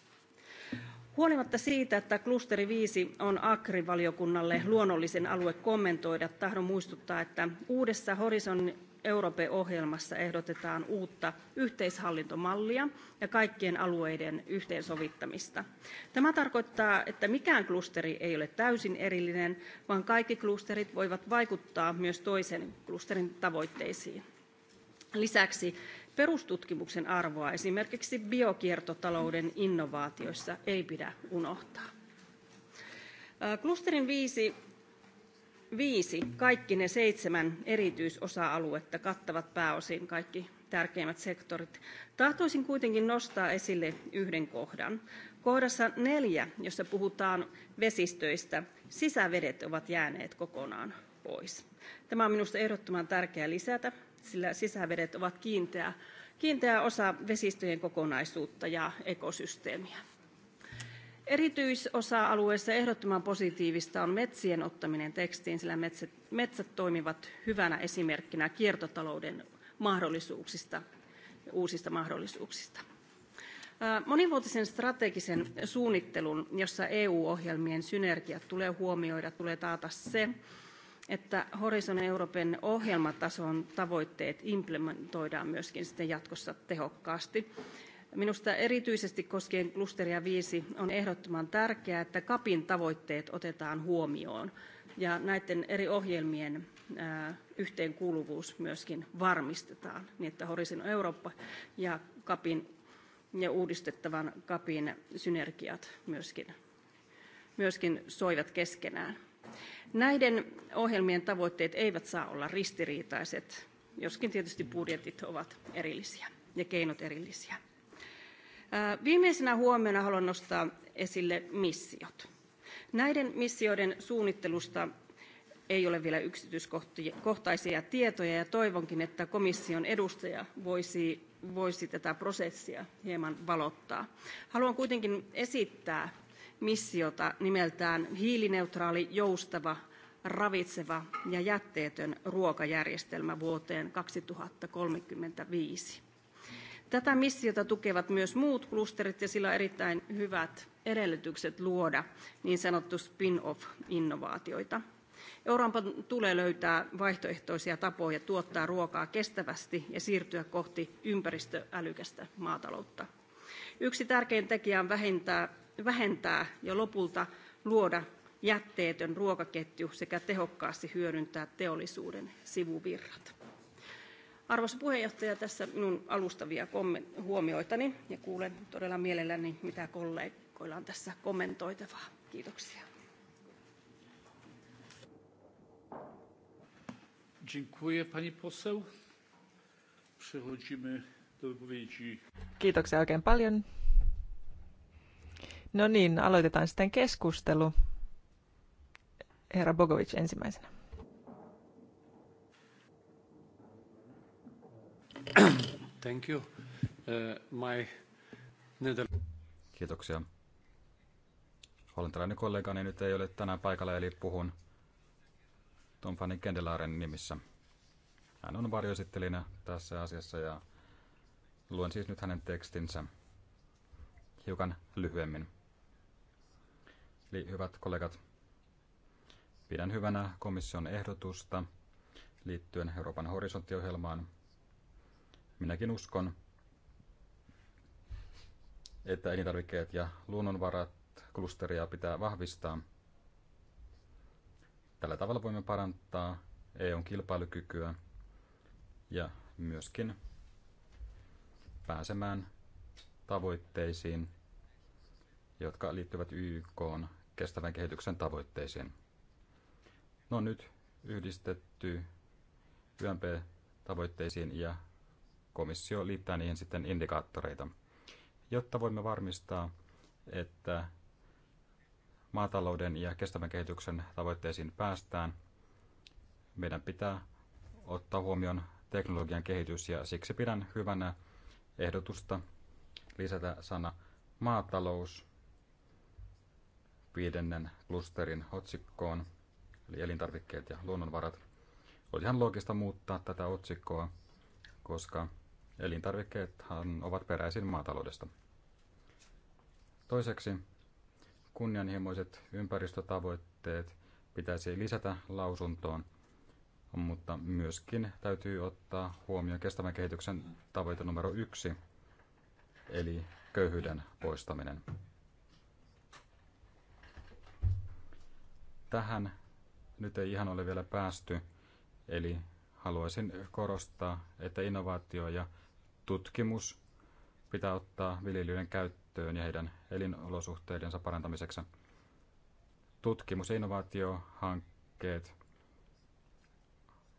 Huolimatta siitä, että klusteri 5 on agrivaliokunnalle valiokunnalle luonnollisen alue kommentoida, tahdon muistuttaa, että uudessa horisontti Europe ohjelmassa ehdotetaan uutta yhteishallintomallia ja kaikkien alueiden yhteensovittamista. Tämä tarkoittaa, että mikään klusteri ei ole täysin erillinen, vaan kaikki klusterit voivat vaikuttaa myös toisen klusterin tavoitteisiin. Lisäksi perustutkimuksen arvoa esimerkiksi biokiertotalouden innovaatioissa ei pidä unohtaa. Klusterin viisi viisi kaikki ne seitsemän erityisosa-aluetta kattavat pääosin kaikki tärkeimmät sektorit. Tahtoisin kuitenkin nostaa esille yhden kohdan. Kohdassa neljä, jossa puhutaan vesistöistä, sisävedet ovat jääneet kokonaan pois. Tämä on minusta ehdottoman tärkeää lisätä, sillä sisävedet ovat kiinteä, kiinteä osa vesistöjen kokonaisuutta ja ekosysteemiä. Erityisosa-alueessa ehdottoman positiivista on metsien ottaminen tekstiin, sillä metsät, metsät toimivat hyvänä esimerkkinä kiertotalouden mahdollisuuksista, uusista mahdollisuuksista. Monivuotisen strategisen suunnittelun, jossa EU-ohjelmien synergiat tulee huomioida, tulee taata se, että Horizon Euroopan ohjelmatason tavoitteet implementoidaan myöskin sitten jatkossa tehokkaasti. Minusta erityisesti koskien klusteria 5 on ehdottoman tärkeää, että kapin tavoitteet otetaan huomioon ja näiden eri ohjelmien yhteenkuuluvuus myöskin varmistetaan, niin että Horizon Eurooppa ja kapin ja uudistettavan kapin synergiat myöskin, myöskin soivat keskenään. Näiden ohjelmien tavoitteet eivät saa olla ristiriitaiset, joskin tietysti budjetit ovat erillisiä ja keinot erillisiä. Viimeisenä huomiona haluan nostaa esille missiot. Näiden missioiden suunnittelusta ei ole vielä yksityiskohtaisia tietoja ja toivonkin, että komission edustaja voisi, voisi tätä prosessia hieman valottaa. Haluan kuitenkin esittää missiota nimeltään hiilineutraali, joustava, ravitseva ja jätteetön ruokajärjestelmä vuoteen 2035. Tätä missiota tukevat myös muut klusterit ja sillä on erittäin hyvät edellytykset luoda niin sanottu spin-off-innovaatioita. Euroopan tulee löytää vaihtoehtoisia tapoja tuottaa ruokaa kestävästi ja siirtyä kohti ympäristöälykästä maataloutta. Yksi tärkein tekijä on vähentää, vähentää ja lopulta luoda jätteetön ruokaketju sekä tehokkaasti hyödyntää teollisuuden sivuvirrat. Arvoisa puheenjohtaja, tässä minun alustavia huomioitani ja kuulen todella mielelläni, mitä kollegoilla on tässä kommentoitavaa. Kiitoksia. Dziękuję pani poseł. Przechodzimy do wypowiedzi. Kiitoksia oikein paljon. No niin, aloitetaan sitten keskustelu. Herra Bogovic ensimmäisenä. [clears throat] Thank you. Uh, my... Kiitoksia. Hollantilainen kollegani nyt ei ole tänään paikalla, eli puhun Tom Fanny Kendelaaren nimissä. Hän on varjoesittelijänä tässä asiassa ja luen siis nyt hänen tekstinsä hiukan lyhyemmin. Eli hyvät kollegat, pidän hyvänä komission ehdotusta liittyen Euroopan horisonttiohjelmaan – Minäkin uskon, että elintarvikkeet ja luonnonvarat klusteria pitää vahvistaa. Tällä tavalla voimme parantaa EUn kilpailukykyä ja myöskin pääsemään tavoitteisiin, jotka liittyvät YK kestävän kehityksen tavoitteisiin. No nyt yhdistetty YMP-tavoitteisiin ja komissio liittää niihin sitten indikaattoreita, jotta voimme varmistaa, että maatalouden ja kestävän kehityksen tavoitteisiin päästään. Meidän pitää ottaa huomioon teknologian kehitys ja siksi pidän hyvänä ehdotusta lisätä sana maatalous viidennen klusterin otsikkoon, eli elintarvikkeet ja luonnonvarat. Olisi ihan loogista muuttaa tätä otsikkoa, koska Elintarvikkeethan ovat peräisin maataloudesta. Toiseksi kunnianhimoiset ympäristötavoitteet pitäisi lisätä lausuntoon, mutta myöskin täytyy ottaa huomioon kestävän kehityksen tavoite numero yksi, eli köyhyyden poistaminen. Tähän nyt ei ihan ole vielä päästy, eli haluaisin korostaa, että innovaatio ja tutkimus pitää ottaa viljelijöiden käyttöön ja heidän elinolosuhteidensa parantamiseksi. Tutkimus- ja innovaatiohankkeet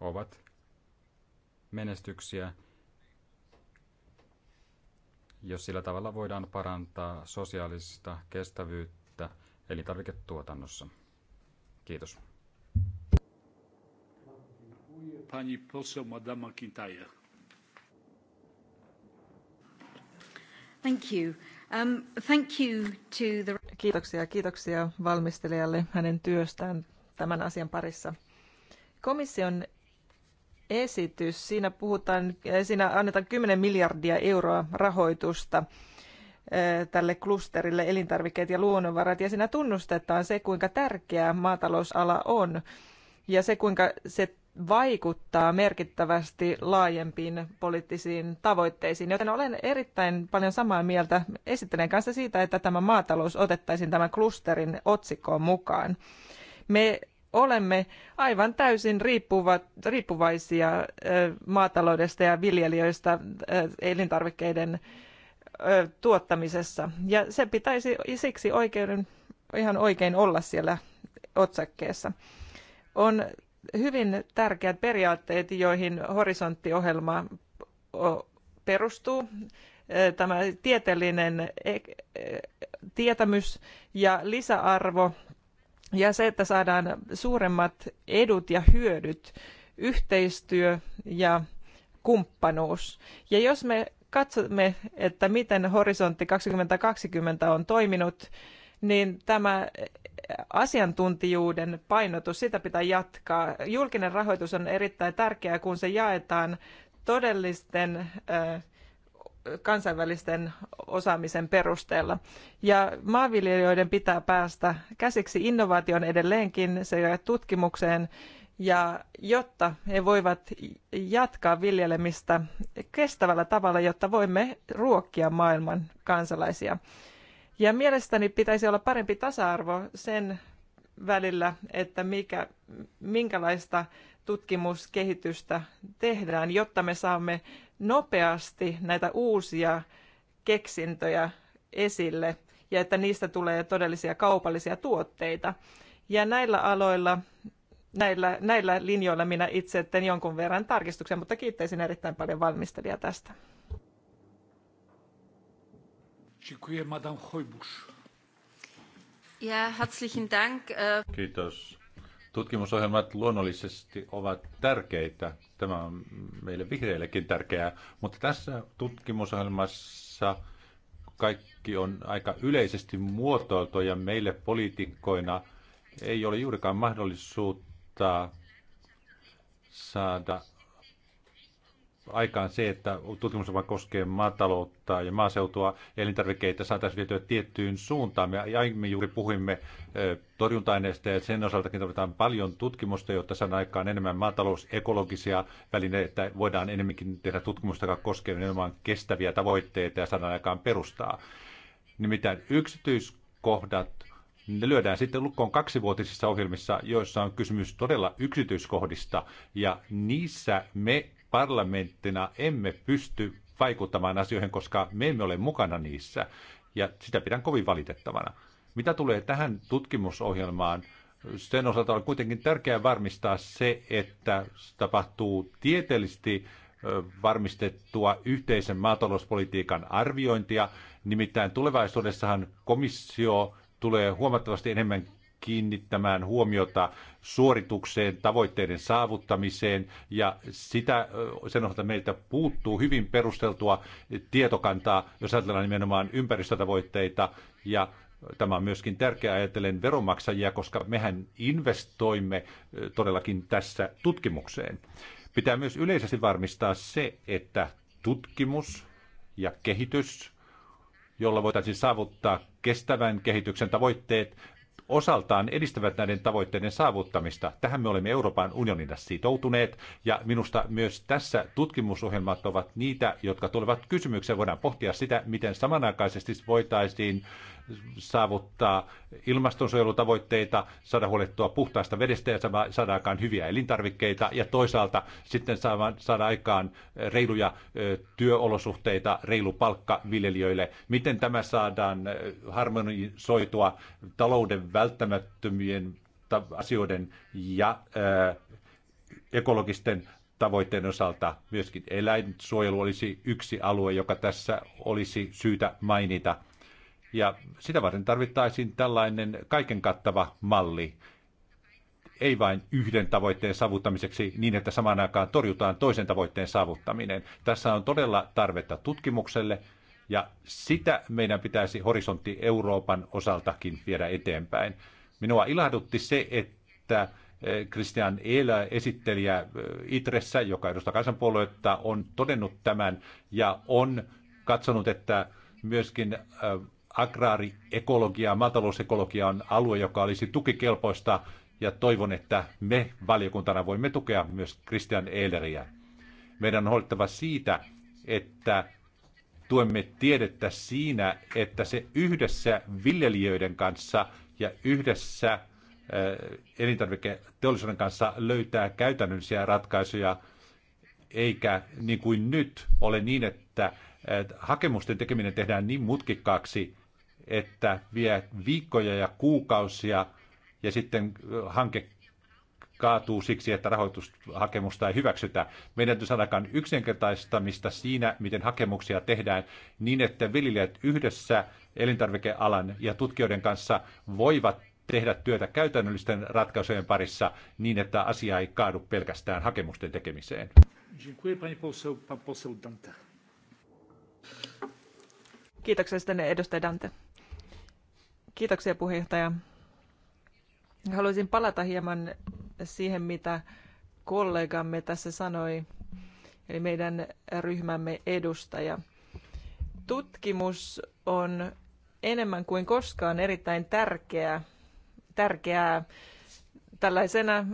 ovat menestyksiä, jos sillä tavalla voidaan parantaa sosiaalista kestävyyttä elintarviketuotannossa. Kiitos. Pani poseł Madama McIntyre. Thank you. Um, thank you to the... Kiitoksia, kiitoksia valmistelijalle hänen työstään tämän asian parissa. Komission esitys, siinä, puhutaan, siinä annetaan 10 miljardia euroa rahoitusta eh, tälle klusterille elintarvikkeet ja luonnonvarat, ja siinä tunnustetaan se, kuinka tärkeä maatalousala on, ja se, kuinka se vaikuttaa merkittävästi laajempiin poliittisiin tavoitteisiin, joten olen erittäin paljon samaa mieltä esittelen kanssa siitä, että tämä maatalous otettaisiin tämän klusterin otsikkoon mukaan. Me olemme aivan täysin riippuva, riippuvaisia maataloudesta ja viljelijöistä elintarvikkeiden tuottamisessa. Ja se pitäisi siksi oikeuden, ihan oikein olla siellä otsakkeessa. On hyvin tärkeät periaatteet, joihin horisonttiohjelma perustuu. Tämä tieteellinen e, e, tietämys ja lisäarvo ja se, että saadaan suuremmat edut ja hyödyt, yhteistyö ja kumppanuus. Ja jos me katsomme, että miten horisontti 2020 on toiminut, niin tämä asiantuntijuuden painotus, sitä pitää jatkaa. Julkinen rahoitus on erittäin tärkeää, kun se jaetaan todellisten kansainvälisten osaamisen perusteella. Ja maanviljelijöiden pitää päästä käsiksi innovaation edelleenkin sekä tutkimukseen, ja jotta he voivat jatkaa viljelemistä kestävällä tavalla, jotta voimme ruokkia maailman kansalaisia. Ja mielestäni pitäisi olla parempi tasa-arvo sen välillä, että mikä, minkälaista tutkimuskehitystä tehdään, jotta me saamme nopeasti näitä uusia keksintöjä esille ja että niistä tulee todellisia kaupallisia tuotteita. Ja näillä aloilla, näillä, näillä linjoilla minä itse teen jonkun verran tarkistuksen, mutta kiittäisin erittäin paljon valmistelijaa tästä. Dziękuję, Madame Ja, herzlichen Dank. E, Kiitos. Tutkimusohjelmat luonnollisesti ovat tärkeitä. Tämä on meille vihreillekin tärkeää, mutta tässä tutkimusohjelmassa kaikki on aika yleisesti muotoiltu ja meille poliitikkoina ei ole juurikaan mahdollisuutta saada aikaan se, että tutkimus vaan koskee maataloutta ja maaseutua ja elintarvikeita saataisiin vietyä tiettyyn suuntaan. Me aiemmin juuri puhuimme torjunta-aineista ja sen osaltakin tarvitaan paljon tutkimusta, jotta saadaan aikaan enemmän maatalousekologisia välineitä. Voidaan enemmänkin tehdä tutkimusta, joka koskee enemmän kestäviä tavoitteita ja saadaan aikaan perustaa. Nimittäin yksityiskohdat ne lyödään sitten lukkoon kaksivuotisissa ohjelmissa, joissa on kysymys todella yksityiskohdista, ja niissä me parlamenttina emme pysty vaikuttamaan asioihin, koska me emme ole mukana niissä. Ja sitä pidän kovin valitettavana. Mitä tulee tähän tutkimusohjelmaan, sen osalta on kuitenkin tärkeää varmistaa se, että tapahtuu tieteellisesti varmistettua yhteisen maatalouspolitiikan arviointia. Nimittäin tulevaisuudessahan komissio tulee huomattavasti enemmän kiinnittämään huomiota suoritukseen, tavoitteiden saavuttamiseen ja sitä, sen osalta meiltä puuttuu hyvin perusteltua tietokantaa, jos ajatellaan nimenomaan ympäristötavoitteita ja Tämä on myöskin tärkeää ajatellen veronmaksajia, koska mehän investoimme todellakin tässä tutkimukseen. Pitää myös yleisesti varmistaa se, että tutkimus ja kehitys, jolla voitaisiin saavuttaa kestävän kehityksen tavoitteet, osaltaan edistävät näiden tavoitteiden saavuttamista. Tähän me olemme Euroopan unionina sitoutuneet ja minusta myös tässä tutkimusohjelmat ovat niitä, jotka tulevat kysymykseen. Voidaan pohtia sitä, miten samanaikaisesti voitaisiin saavuttaa ilmastonsuojelutavoitteita, saada huolettua puhtaasta vedestä ja saada aikaan hyviä elintarvikkeita ja toisaalta sitten saada aikaan reiluja työolosuhteita, reilu palkka viljelijöille. Miten tämä saadaan harmonisoitua talouden välttämättömien asioiden ja ekologisten tavoitteen osalta myöskin eläinsuojelu olisi yksi alue, joka tässä olisi syytä mainita. Ja sitä varten tarvittaisiin tällainen kaiken kattava malli, ei vain yhden tavoitteen saavuttamiseksi niin, että samaan aikaan torjutaan toisen tavoitteen saavuttaminen. Tässä on todella tarvetta tutkimukselle ja sitä meidän pitäisi horisontti Euroopan osaltakin viedä eteenpäin. Minua ilahdutti se, että eh, Christian Eelä, esittelijä eh, Itressä, joka edustaa kansanpuoluetta, on todennut tämän ja on katsonut, että myöskin eh, agraariekologia, maatalousekologia on alue, joka olisi tukikelpoista ja toivon, että me valiokuntana voimme tukea myös Christian Eileriä. Meidän on huolehtiva siitä, että tuemme tiedettä siinä, että se yhdessä viljelijöiden kanssa ja yhdessä eh, elintarviketeollisuuden kanssa löytää käytännöllisiä ratkaisuja, eikä niin kuin nyt ole niin, että eh, hakemusten tekeminen tehdään niin mutkikkaaksi, että vie viikkoja ja kuukausia ja sitten hanke kaatuu siksi, että rahoitushakemusta ei hyväksytä. Meidän täytyy saada yksinkertaistamista siinä, miten hakemuksia tehdään niin, että viljelijät yhdessä elintarvikealan ja tutkijoiden kanssa voivat tehdä työtä käytännöllisten ratkaisujen parissa niin, että asia ei kaadu pelkästään hakemusten tekemiseen. Kiitoksia sitten edustaja Dante. Kiitoksia puheenjohtaja. Haluaisin palata hieman siihen, mitä kollegamme tässä sanoi, eli meidän ryhmämme edustaja. Tutkimus on enemmän kuin koskaan erittäin tärkeää, tärkeää tällaisena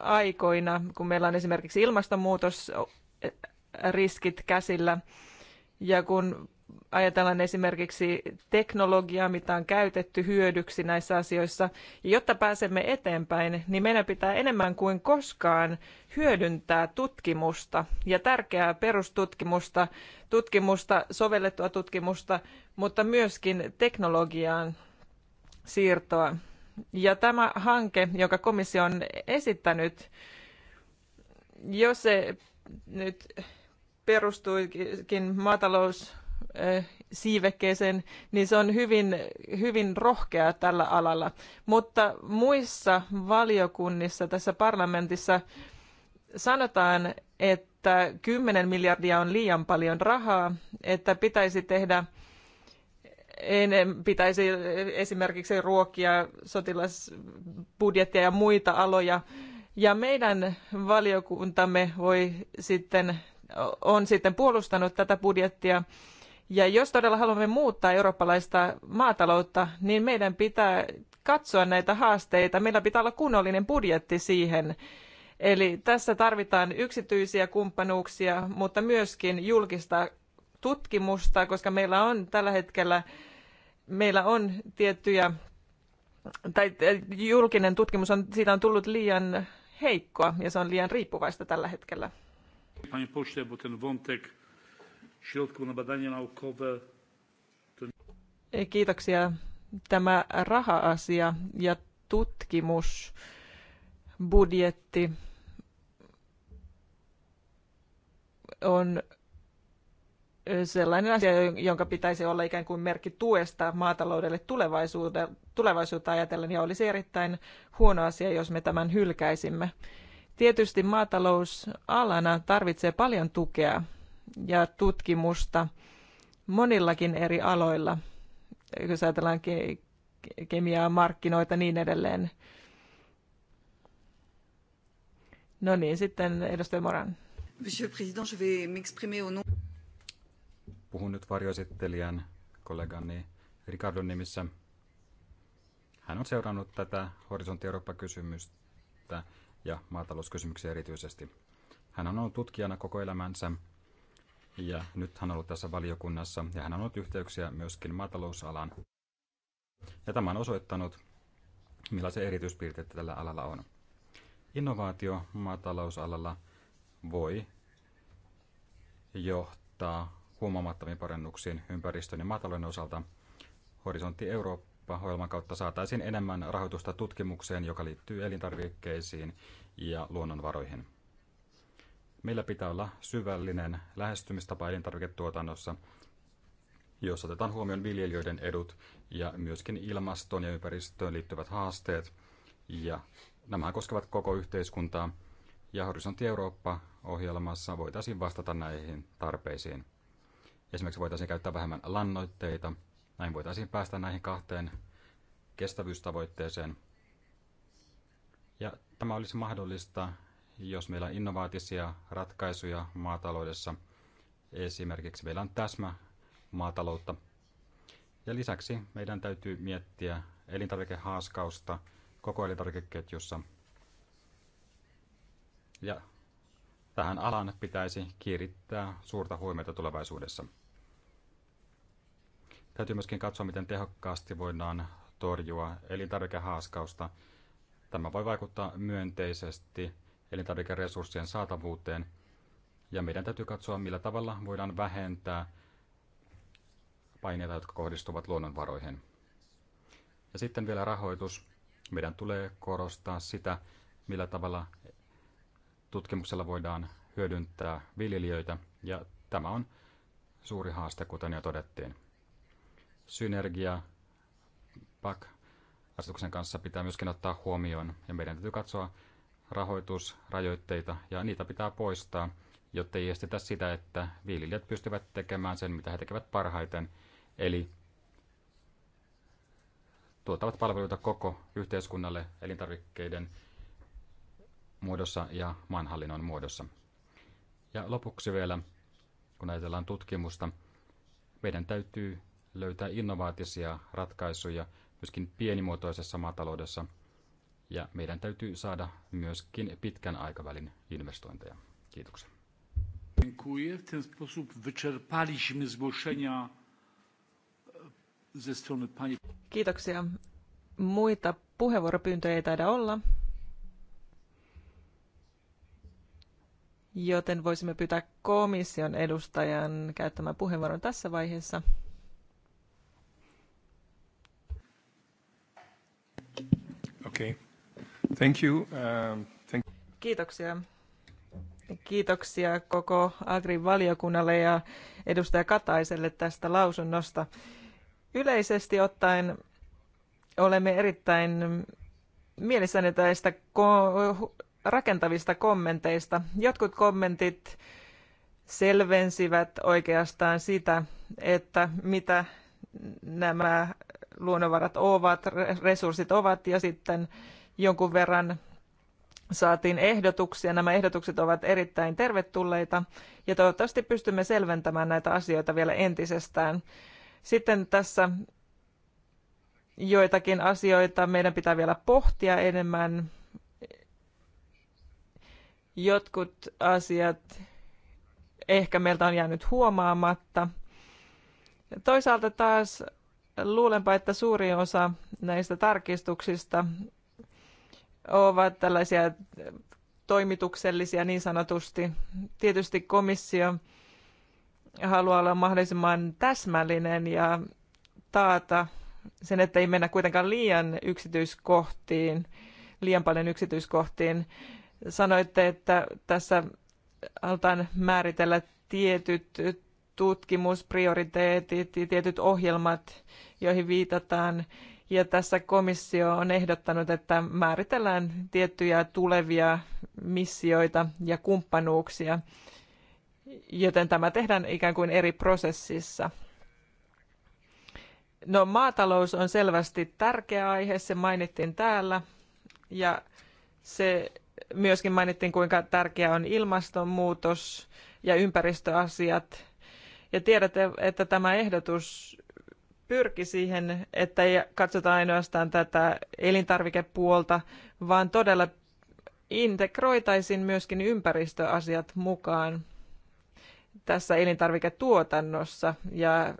aikoina, kun meillä on esimerkiksi ilmastonmuutosriskit käsillä ja kun ajatellaan esimerkiksi teknologiaa, mitä on käytetty hyödyksi näissä asioissa. Ja jotta pääsemme eteenpäin, niin meidän pitää enemmän kuin koskaan hyödyntää tutkimusta ja tärkeää perustutkimusta, tutkimusta, sovellettua tutkimusta, mutta myöskin teknologiaan siirtoa. Ja tämä hanke, jonka komissio on esittänyt, jos se nyt perustuikin maatalous Äh, siivekkeeseen, niin se on hyvin, hyvin rohkea tällä alalla. Mutta muissa valiokunnissa tässä parlamentissa sanotaan, että 10 miljardia on liian paljon rahaa, että pitäisi tehdä pitäisi esimerkiksi ruokia, sotilasbudjettia ja muita aloja. Ja meidän valiokuntamme voi sitten, on sitten puolustanut tätä budjettia ja jos todella haluamme muuttaa eurooppalaista maataloutta, niin meidän pitää katsoa näitä haasteita. Meillä pitää olla kunnollinen budjetti siihen. Eli tässä tarvitaan yksityisiä kumppanuuksia, mutta myöskin julkista tutkimusta, koska meillä on tällä hetkellä meillä on tiettyjä, tai julkinen tutkimus on, siitä on tullut liian heikkoa ja se on liian riippuvaista tällä hetkellä. Panie pośle, bo ten wątek środków na badania naukowe. Kiitoksia. Tämä raha-asia ja tutkimus, budjetti on sellainen asia, jonka pitäisi olla ikään kuin merkki tuesta maataloudelle tulevaisuutta ajatellen, ja olisi erittäin huono asia, jos me tämän hylkäisimme. Tietysti maatalousalana tarvitsee paljon tukea ja tutkimusta monillakin eri aloilla, jos ajatellaan ke- kemiaa, markkinoita niin edelleen. No niin, sitten edustaja Moran. Monsieur je vais m'exprimer au nom... Puhun nyt varjoesittelijän kollegani Ricardon nimissä. Hän on seurannut tätä Horisontti Eurooppa-kysymystä ja maatalouskysymyksiä erityisesti. Hän on ollut tutkijana koko elämänsä ja nyt hän on ollut tässä valiokunnassa ja hän on ollut yhteyksiä myöskin maatalousalan. Ja tämä on osoittanut, millaisia erityispiirteitä tällä alalla on. Innovaatio maatalousalalla voi johtaa huomaamattomiin parannuksiin ympäristön ja maatalouden osalta. Horisontti Eurooppa-ohjelman kautta saataisiin enemmän rahoitusta tutkimukseen, joka liittyy elintarvikkeisiin ja luonnonvaroihin. Meillä pitää olla syvällinen lähestymistapa elintarviketuotannossa, jossa otetaan huomioon viljelijöiden edut ja myöskin ilmastoon ja ympäristöön liittyvät haasteet. Ja nämä koskevat koko yhteiskuntaa ja Horisontti Eurooppa-ohjelmassa voitaisiin vastata näihin tarpeisiin. Esimerkiksi voitaisiin käyttää vähemmän lannoitteita, näin voitaisiin päästä näihin kahteen kestävyystavoitteeseen. Ja tämä olisi mahdollista jos meillä on innovaatisia ratkaisuja maataloudessa, esimerkiksi meillä on täsmä maataloutta. Ja lisäksi meidän täytyy miettiä elintarvikehaaskausta koko elintarvikeketjussa. Ja tähän alan pitäisi kiirittää suurta huomiota tulevaisuudessa. Täytyy myöskin katsoa, miten tehokkaasti voidaan torjua elintarvikehaaskausta. Tämä voi vaikuttaa myönteisesti elintarvikeresurssien saatavuuteen. Ja meidän täytyy katsoa, millä tavalla voidaan vähentää paineita, jotka kohdistuvat luonnonvaroihin. Ja sitten vielä rahoitus. Meidän tulee korostaa sitä, millä tavalla tutkimuksella voidaan hyödyntää viljelijöitä. Ja tämä on suuri haaste, kuten jo todettiin. Synergia PAK-asetuksen kanssa pitää myöskin ottaa huomioon. Ja meidän täytyy katsoa, rahoitusrajoitteita ja niitä pitää poistaa, jotta ei estetä sitä, että viljelijät pystyvät tekemään sen, mitä he tekevät parhaiten, eli tuottavat palveluita koko yhteiskunnalle elintarvikkeiden muodossa ja maanhallinnon muodossa. Ja lopuksi vielä, kun ajatellaan tutkimusta, meidän täytyy löytää innovaatisia ratkaisuja myöskin pienimuotoisessa maataloudessa – ja meidän täytyy saada myöskin pitkän aikavälin investointeja. Kiitoksia. Dziękuję. W ten sposób wyczerpaliśmy zgłoszenia e, ze strony pani. Kiitoksia. Muita puheenvuoropyyntöjä ei taida olla. Joten voisimme pyytää komission edustajan käyttämään puheenvuoron tässä vaiheessa. Okei. Okay. Thank you. Uh, thank... Kiitoksia. Kiitoksia koko Agrin valiokunnalle ja edustaja Kataiselle tästä lausunnosta. Yleisesti ottaen olemme erittäin mielissäni tästä rakentavista kommenteista. Jotkut kommentit selvensivät oikeastaan sitä, että mitä nämä luonnonvarat ovat, resurssit ovat ja sitten jonkun verran saatiin ehdotuksia. Nämä ehdotukset ovat erittäin tervetulleita ja toivottavasti pystymme selventämään näitä asioita vielä entisestään. Sitten tässä joitakin asioita meidän pitää vielä pohtia enemmän. Jotkut asiat ehkä meiltä on jäänyt huomaamatta. Toisaalta taas luulenpa, että suuri osa näistä tarkistuksista ovat tällaisia toimituksellisia niin sanotusti. Tietysti komissio haluaa olla mahdollisimman täsmällinen ja taata sen, että ei mennä kuitenkaan liian yksityiskohtiin, liian paljon yksityiskohtiin. Sanoitte, että tässä halutaan määritellä tietyt tutkimusprioriteetit ja tietyt ohjelmat, joihin viitataan. Ja tässä komissio on ehdottanut, että määritellään tiettyjä tulevia missioita ja kumppanuuksia, joten tämä tehdään ikään kuin eri prosessissa. No maatalous on selvästi tärkeä aihe, se mainittiin täällä ja se myöskin mainittiin, kuinka tärkeä on ilmastonmuutos ja ympäristöasiat. Ja tiedätte, että tämä ehdotus pyrki siihen, että ei katsota ainoastaan tätä elintarvikepuolta, vaan todella integroitaisiin myöskin ympäristöasiat mukaan tässä elintarviketuotannossa ja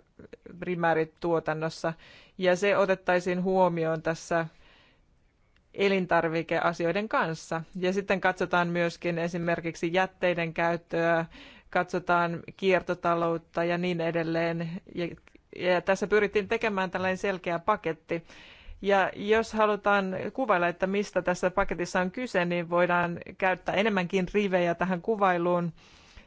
primäärituotannossa. Ja se otettaisiin huomioon tässä elintarvikeasioiden kanssa. Ja sitten katsotaan myöskin esimerkiksi jätteiden käyttöä, katsotaan kiertotaloutta ja niin edelleen, ja ja tässä pyrittiin tekemään tällainen selkeä paketti. Ja jos halutaan kuvailla, että mistä tässä paketissa on kyse, niin voidaan käyttää enemmänkin rivejä tähän kuvailuun.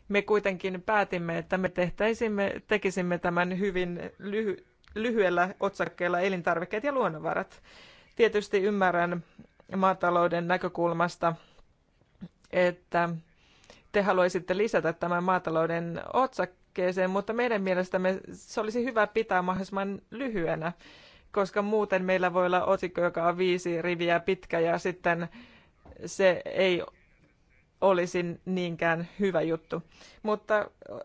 Me kuitenkin päätimme, että me tehtäisimme, tekisimme tämän hyvin lyhy- lyhyellä otsakkeella elintarvikkeet ja luonnonvarat. Tietysti ymmärrän maatalouden näkökulmasta, että te haluaisitte lisätä tämän maatalouden otsakkeen hankkeeseen, mutta meidän mielestämme se olisi hyvä pitää mahdollisimman lyhyenä, koska muuten meillä voi olla otsikko, joka on viisi riviä pitkä ja sitten se ei olisi niinkään hyvä juttu. Mutta äh,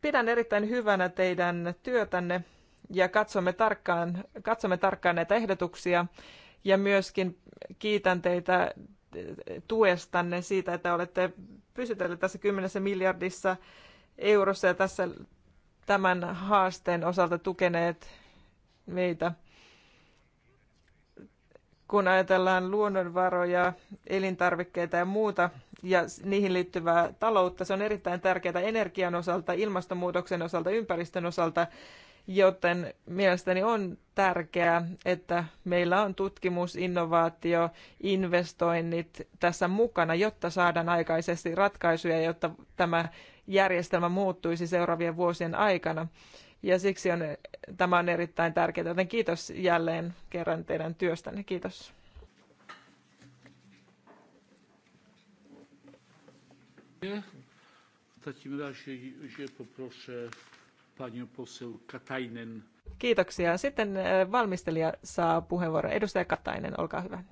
pidän erittäin hyvänä teidän työtänne ja katsomme tarkkaan, katsomme tarkkaan näitä ehdotuksia ja myöskin kiitän teitä äh, tuestanne siitä, että olette pysytelleet tässä kymmenessä miljardissa eurossa ja tässä tämän haasteen osalta tukeneet meitä. Kun ajatellaan luonnonvaroja, elintarvikkeita ja muuta ja niihin liittyvää taloutta, se on erittäin tärkeää energian osalta, ilmastonmuutoksen osalta, ympäristön osalta, joten mielestäni on tärkeää, että meillä on tutkimus, innovaatio, investoinnit tässä mukana, jotta saadaan aikaisesti ratkaisuja, jotta tämä järjestelmä muuttuisi seuraavien vuosien aikana. Ja siksi on, tämä on erittäin tärkeää, joten kiitos jälleen kerran teidän työstänne. Kiitos. Kiitoksia. Sitten e, valmistelija saa puheenvuoron. Edustaja Katainen, olkaa hyvä.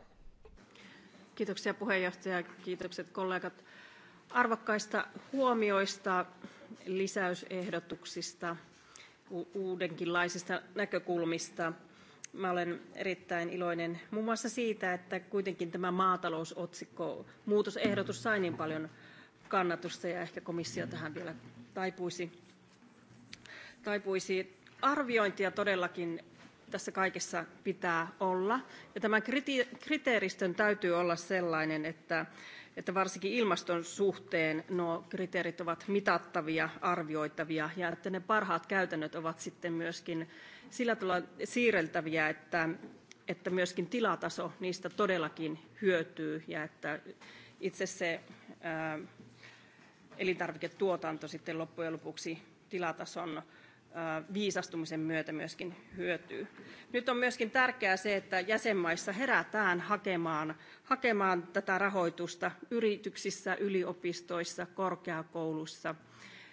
Kiitoksia puheenjohtaja kiitokset kollegat arvokkaista huomioista, lisäysehdotuksista, uudenkinlaisista näkökulmista. Mä olen erittäin iloinen muun muassa siitä, että kuitenkin tämä maatalousotsikko muutosehdotus sai niin paljon kannatusta ja ehkä komissio tähän vielä taipuisi. taipuisi. Arviointia todellakin tässä kaikessa pitää olla. Ja tämän kriteeristön täytyy olla sellainen, että että varsinkin ilmaston suhteen nuo kriteerit ovat mitattavia, arvioitavia ja että ne parhaat käytännöt ovat sitten myöskin sillä tavalla siirreltäviä, että, että myöskin tilataso niistä todellakin hyötyy ja että itse se ää, elintarviketuotanto sitten loppujen lopuksi tilatason viisastumisen myötä myöskin hyötyy. Nyt on myöskin tärkeää se, että jäsenmaissa herätään hakemaan, hakemaan tätä rahoitusta yrityksissä, yliopistoissa, korkeakoulussa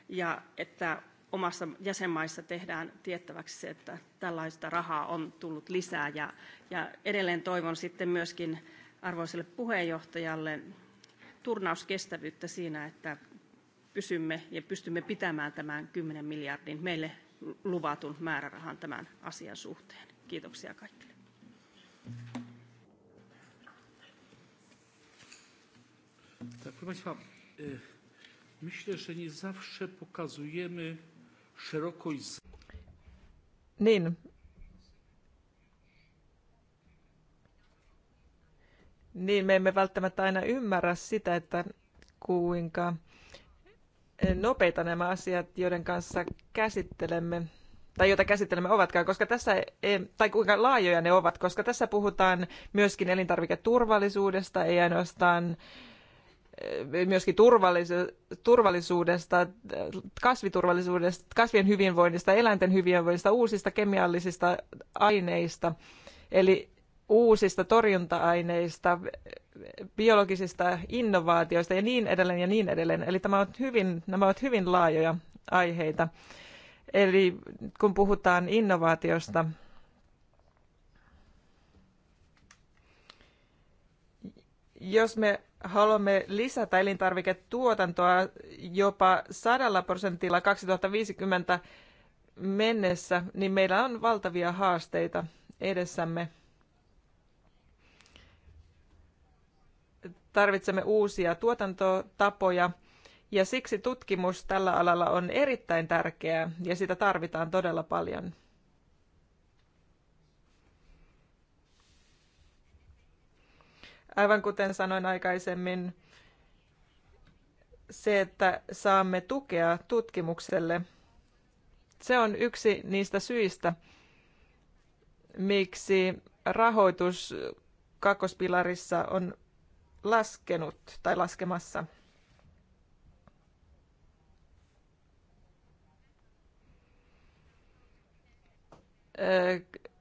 ja että omassa jäsenmaissa tehdään tiettäväksi se, että tällaista rahaa on tullut lisää. Ja, ja edelleen toivon sitten myöskin arvoiselle puheenjohtajalle turnauskestävyyttä siinä, että pysymme ja pystymme pitämään tämän 10 miljardin meille luvatun määrärahan tämän asian suhteen. Kiitoksia kaikille. Niin. Niin, me emme välttämättä aina ymmärrä sitä, että kuinka nopeita nämä asiat, joiden kanssa käsittelemme tai joita käsittelemme ovatkaan, koska tässä, e, tai kuinka laajoja ne ovat, koska tässä puhutaan myöskin elintarviketurvallisuudesta, ei ainoastaan e, myöskin turvallisuudesta, kasviturvallisuudesta, kasvien hyvinvoinnista, eläinten hyvinvoinnista, uusista kemiallisista aineista. Eli uusista torjunta-aineista, biologisista innovaatioista ja niin edelleen ja niin edelleen. Eli tämä on hyvin, nämä ovat hyvin laajoja aiheita. Eli kun puhutaan innovaatiosta, jos me haluamme lisätä elintarviketuotantoa jopa sadalla prosentilla 2050 mennessä, niin meillä on valtavia haasteita edessämme. tarvitsemme uusia tuotantotapoja ja siksi tutkimus tällä alalla on erittäin tärkeää ja sitä tarvitaan todella paljon. Aivan kuten sanoin aikaisemmin, se, että saamme tukea tutkimukselle, se on yksi niistä syistä, miksi rahoitus kakkospilarissa on laskenut tai laskemassa.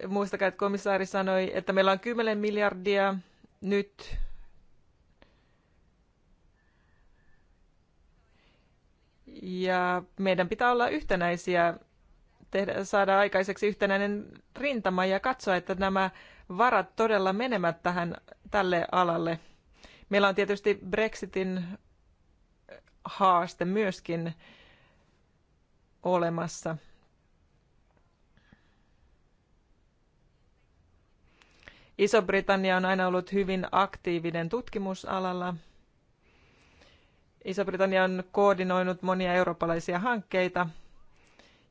Muistakaa, että komissaari sanoi, että meillä on 10 miljardia nyt ja meidän pitää olla yhtenäisiä, tehdä, saada aikaiseksi yhtenäinen rintama ja katsoa, että nämä varat todella menemät tähän, tälle alalle. Meillä on tietysti Brexitin haaste myöskin olemassa. Iso-Britannia on aina ollut hyvin aktiivinen tutkimusalalla. Iso-Britannia on koordinoinut monia eurooppalaisia hankkeita,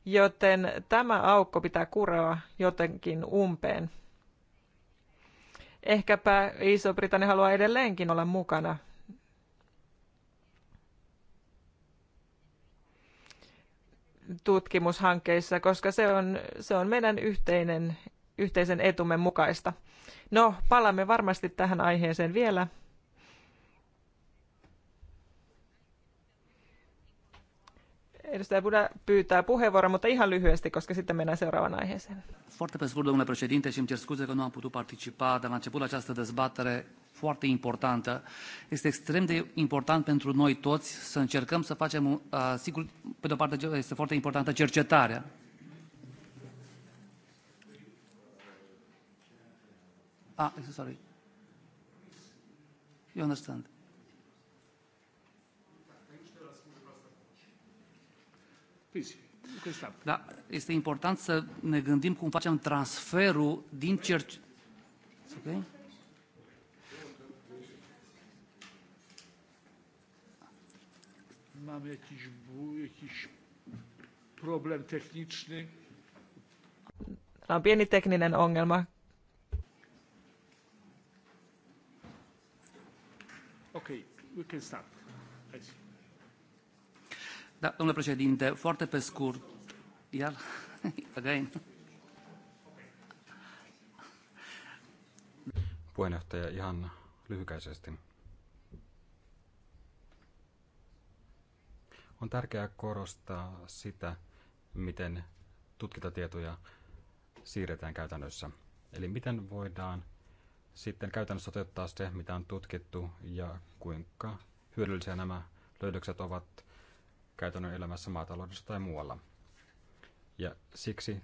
joten tämä aukko pitää kuroa jotenkin umpeen ehkäpä Iso-Britannia haluaa edelleenkin olla mukana. tutkimushankkeissa, koska se on, se on meidän yhteinen, yhteisen etumme mukaista. No, palaamme varmasti tähän aiheeseen vielä. Edustaja Buda pyytää puheenvuoron, mutta ihan lyhyesti, koska sitten mennään seuraavaan aiheeseen. Foarte pe scurt, domnule președinte, și îmi cer scuze că nu am putut participa, dar la început această dezbatere foarte importantă. Este extrem de important pentru noi toți să încercăm să facem, uh, sigur, pe de-o parte este foarte importantă cercetarea, Ah, sorry. You understand. Da, este important să ne gândim cum facem transferul din cerci... Okay? Mamy jakiś, jakiś problem techniczny. Täällä on pieni tekninen ongelma. Okei, okay, we can start. Da, domnule președinte, foarte pe scurt, iar, [laughs] again. Puheenjohtaja ihan lyhykäisesti. On tärkeää korostaa sitä, miten tutkintatietoja siirretään käytännössä. Eli miten voidaan sitten käytännössä toteuttaa se, mitä on tutkittu ja kuinka hyödyllisiä nämä löydökset ovat käytännön elämässä maataloudessa tai muualla. Ja siksi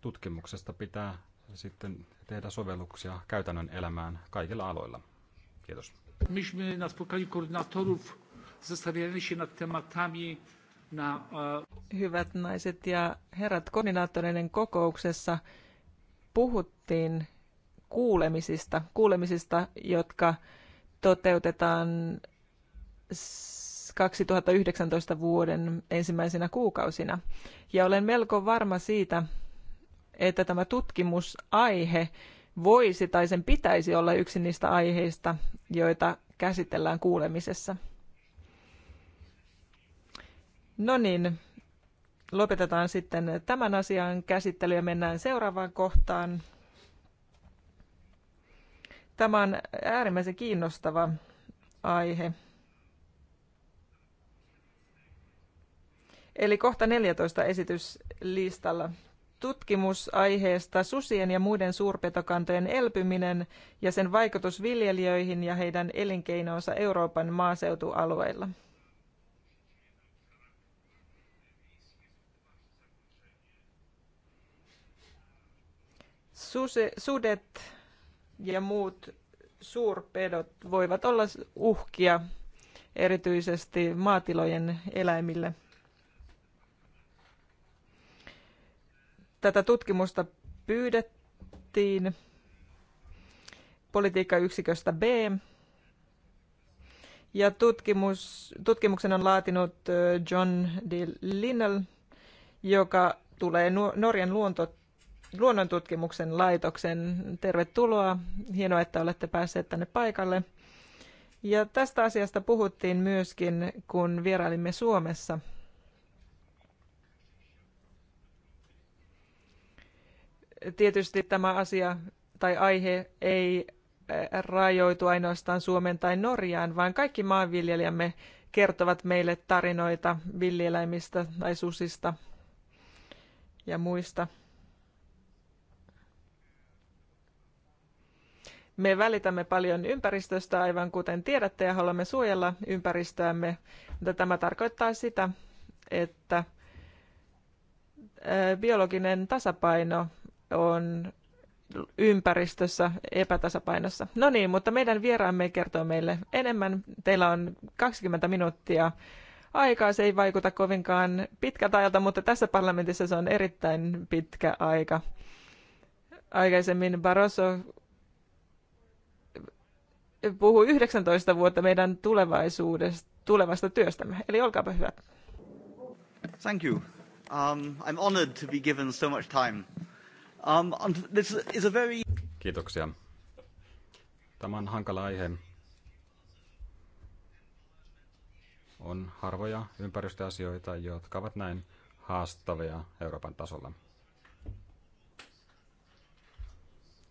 tutkimuksesta pitää sitten tehdä sovelluksia käytännön elämään kaikilla aloilla. Kiitos. Myśmy na spotkaniu koordynatorów zastanawiali się nad tematami na... E, Hyvät naiset ja herrat, koordinaattoreiden kokouksessa puhuttiin kuulemisista, kuulemisista, jotka toteutetaan 2019 vuoden ensimmäisenä kuukausina. Ja olen melko varma siitä, että tämä tutkimusaihe voisi tai sen pitäisi olla yksi niistä aiheista, joita käsitellään kuulemisessa. No niin, lopetetaan sitten tämän asian käsittely ja mennään seuraavaan kohtaan. Tämä on äärimmäisen kiinnostava aihe. Eli kohta 14 esityslistalla. Tutkimus aiheesta susien ja muiden suurpetokantojen elpyminen ja sen vaikutus viljelijöihin ja heidän elinkeinoonsa Euroopan maaseutualueilla. Suse, sudet ja muut suurpedot voivat olla uhkia erityisesti maatilojen eläimille – tätä tutkimusta pyydettiin politiikkayksiköstä B. Ja tutkimus, tutkimuksen on laatinut John D. Linnell, joka tulee Norjan luonto, luonnontutkimuksen laitoksen. Tervetuloa. Hienoa, että olette päässeet tänne paikalle. Ja tästä asiasta puhuttiin myöskin, kun vierailimme Suomessa – Tietysti tämä asia tai aihe ei eh, rajoitu ainoastaan Suomen tai Norjaan, vaan kaikki maanviljelijämme kertovat meille tarinoita villieläimistä tai susista ja muista. Me välitämme paljon ympäristöstä, aivan kuten tiedätte, ja haluamme suojella ympäristöämme. Mutta tämä tarkoittaa sitä, että eh, biologinen tasapaino on ympäristössä epätasapainossa. No niin, mutta meidän vieraamme kertoo meille enemmän. Teillä on 20 minuuttia aikaa. Se ei vaikuta kovinkaan pitkältä ajalta, mutta tässä parlamentissa se on erittäin pitkä aika. Aikaisemmin Barroso puhuu 19 vuotta meidän tulevaisuudesta, tulevasta työstämme. Eli olkaapa hyvät. Thank you. Um, I'm honored to be given so much time. Um, this is a very... Kiitoksia. Tämä on hankala aihe. On harvoja ympäristöasioita, jotka ovat näin haastavia Euroopan tasolla.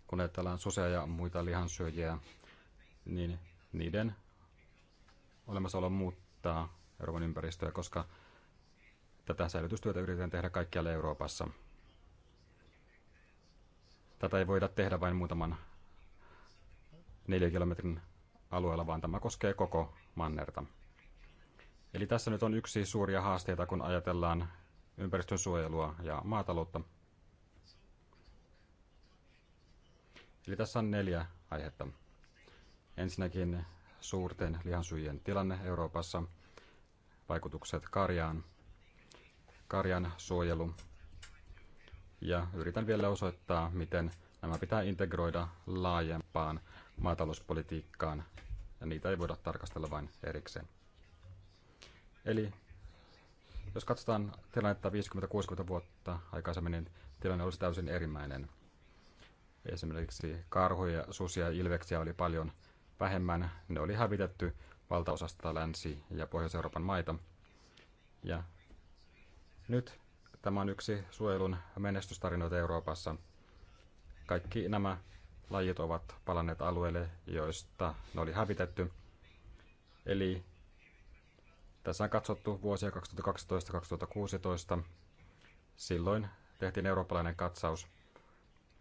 Kun ajatellaan susia ja muita lihansyöjiä, niin niiden olemassaolo muuttaa Euroopan ympäristöä, koska tätä säilytystyötä yritetään tehdä kaikkialla Euroopassa – tätä ei voida tehdä vain muutaman neljä kilometrin alueella, vaan tämä koskee koko mannerta. Eli tässä nyt on yksi suuria haasteita, kun ajatellaan ympäristönsuojelua ja maataloutta. Eli tässä on neljä aihetta. Ensinnäkin suurten lihansyjien tilanne Euroopassa, vaikutukset karjaan, karjan suojelu, ja yritän vielä osoittaa, miten nämä pitää integroida laajempaan maatalouspolitiikkaan ja niitä ei voida tarkastella vain erikseen. Eli jos katsotaan tilannetta 50-60 vuotta aikaisemmin, niin tilanne olisi täysin erimäinen. Esimerkiksi karhuja, susia ja ilveksiä oli paljon vähemmän. Ne oli hävitetty valtaosasta Länsi- ja Pohjois-Euroopan maita. Ja nyt Tämä on yksi suojelun menestystarinoita Euroopassa. Kaikki nämä lajit ovat palanneet alueelle, joista ne oli hävitetty. Eli tässä on katsottu vuosia 2012-2016. Silloin tehtiin eurooppalainen katsaus.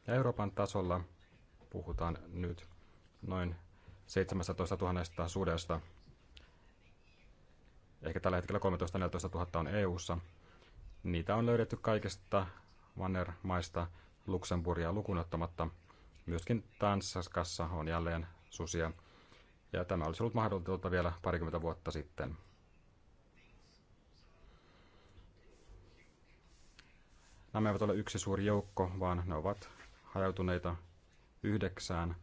Ja Euroopan tasolla puhutaan nyt noin 17 000 sudesta. Ehkä tällä hetkellä 13 000 14 000 on EU:ssa. ssa Niitä on löydetty kaikista manner Luxemburgia lukunottamatta. Myöskin Tanskassa on jälleen susia. Ja tämä olisi ollut mahdollista vielä parikymmentä vuotta sitten. Nämä eivät ole yksi suuri joukko, vaan ne ovat hajautuneita yhdeksään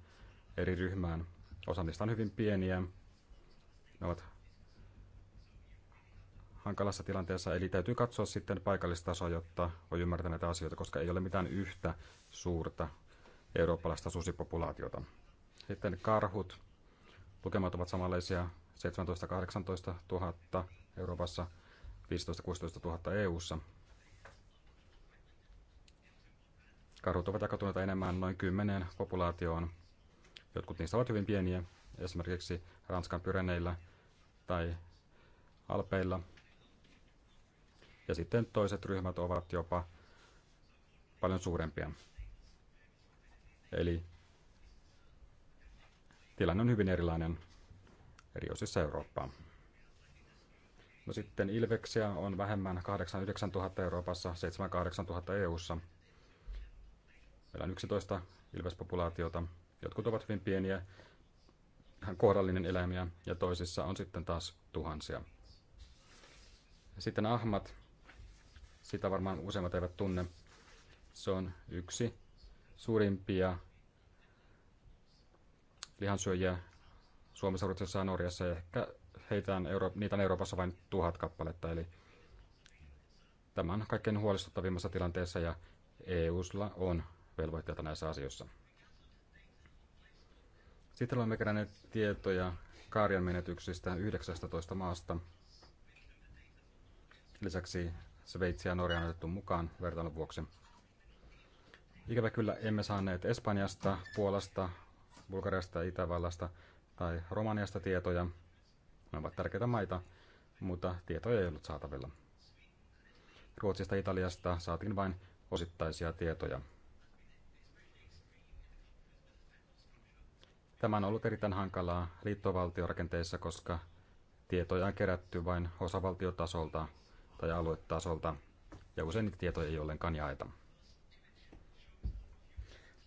eri ryhmään. Osa niistä on hyvin pieniä. Ne ovat hankalassa tilanteessa, eli täytyy katsoa sitten paikallistasoa, jotta voi ymmärtää näitä asioita, koska ei ole mitään yhtä suurta eurooppalaista susipopulaatiota. Sitten karhut. Lukemat ovat samanlaisia 17-18 000 Euroopassa, 15-16 000 EU:ssa. Karhut ovat jakautuneita enemmän noin 10 populaatioon. Jotkut niistä ovat hyvin pieniä, esimerkiksi Ranskan pyreneillä tai Alpeilla ja sitten toiset ryhmät ovat jopa paljon suurempia. Eli tilanne on hyvin erilainen eri osissa Eurooppaa. No sitten ilveksiä on vähemmän 8-9 000 Euroopassa, 7-8 000 EU:ssa. Meillä on 11 ilvespopulaatiota. Jotkut ovat hyvin pieniä, ihan kohdallinen eläimiä, ja toisissa on sitten taas tuhansia. Sitten ahmat. Sitä varmaan useimmat eivät tunne. Se on yksi suurimpia lihansyöjiä Suomessa, Ruotsissa ja Norjassa. Ja ehkä heitä on Euro- niitä on Euroopassa vain tuhat kappaletta, eli tämän kaikkein huolestuttavimmassa tilanteessa ja EUlla on velvoitteita näissä asioissa. Sitten olemme keränneet tietoja kaarian menetyksistä 19 maasta. Lisäksi Sveitsi ja Norja on otettu mukaan vertailun vuoksi. Ikävä kyllä emme saaneet Espanjasta, Puolasta, Bulgariasta, Itävallasta tai Romaniasta tietoja. Ne ovat tärkeitä maita, mutta tietoja ei ollut saatavilla. Ruotsista ja Italiasta saatiin vain osittaisia tietoja. Tämä on ollut erittäin hankalaa liittovaltiorakenteissa, koska tietoja on kerätty vain osavaltiotasolta tai aluetasolta, ja usein niitä tietoja ei ollenkaan jaeta.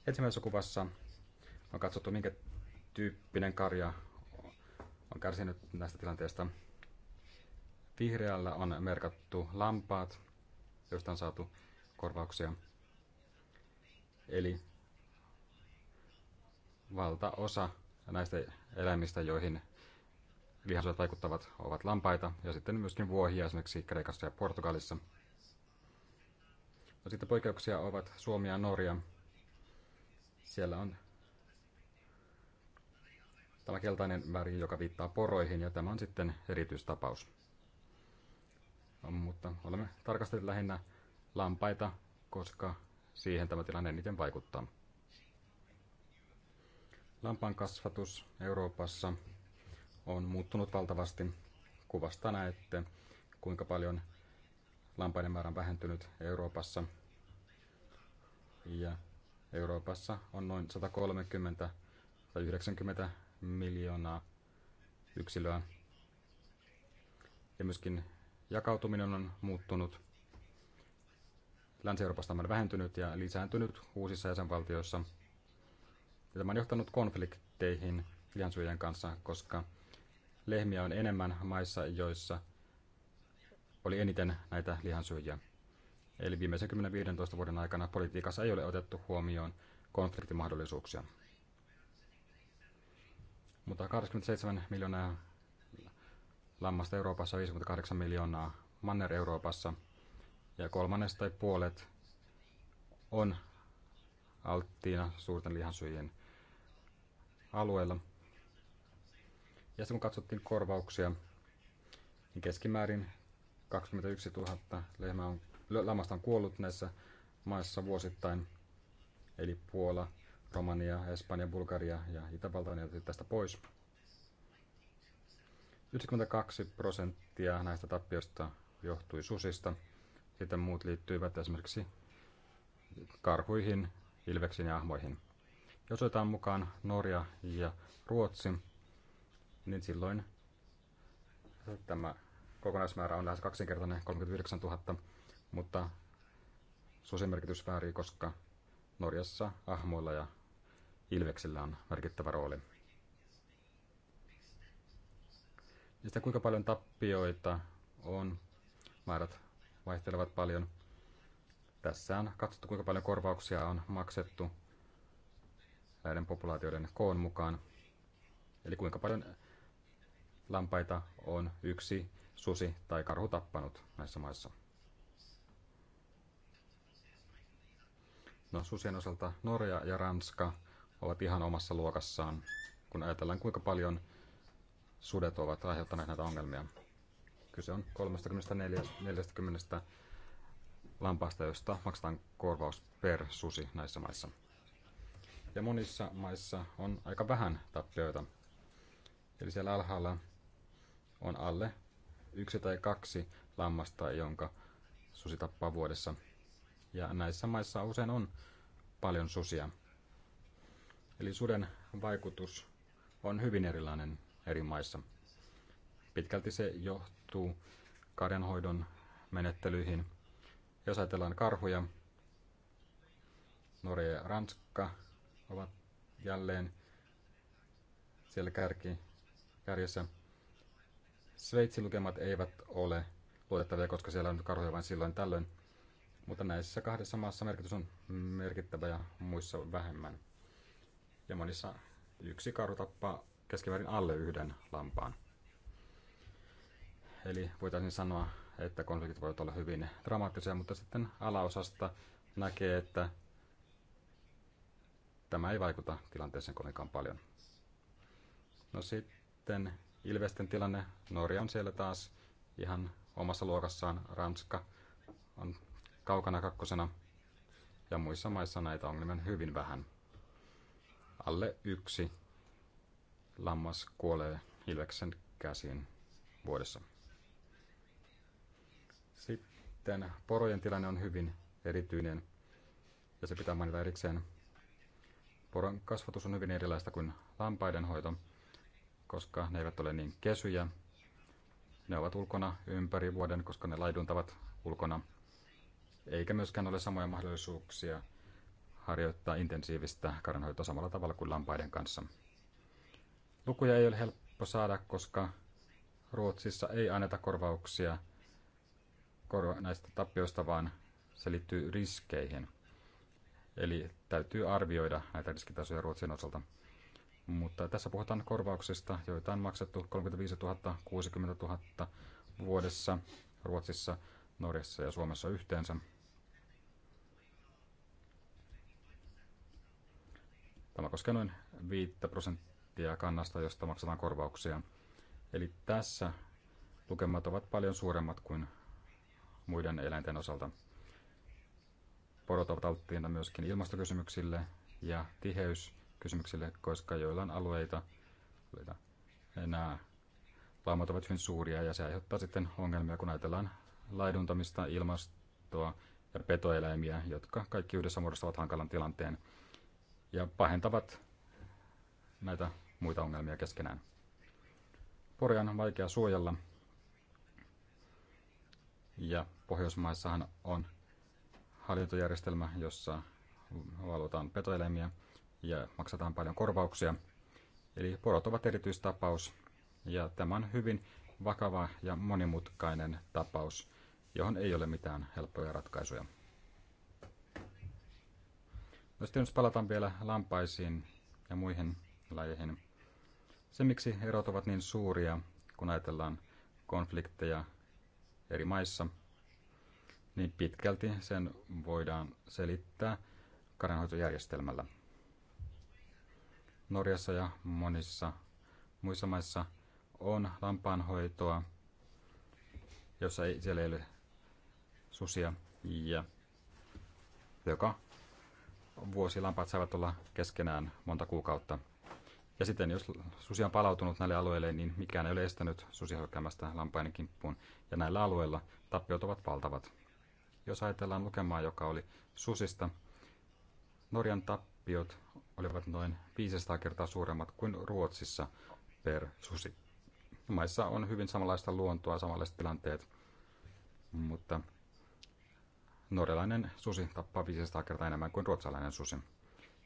Ensimmäisessä kuvassa on katsottu, minkä tyyppinen karja on kärsinyt näistä tilanteista. Vihreällä on merkattu lampaat, joista on saatu korvauksia. Eli valtaosa näistä eläimistä, joihin vihasot vaikuttavat ovat lampaita ja sitten myöskin vuohia esimerkiksi Kreikassa ja Portugalissa. No, sitten poikkeuksia ovat Suomi ja Norja. Siellä on tämä keltainen väri, joka viittaa poroihin ja tämä on sitten erityistapaus. No, mutta olemme tarkastelleet lähinnä lampaita, koska siihen tämä tilanne eniten vaikuttaa. Lampan kasvatus Euroopassa on muuttunut valtavasti. Kuvasta näette, kuinka paljon lampaiden määrä on vähentynyt Euroopassa. Ja Euroopassa on noin 130 tai 90 miljoonaa yksilöä. Ja myöskin jakautuminen on muuttunut. Länsi-Euroopasta on vähentynyt ja lisääntynyt uusissa jäsenvaltioissa. Ja tämä on johtanut konflikteihin lihansyöjien kanssa, koska lehmiä on enemmän maissa, joissa oli eniten näitä lihansyöjiä. Eli viimeisen 10-15 vuoden aikana politiikassa ei ole otettu huomioon konfliktimahdollisuuksia. Mutta 27 miljoonaa lammasta Euroopassa, 58 miljoonaa Manner-Euroopassa ja kolmannes tai puolet on alttiina suurten lihansyöjien alueella. Ja sitten kun katsottiin korvauksia, niin keskimäärin 21 000 lehmää on, lammasta on kuollut näissä maissa vuosittain. Eli Puola, Romania, Espanja, Bulgaria ja Itävalta on jätetty tästä pois. 92 prosenttia näistä tappioista johtui susista. Sitten muut liittyivät esimerkiksi karhuihin, ilveksiin ja ahmoihin. Jos otetaan mukaan Norja ja Ruotsi, niin silloin tämä kokonaismäärä on lähes kaksinkertainen, 39 000, mutta merkitys väärii, koska Norjassa ahmoilla ja ilveksillä on merkittävä rooli. Ja sitten kuinka paljon tappioita on, määrät vaihtelevat paljon. Tässä on katsottu, kuinka paljon korvauksia on maksettu näiden populaatioiden koon mukaan. Eli kuinka paljon lampaita on yksi susi tai karhu tappanut näissä maissa. No, susien osalta Norja ja Ranska ovat ihan omassa luokassaan, kun ajatellaan kuinka paljon sudet ovat aiheuttaneet näitä ongelmia. Kyse on 30 40 lampaasta, josta maksetaan korvaus per susi näissä maissa. Ja monissa maissa on aika vähän tappioita. Eli siellä alhaalla on alle yksi tai kaksi lammasta, jonka susi tappaa vuodessa. Ja näissä maissa usein on paljon susia. Eli suden vaikutus on hyvin erilainen eri maissa. Pitkälti se johtuu karjanhoidon menettelyihin. Jos ajatellaan karhuja, Norja ja Ranska ovat jälleen siellä kärki, kärjessä Sveitsin lukemat eivät ole luotettavia, koska siellä on karhuja vain silloin tällöin. Mutta näissä kahdessa maassa merkitys on merkittävä ja muissa vähemmän. Ja monissa yksi karhu tappaa keskimäärin alle yhden lampaan. Eli voitaisiin sanoa, että konfliktit voivat olla hyvin dramaattisia, mutta sitten alaosasta näkee, että tämä ei vaikuta tilanteeseen kovinkaan paljon. No sitten Ilvesten tilanne. Norja on siellä taas ihan omassa luokassaan. Ranska on kaukana kakkosena. Ja muissa maissa näitä ongelmia on hyvin vähän. Alle yksi lammas kuolee Ilveksen käsiin vuodessa. Sitten porojen tilanne on hyvin erityinen ja se pitää mainita erikseen. Poron kasvatus on hyvin erilaista kuin lampaiden hoito koska ne eivät ole niin kesyjä. Ne ovat ulkona ympäri vuoden, koska ne laiduntavat ulkona. Eikä myöskään ole samoja mahdollisuuksia harjoittaa intensiivistä karjanhoitoa samalla tavalla kuin lampaiden kanssa. Lukuja ei ole helppo saada, koska Ruotsissa ei anneta korvauksia näistä tappioista, vaan se liittyy riskeihin. Eli täytyy arvioida näitä riskitasoja Ruotsin osalta. Mutta tässä puhutaan korvauksista, joita on maksettu 35 000, 60 000 vuodessa Ruotsissa, Norjassa ja Suomessa yhteensä. Tämä koskee noin 5 prosenttia kannasta, josta maksetaan korvauksia. Eli tässä lukemat ovat paljon suuremmat kuin muiden eläinten osalta. Porot ovat alttiina myöskin ilmastokysymyksille ja tiheys kysymyksille, koska joillain alueita joita nämä laumat ovat hyvin suuria ja se aiheuttaa sitten ongelmia, kun ajatellaan laiduntamista, ilmastoa ja petoeläimiä, jotka kaikki yhdessä muodostavat hankalan tilanteen ja pahentavat näitä muita ongelmia keskenään. Porjan on vaikea suojella ja Pohjoismaissahan on hallintojärjestelmä, jossa valvotaan petoeläimiä – ja maksataan paljon korvauksia. Eli porot ovat erityistapaus ja tämä on hyvin vakava ja monimutkainen tapaus, johon ei ole mitään helppoja ratkaisuja. No sitten jos palataan vielä lampaisiin ja muihin lajeihin. Se, miksi erot ovat niin suuria, kun ajatellaan konflikteja eri maissa, niin pitkälti sen voidaan selittää karjanhoitojärjestelmällä. Norjassa ja monissa muissa maissa on lampaanhoitoa, jossa ei, siellä ei ole susia, ja joka vuosi lampaat saavat olla keskenään monta kuukautta. Ja sitten jos susi on palautunut näille alueille, niin mikään ei ole estänyt susia hyökkäämästä lampaiden kimppuun. Ja näillä alueilla tappiot ovat valtavat. Jos ajatellaan lukemaa, joka oli susista, Norjan tappiot olivat noin 500 kertaa suuremmat kuin Ruotsissa per susi. Maissa on hyvin samanlaista luontoa, samanlaiset tilanteet, mutta norjalainen susi tappaa 500 kertaa enemmän kuin ruotsalainen susi.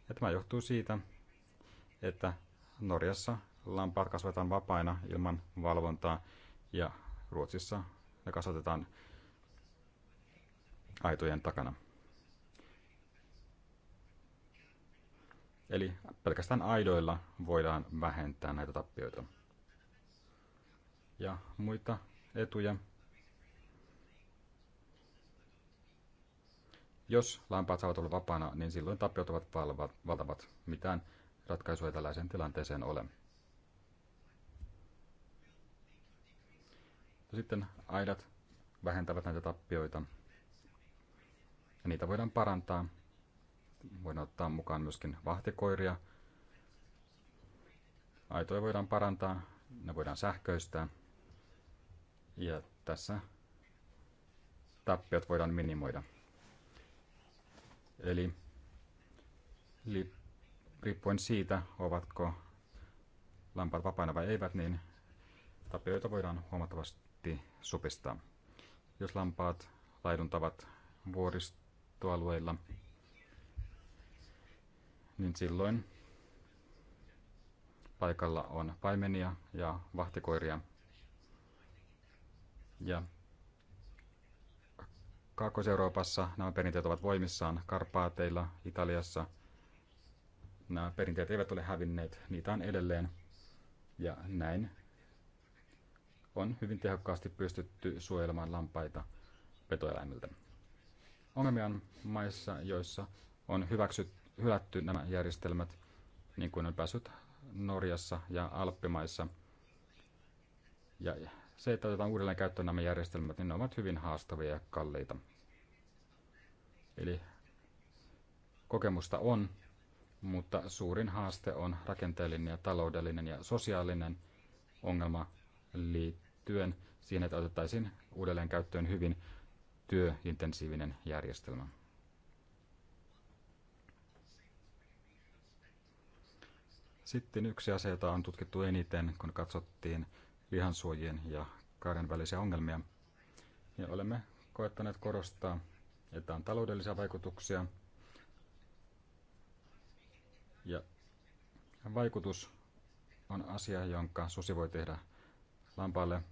Ja tämä johtuu siitä, että Norjassa lampaat kasvatetaan vapaina ilman valvontaa ja Ruotsissa ne kasvatetaan aitojen takana. Eli pelkästään aidoilla voidaan vähentää näitä tappioita. Ja muita etuja. Jos lampaat saavat olla vapaana, niin silloin tappiot ovat valtavat. Mitään ratkaisua ei tällaiseen tilanteeseen ole. No sitten aidat vähentävät näitä tappioita. Ja niitä voidaan parantaa voidaan ottaa mukaan myöskin vahtikoiria. Aitoja voidaan parantaa, ne voidaan sähköistää. Ja tässä tappiot voidaan minimoida. Eli riippuen siitä, ovatko lampaat vapaina vai eivät, niin tapioita voidaan huomattavasti supistaa. Jos lampaat laiduntavat vuoristoalueilla, niin silloin paikalla on paimenia ja vahtikoiria. Ja Kaakkois-Euroopassa nämä perinteet ovat voimissaan Karpaateilla, Italiassa. Nämä perinteet eivät ole hävinneet, niitä on edelleen. Ja näin on hyvin tehokkaasti pystytty suojelemaan lampaita petoeläimiltä. Ongelmia on maissa, joissa on hyväksytty hylätty nämä järjestelmät, niin kuin on päässyt Norjassa ja Alppimaissa. Ja se, että otetaan uudelleen käyttöön nämä järjestelmät, niin ne ovat hyvin haastavia ja kalliita. Eli kokemusta on, mutta suurin haaste on rakenteellinen ja taloudellinen ja sosiaalinen ongelma liittyen siihen, että otettaisiin uudelleen käyttöön hyvin työintensiivinen järjestelmä. Sitten yksi asia, jota on tutkittu eniten, kun katsottiin lihansuojien ja kaaren välisiä ongelmia. Ja olemme koettaneet korostaa, että on taloudellisia vaikutuksia ja vaikutus on asia, jonka susi voi tehdä lampaalle.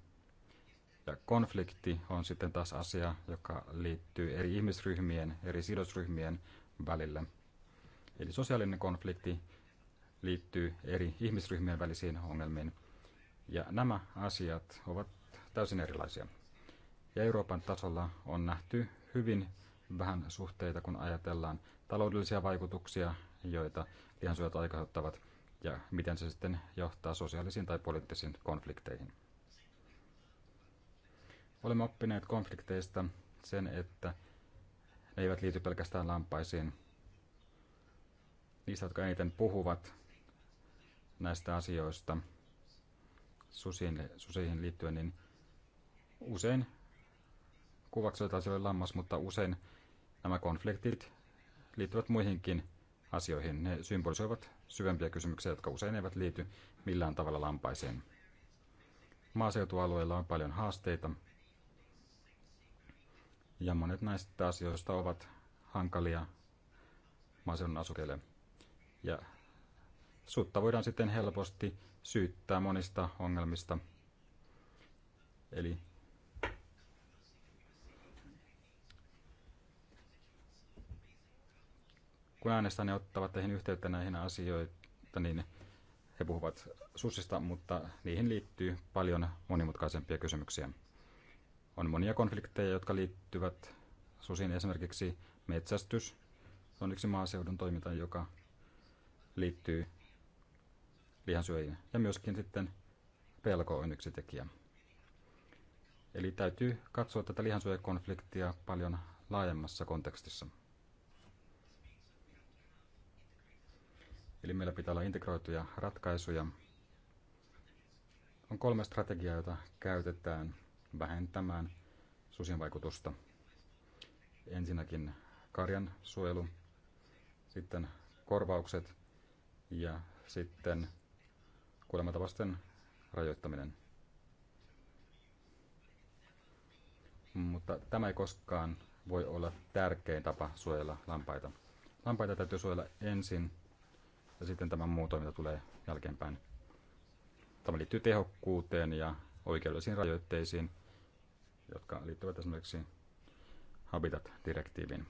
Ja konflikti on sitten taas asia, joka liittyy eri ihmisryhmien, eri sidosryhmien välillä. Eli sosiaalinen konflikti liittyy eri ihmisryhmien välisiin ongelmiin. Ja nämä asiat ovat täysin erilaisia. Ja Euroopan tasolla on nähty hyvin vähän suhteita, kun ajatellaan taloudellisia vaikutuksia, joita lihansyöt aiheuttavat, ja miten se sitten johtaa sosiaalisiin tai poliittisiin konflikteihin. Olemme oppineet konflikteista sen, että ne eivät liity pelkästään lampaisiin. Niistä, jotka eniten puhuvat, näistä asioista susiin, susiin liittyen, niin usein kuvaksoita asioille lammas, mutta usein nämä konfliktit liittyvät muihinkin asioihin. Ne symbolisoivat syvempiä kysymyksiä, jotka usein eivät liity millään tavalla lampaiseen. Maaseutualueilla on paljon haasteita, ja monet näistä asioista ovat hankalia maaseudun asukeille. Ja sutta voidaan sitten helposti syyttää monista ongelmista. Eli kun ne ottavat teihin yhteyttä näihin asioihin, niin he puhuvat susista, mutta niihin liittyy paljon monimutkaisempia kysymyksiä. On monia konflikteja, jotka liittyvät susiin. Esimerkiksi metsästys on yksi maaseudun toiminta, joka liittyy lihansyöjiin. Ja myöskin sitten pelko on yksi tekijä. Eli täytyy katsoa tätä lihansyöjäkonfliktia paljon laajemmassa kontekstissa. Eli meillä pitää olla integroituja ratkaisuja. On kolme strategiaa, joita käytetään vähentämään susien vaikutusta. Ensinnäkin karjan suojelu, sitten korvaukset ja sitten kuolematavasten rajoittaminen. Mutta tämä ei koskaan voi olla tärkein tapa suojella lampaita. Lampaita täytyy suojella ensin ja sitten tämä muu toiminta tulee jälkeenpäin. Tämä liittyy tehokkuuteen ja oikeudellisiin rajoitteisiin, jotka liittyvät esimerkiksi Habitat-direktiiviin.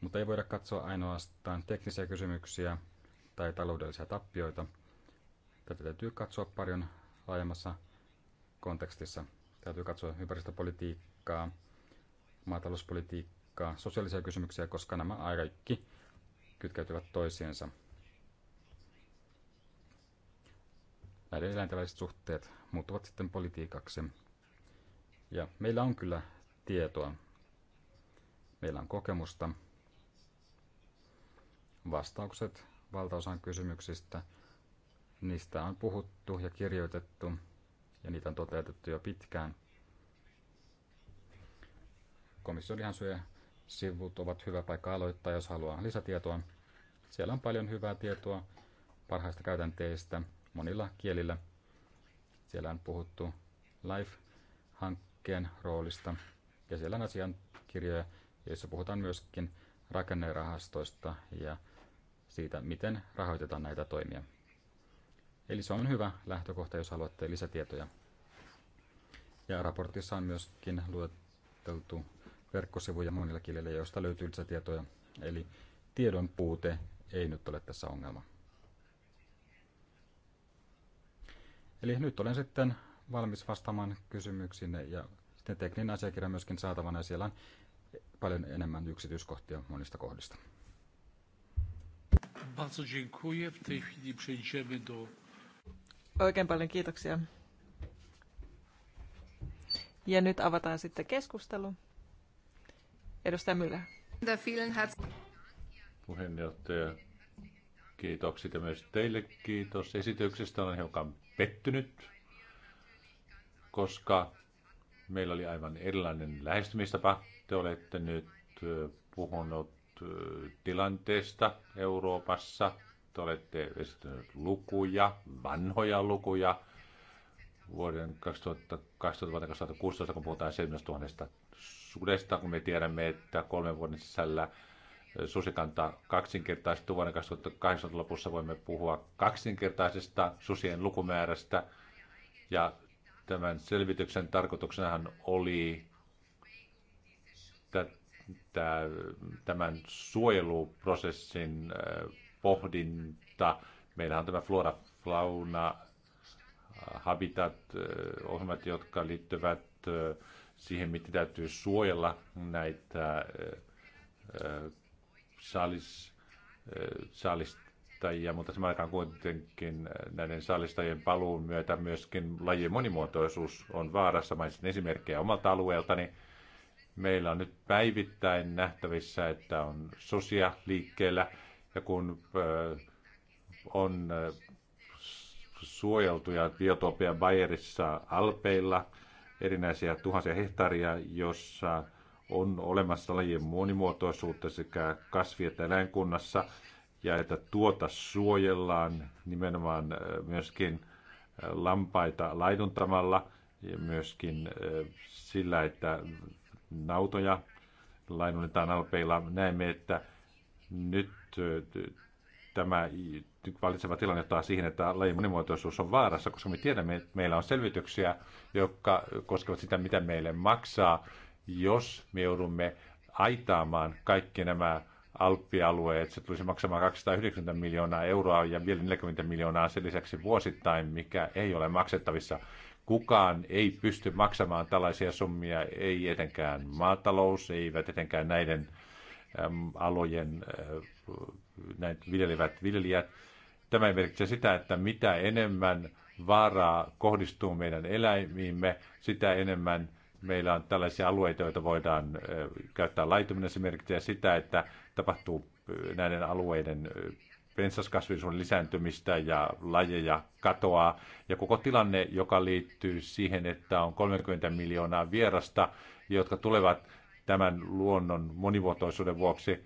Mutta ei voida katsoa ainoastaan teknisiä kysymyksiä, tai taloudellisia tappioita. Tätä täytyy katsoa paljon laajemmassa kontekstissa. Täytyy katsoa ympäristöpolitiikkaa, maatalouspolitiikkaa, sosiaalisia kysymyksiä, koska nämä kaikki kytkeytyvät toisiinsa. Näiden eläintäväliset suhteet muuttuvat sitten politiikaksi. Ja meillä on kyllä tietoa. Meillä on kokemusta. Vastaukset valtaosan kysymyksistä. Niistä on puhuttu ja kirjoitettu ja niitä on toteutettu jo pitkään. Komission lihansyöjä sivut ovat hyvä paikka aloittaa, jos haluaa lisätietoa. Siellä on paljon hyvää tietoa parhaista käytänteistä monilla kielillä. Siellä on puhuttu LIFE-hankkeen roolista ja siellä on asiankirjoja, joissa puhutaan myöskin rakennerahastoista ja siitä, miten rahoitetaan näitä toimia. Eli se on hyvä lähtökohta, jos haluatte lisätietoja. Ja raportissa on myöskin luoteltu verkkosivuja monilla kielillä, joista löytyy lisätietoja. Eli tiedon puute ei nyt ole tässä ongelma. Eli nyt olen sitten valmis vastaamaan kysymyksiin ja sitten tekninen asiakirja myöskin saatavana ja siellä on paljon enemmän yksityiskohtia monista kohdista. Bardzo dziękuję. W tej chwili przejdziemy do... Oikein paljon kiitoksia. Ja nyt avataan sitten keskustelu. Edustaja Mylä. Puheenjohtaja, kiitokset ja myös teille kiitos esityksestä. Olen hiukan pettynyt, koska meillä oli aivan erilainen lähestymistapa. Te olette nyt puhunut tilanteesta Euroopassa. Te olette esittäneet lukuja, vanhoja lukuja. Vuoden 2016, kun puhutaan 7000 sudesta, kun me tiedämme, että kolmen vuoden sisällä susikanta kaksinkertaistuu vuoden 2018 lopussa, voimme puhua kaksinkertaisesta susien lukumäärästä. Ja tämän selvityksen tarkoituksenahan oli tämän suojeluprosessin äh, pohdinta. Meillä on tämä Flora Fauna äh, Habitat-ohjelmat, äh, jotka liittyvät siihen, miten täytyy suojella näitä saalis, saalistajia, mutta samaan aikaan kuitenkin näiden saalistajien paluun myötä myöskin lajien monimuotoisuus on vaarassa. Mainitsin esimerkkejä omalta alueeltani. Meillä on nyt päivittäin nähtävissä, että on susia liikkeellä ja kun on suojeltuja biotopia Bayerissa Alpeilla, erinäisiä tuhansia hehtaaria, jossa on olemassa lajien monimuotoisuutta sekä kasvi- että eläinkunnassa, ja että tuota suojellaan nimenomaan myöskin lampaita laiduntamalla ja myöskin sillä, että nautoja lainunnetaan alpeilla. Näemme, että nyt tämä valitseva tilanne johtaa siihen, että lajin monimuotoisuus on vaarassa, koska me tiedämme, että meillä on selvityksiä, jotka koskevat sitä, mitä meille maksaa, jos me joudumme aitaamaan kaikki nämä alppialueet. Se tulisi maksamaan 290 miljoonaa euroa ja vielä 40 miljoonaa sen lisäksi vuosittain, mikä ei ole maksettavissa kukaan ei pysty maksamaan tällaisia summia, ei etenkään maatalous, eivät etenkään näiden alojen äh, näin viljelevät viljelijät. Tämä merkitsee sitä, että mitä enemmän vaaraa kohdistuu meidän eläimiimme, sitä enemmän meillä on tällaisia alueita, joita voidaan äh, käyttää laituminen. Se merkitsee sitä, että tapahtuu äh, näiden alueiden pensaskasvillisuuden lisääntymistä ja lajeja katoaa. Ja koko tilanne, joka liittyy siihen, että on 30 miljoonaa vierasta, jotka tulevat tämän luonnon monivuotoisuuden vuoksi,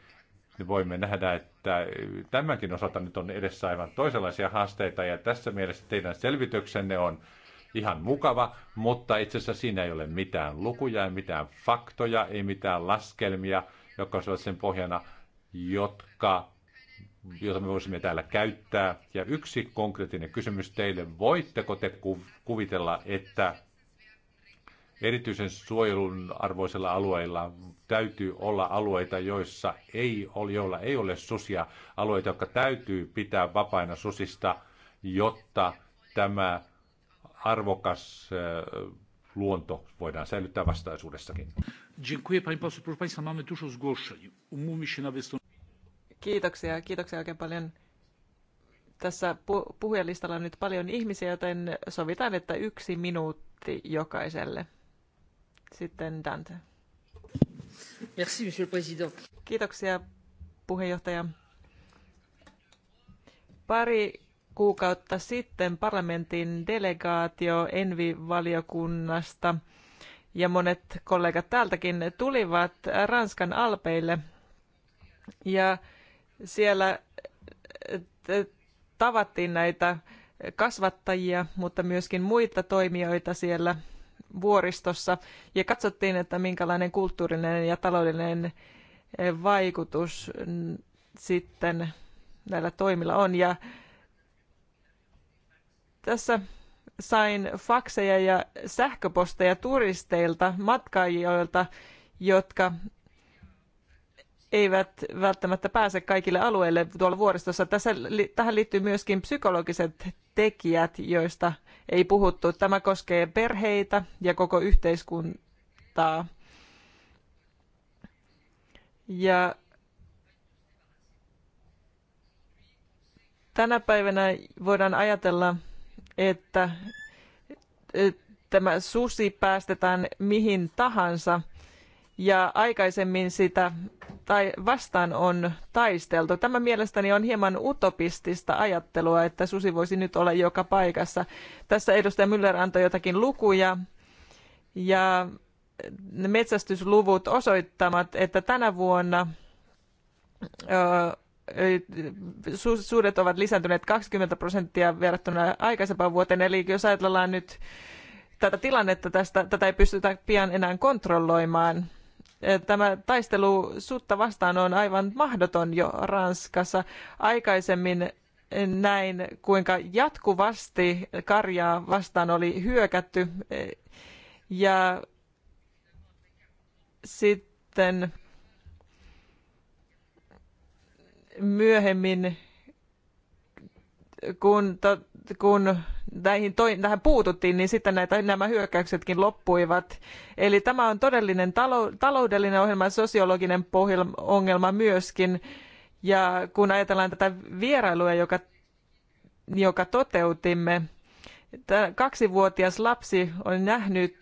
niin voimme nähdä, että tämänkin osalta nyt on edessä aivan toisenlaisia haasteita. Ja tässä mielessä teidän selvityksenne on ihan mukava, mutta itse asiassa siinä ei ole mitään lukuja, ei mitään faktoja, ei mitään laskelmia, jotka olisivat sen pohjana, jotka jota me voisimme täällä käyttää. Ja yksi konkreettinen kysymys teille. Voitteko te kuvitella, että erityisen suojelun arvoisilla alueilla täytyy olla alueita, joissa ei ole, joilla ei ole susia, alueita, jotka täytyy pitää vapaina susista, jotta tämä arvokas äh, luonto voidaan säilyttää vastaisuudessakin. Dziękuję panie posłu. Proszę Państwa, mamy dużo zgłoszeń. Umówmy się na wystąpienie. Kiitoksia, kiitoksia oikein paljon. Tässä pu- puhujalistalla on nyt paljon ihmisiä, joten sovitaan, että yksi minuutti jokaiselle. Sitten Dante. Merci, monsieur le président. Kiitoksia, puheenjohtaja. Pari kuukautta sitten parlamentin delegaatio Envi-valiokunnasta ja monet kollegat täältäkin tulivat Ranskan alpeille. Ja siellä tavattiin näitä kasvattajia, mutta myöskin muita toimijoita siellä vuoristossa ja katsottiin, että minkälainen kulttuurinen ja taloudellinen eh, vaikutus sitten näillä toimilla on. Ja tässä sain fakseja ja sähköposteja turisteilta, matkailijoilta, jotka eivät välttämättä pääse kaikille alueille tuolla vuoristossa. Tässä, tähän liittyy myöskin psykologiset tekijät, joista ei puhuttu. Tämä koskee perheitä ja koko yhteiskuntaa. Ja tänä päivänä voidaan ajatella, että tämä susi päästetään mihin tahansa – ja aikaisemmin sitä tai vastaan on taisteltu. Tämä mielestäni on hieman utopistista ajattelua, että susi voisi nyt olla joka paikassa. Tässä edustaja Müller antoi jotakin lukuja ja metsästysluvut osoittavat, että tänä vuonna ö, su- suudet ovat lisääntyneet 20 prosenttia verrattuna aikaisempaan vuoteen. Eli jos ajatellaan nyt tätä tilannetta, tästä, tätä ei pystytä pian enää kontrolloimaan. Tämä taistelu sutta vastaan on aivan mahdoton jo Ranskassa. Aikaisemmin näin, kuinka jatkuvasti karjaa vastaan oli hyökätty ja sitten myöhemmin kun, kun näihin toi, tähän puututtiin, niin sitten näitä, nämä hyökkäyksetkin loppuivat. Eli tämä on todellinen talou, taloudellinen ohjelma, sosiologinen ongelma myöskin. Ja kun ajatellaan tätä vierailua, joka, joka toteutimme, kaksivuotias lapsi on nähnyt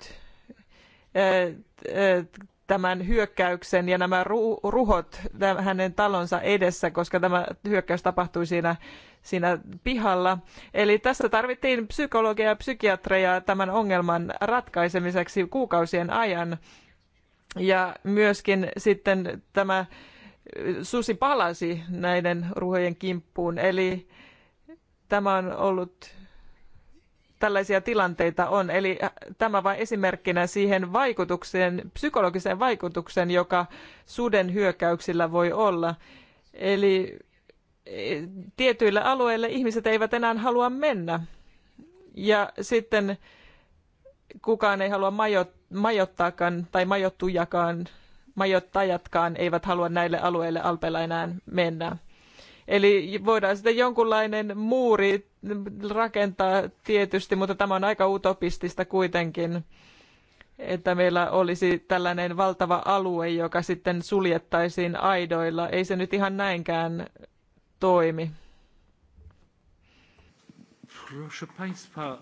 äh, äh, tämän hyökkäyksen ja nämä ruhot hänen talonsa edessä, koska tämä hyökkäys tapahtui siinä, siinä pihalla. Eli tässä tarvittiin psykologia ja psykiatreja tämän ongelman ratkaisemiseksi kuukausien ajan. Ja myöskin sitten tämä äh, susi palasi näiden ruhojen kimppuun. Eli tämä on ollut tällaisia tilanteita on. Eli äh, tämä vain esimerkkinä siihen vaikutukseen, psykologiseen vaikutukseen, joka suden hyökkäyksillä voi olla. Eli e, tietyille alueille ihmiset eivät enää halua mennä. Ja sitten kukaan ei halua majo, majottaakaan tai majottujakaan, majottajatkaan eivät halua näille alueille alpeilla enää mennä. Eli voidaan sitten jonkunlainen muuri rakentaa tietysti, mutta tämä on aika utopistista kuitenkin, että meillä olisi tällainen valtava alue, joka sitten suljettaisiin aidoilla. Ei se nyt ihan näinkään toimi. Proszę Państwa,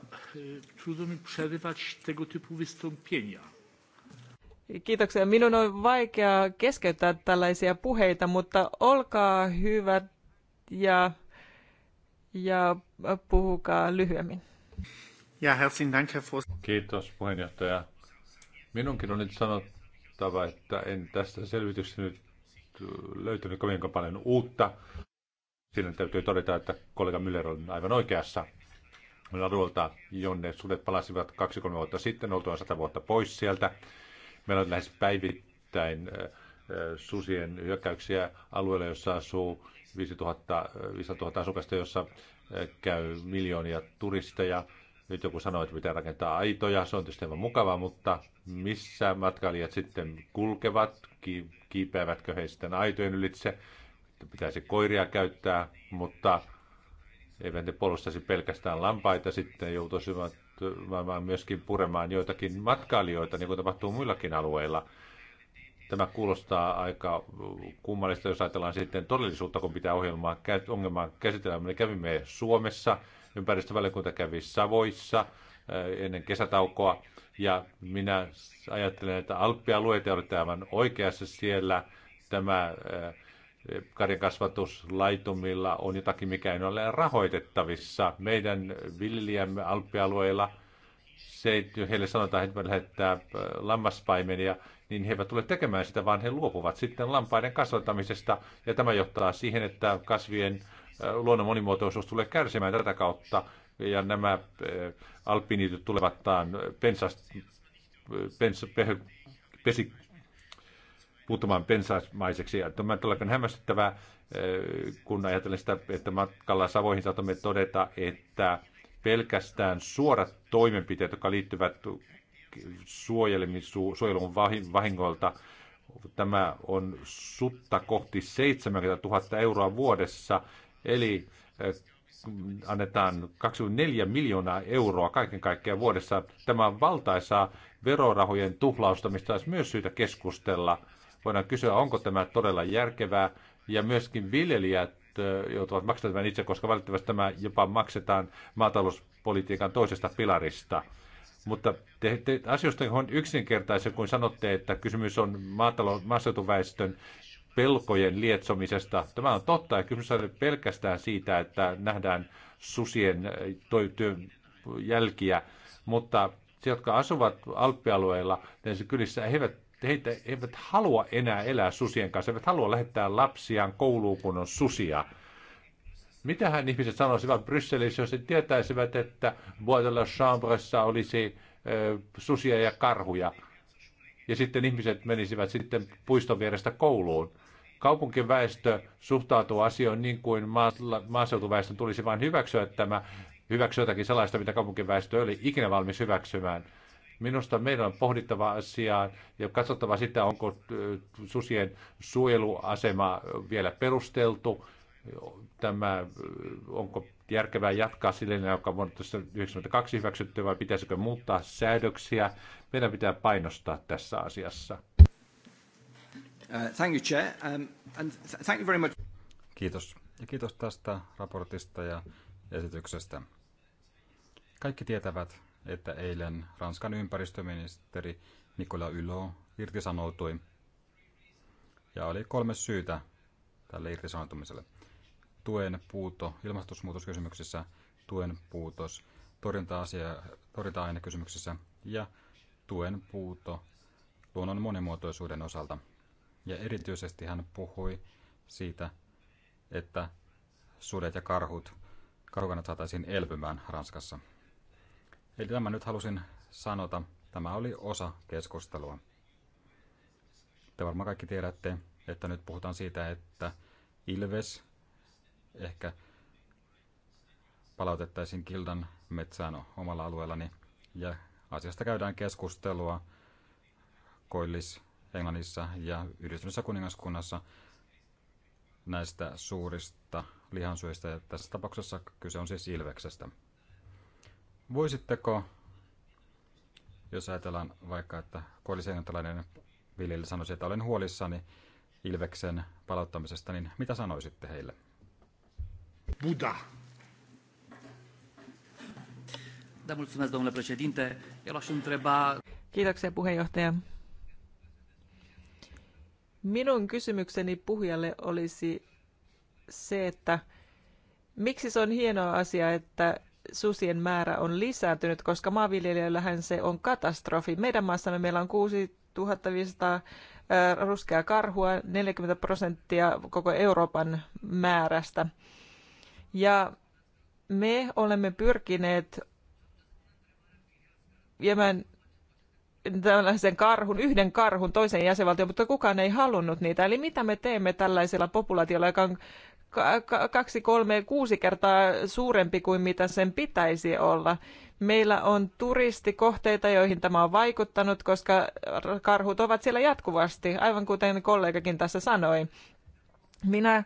trudno mi przerywać tego typu wystąpienia. Kiitoksia. Minun on vaikea keskeyttää tällaisia puheita, mutta olkaa hyvät ja, ja äh, puhukaa lyhyemmin. Ja helsin Dank, Herr Kiitos puheenjohtaja. Minunkin on nyt sanottava, että en tästä selvityksestä nyt äh, löytynyt kovinkaan paljon uutta. Siinä täytyy todeta, että kollega Müller on aivan oikeassa ladulta, jonne sudet palasivat 2-3 vuotta sitten, oltuaan 100 vuotta pois sieltä. Meillä on lähes päivittäin äh, susien hyökkäyksiä alueella, jossa asuu 5000, 5000 asukasta, jossa eh, käy miljoonia turisteja. Nyt joku sanoi, että pitää rakentaa aitoja, se on tietysti aivan mukava, mutta missä matkailijat sitten kulkevat, kiipeävätkö he sitten aitojen ylitse, pitäisi koiria käyttää, mutta eivät ne puolustaisi pelkästään lampaita, sitten joutuisivat eh, myöskin puremaan joitakin matkailijoita, niin kuin tapahtuu muillakin alueilla. Tämä kuulostaa aika kummallista, jos ajatellaan sitten todellisuutta, kun pitää ohjelmaa, ongelmaa käsitellä. Me kävimme Suomessa, ympäristövaliokunta kävi Savoissa äh, ennen kesätaukoa, ja minä ajattelen, että Alppialueet olivat aivan oikeassa siellä. Tämä äh, karjan kasvatuslaitumilla on jotakin, mikä ei ole rahoitettavissa. Meidän viljelijämme Alppialueilla – se, heille sanotaan, että he lähettää äh, lammaspaimenia, niin he eivät tule tekemään sitä, vaan he luopuvat sitten lampaiden kasvattamisesta. Ja tämä johtaa siihen, että kasvien äh, luonnon monimuotoisuus tulee kärsimään tätä kautta. Ja nämä äh, alpiniityt tulevat taan pensas, pens, pe, pesi, puuttumaan pensaismaiseksi. Ja tämä on todellakin hämmästyttävää, kun ajatellen sitä, että matkalla Savoihin saatamme todeta, että pelkästään suorat toimenpiteet, jotka liittyvät suojelun vahingolta. Tämä on sutta kohti 70 000 euroa vuodessa, eli eh, annetaan 24 miljoonaa euroa kaiken kaikkiaan vuodessa. Tämä on valtaisaa verorahojen tuhlausta, mistä olisi myös syytä keskustella. Voidaan kysyä, onko tämä todella järkevää, ja myöskin viljelijät joutuvat maksamaan tämän itse, koska välttämättä tämä jopa maksetaan maatalouspolitiikan toisesta pilarista. Mutta te, te asioista on yksinkertaisia, kun sanotte, että kysymys on maaseutuväestön pelkojen lietsomisesta. Tämä on totta, ja kysymys on pelkästään siitä, että nähdään susien työn jälkiä, mutta se, jotka asuvat alppialueilla, niin se kylissä, he eivät heitä eivät halua enää elää susien kanssa, eivät halua lähettää lapsiaan kouluun, kun on susia. Mitähän ihmiset sanoisivat Brysselissä, jos he tietäisivät, että vuodella Chambressa olisi susia ja karhuja. Ja sitten ihmiset menisivät sitten puiston vierestä kouluun. Kaupunkiväestö suhtautuu asioon niin kuin maaseutuväestön tulisi vain hyväksyä tämä, hyväksyä jotakin sellaista, mitä kaupunkiväestö oli ikinä valmis hyväksymään – Minusta meidän on pohdittava asiaa ja katsottava sitä, onko äh, susien suojeluasema vielä perusteltu, tämä, äh, onko järkevää jatkaa sille, joka on vuonna 1992 hyväksytty, vai pitäisikö muuttaa säädöksiä. Meidän pitää painostaa tässä asiassa. Uh, thank you, Chair. Um, and thank you very much. Kiitos. Ja kiitos tästä raportista ja esityksestä. Kaikki tietävät, että eilen Ranskan ympäristöministeri Nicolas Hulot irtisanoutui. Ja oli kolme syytä tälle irtisanoutumiselle. Tuen puuto ilmastonmuutoskysymyksissä, tuen puutos torjunta-asia, torjunta-ainekysymyksissä ja tuen puuto luonnon monimuotoisuuden osalta. Ja erityisesti hän puhui siitä, että sudet ja karhut, karhukannat saataisiin elpymään Ranskassa. Eli tämä nyt halusin sanota. Tämä oli osa keskustelua. Te varmaan kaikki tiedätte, että nyt puhutaan siitä, että Ilves ehkä palautettaisiin Kildan metsään omalla alueellani. Ja asiasta käydään keskustelua Koillis Englannissa ja Yhdistyneessä kuningaskunnassa näistä suurista lihansyöistä. Ja tässä tapauksessa kyse on siis Ilveksestä. Voisitteko, jos ajatellaan vaikka, että kuolisen tällainen viljelijä sanoisi, että olen huolissani Ilveksen palauttamisesta, niin mitä sanoisitte heille? Buddha. Kiitoksia, puheenjohtaja. Minun kysymykseni puhujalle olisi se, että miksi se on hieno asia, että susien määrä on lisääntynyt, koska maanviljelijöillähän se on katastrofi. Meidän maassamme meillä on 6500 ruskea karhua, 40 prosenttia koko Euroopan määrästä. Ja me olemme pyrkineet viemään tällaisen karhun, yhden karhun toisen jäsenvaltion, mutta kukaan ei halunnut niitä. Eli mitä me teemme tällaisella populaatiolla, joka on kaksi, kolme, kuusi kertaa suurempi kuin mitä sen pitäisi olla. Meillä on turistikohteita, joihin tämä on vaikuttanut, koska karhut ovat siellä jatkuvasti, aivan kuten kollegakin tässä sanoi. Minä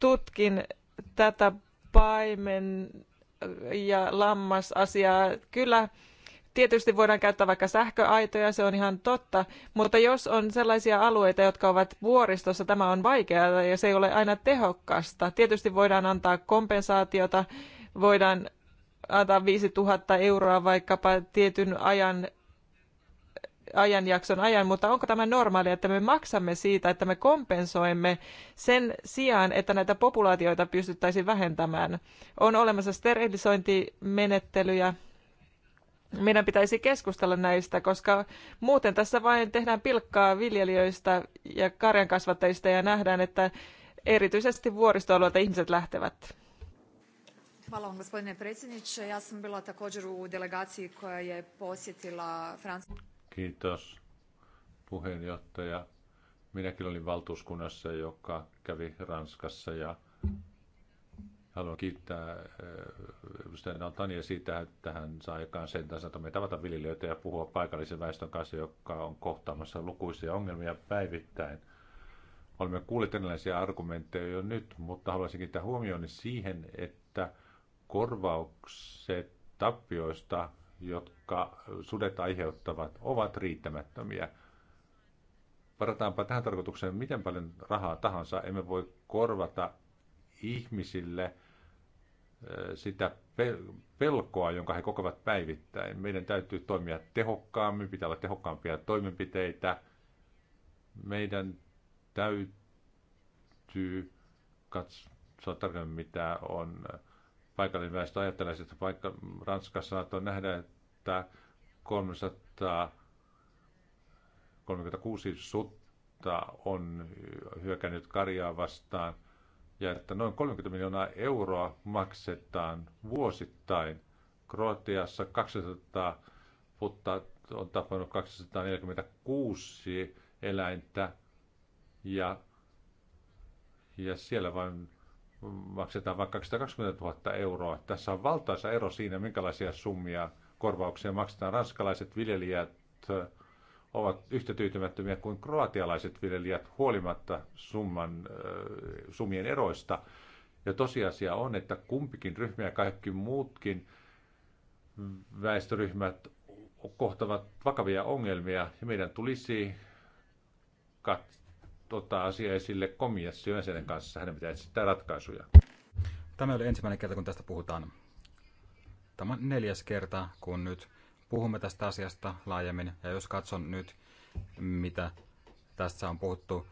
tutkin tätä paimen ja lammasasiaa. Kyllä Tietysti voidaan käyttää vaikka sähköaitoja, se on ihan totta, mutta jos on sellaisia alueita, jotka ovat vuoristossa, tämä on vaikeaa ja se ei ole aina tehokkaasta. Tietysti voidaan antaa kompensaatiota, voidaan antaa 5000 euroa vaikkapa tietyn ajan ajanjakson ajan, mutta onko tämä normaalia, että me maksamme siitä, että me kompensoimme sen sijaan, että näitä populaatioita pystyttäisiin vähentämään? On olemassa sterilisointimenettelyjä, meidän pitäisi keskustella näistä, koska muuten tässä vain tehdään pilkkaa viljelijöistä ja karjankasvattajista ja nähdään, että erityisesti vuoristoalueilta ihmiset lähtevät. Hvala vam gospodine predsjedniče. Ja sam bila također u delegaciji koja je posjetila Francusku. Kiitos puheenjohtaja. Minäkin olin valtuuskunnassa, joka kävi Ranskassa ja Haluan kiittää äh, edustaja Daltania siitä, että hän saa aikaan sen tasan, että me tavata viljelijöitä ja puhua paikallisen väestön kanssa, joka on kohtaamassa lukuisia ongelmia päivittäin. Olemme kuulleet erilaisia argumentteja jo nyt, mutta haluaisin kiittää huomioon siihen, että korvaukset tappioista, jotka sudet aiheuttavat, ovat riittämättömiä varataanpa tähän tarkoitukseen miten paljon rahaa tahansa, emme voi korvata ihmisille sitä pelkoa, jonka he kokevat päivittäin. Meidän täytyy toimia tehokkaammin, pitää olla tehokkaampia toimenpiteitä. Meidän täytyy katsoa tarkemmin, mitä on paikallinen väestö ajattelee, että vaikka Ranskassa on nähdä, että 336 sutta on hyökännyt karjaa vastaan – ja että noin 30 miljoonaa euroa maksetaan vuosittain. Kroatiassa 200 mutta on tapannut 246 eläintä ja, ja siellä vain maksetaan vain 220 000 euroa. Tässä on valtaisa ero siinä, minkälaisia summia korvauksia maksetaan. Ranskalaiset viljelijät ovat yhtä tyytymättömiä kuin kroatialaiset viljelijät huolimatta summan, summien eroista. Ja tosiasia on, että kumpikin ryhmä ja kaikki muutkin väestöryhmät kohtavat vakavia ongelmia ja meidän tulisi katsoa asia esille komission jäsenen kanssa. Hänen pitää etsiä ratkaisuja. Tämä oli ensimmäinen kerta, kun tästä puhutaan. Tämä on neljäs kerta, kun nyt puhumme tästä asiasta laajemmin. Ja jos katson nyt, mitä tässä on puhuttu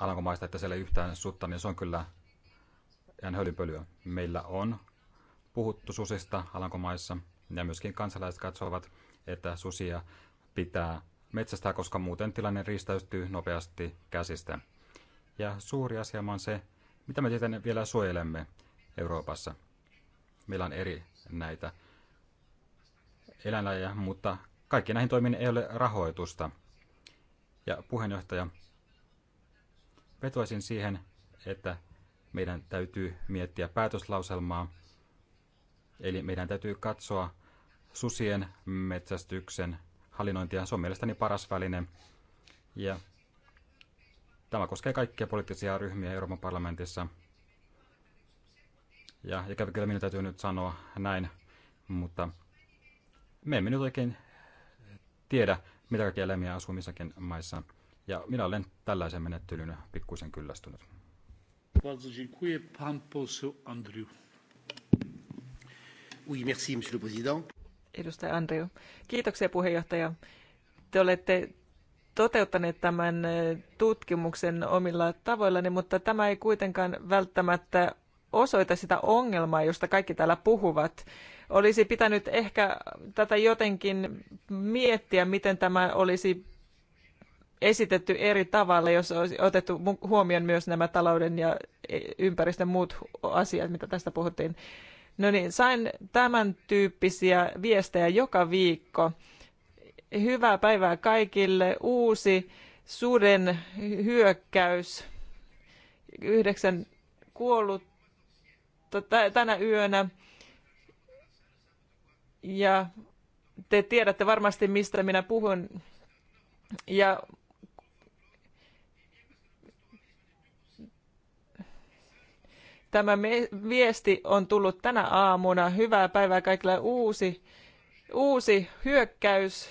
Alankomaista, että siellä ei yhtään sutta, niin se on kyllä ihan hölynpölyä. Meillä on puhuttu susista Alankomaissa ja myöskin kansalaiset katsovat, että susia pitää metsästää, koska muuten tilanne riistäytyy nopeasti käsistä. Ja suuri asia on se, mitä me tietenkin vielä suojelemme Euroopassa. Meillä on eri näitä eläinlajeja, mutta kaikki näihin toimiin ei ole rahoitusta. Ja puheenjohtaja, vetoisin siihen, että meidän täytyy miettiä päätöslauselmaa, eli meidän täytyy katsoa susien metsästyksen hallinnointia. Se on mielestäni paras väline. Ja tämä koskee kaikkia poliittisia ryhmiä Euroopan parlamentissa. Ja ikävä kyllä minun täytyy nyt sanoa näin, mutta me emme nyt oikein tiedä, mitä kaikki eläimiä asuu missäkin maissa. Ja minä olen tällaisen menettelyn pikkuisen kyllästynyt. Bardzo dziękuję. Pan poseł Andrew. Oui, merci, monsieur le président. Edustaja Andrew. Kiitoksia puheenjohtaja. Te olette toteuttaneet tämän tutkimuksen omilla tavoillani, mutta tämä ei kuitenkaan välttämättä osoita sitä ongelmaa, josta kaikki täällä puhuvat. Olisi pitänyt ehkä tätä jotenkin miettiä, miten tämä olisi esitetty eri tavalla, jos olisi otettu huomioon myös nämä talouden ja e-, ympäristön muut asiat, mitä tästä puhuttiin. No niin, sain tämän tyyppisiä viestejä joka viikko. Hyvää päivää kaikille. Uusi suden hyökkäys. Yhdeksän kuollut vasta tänä yönä. Ja te tiedätte varmasti, mistä minä puhun. Ja tämä viesti on tullut tänä aamuna. Hyvää päivää kaikille uusi, uusi hyökkäys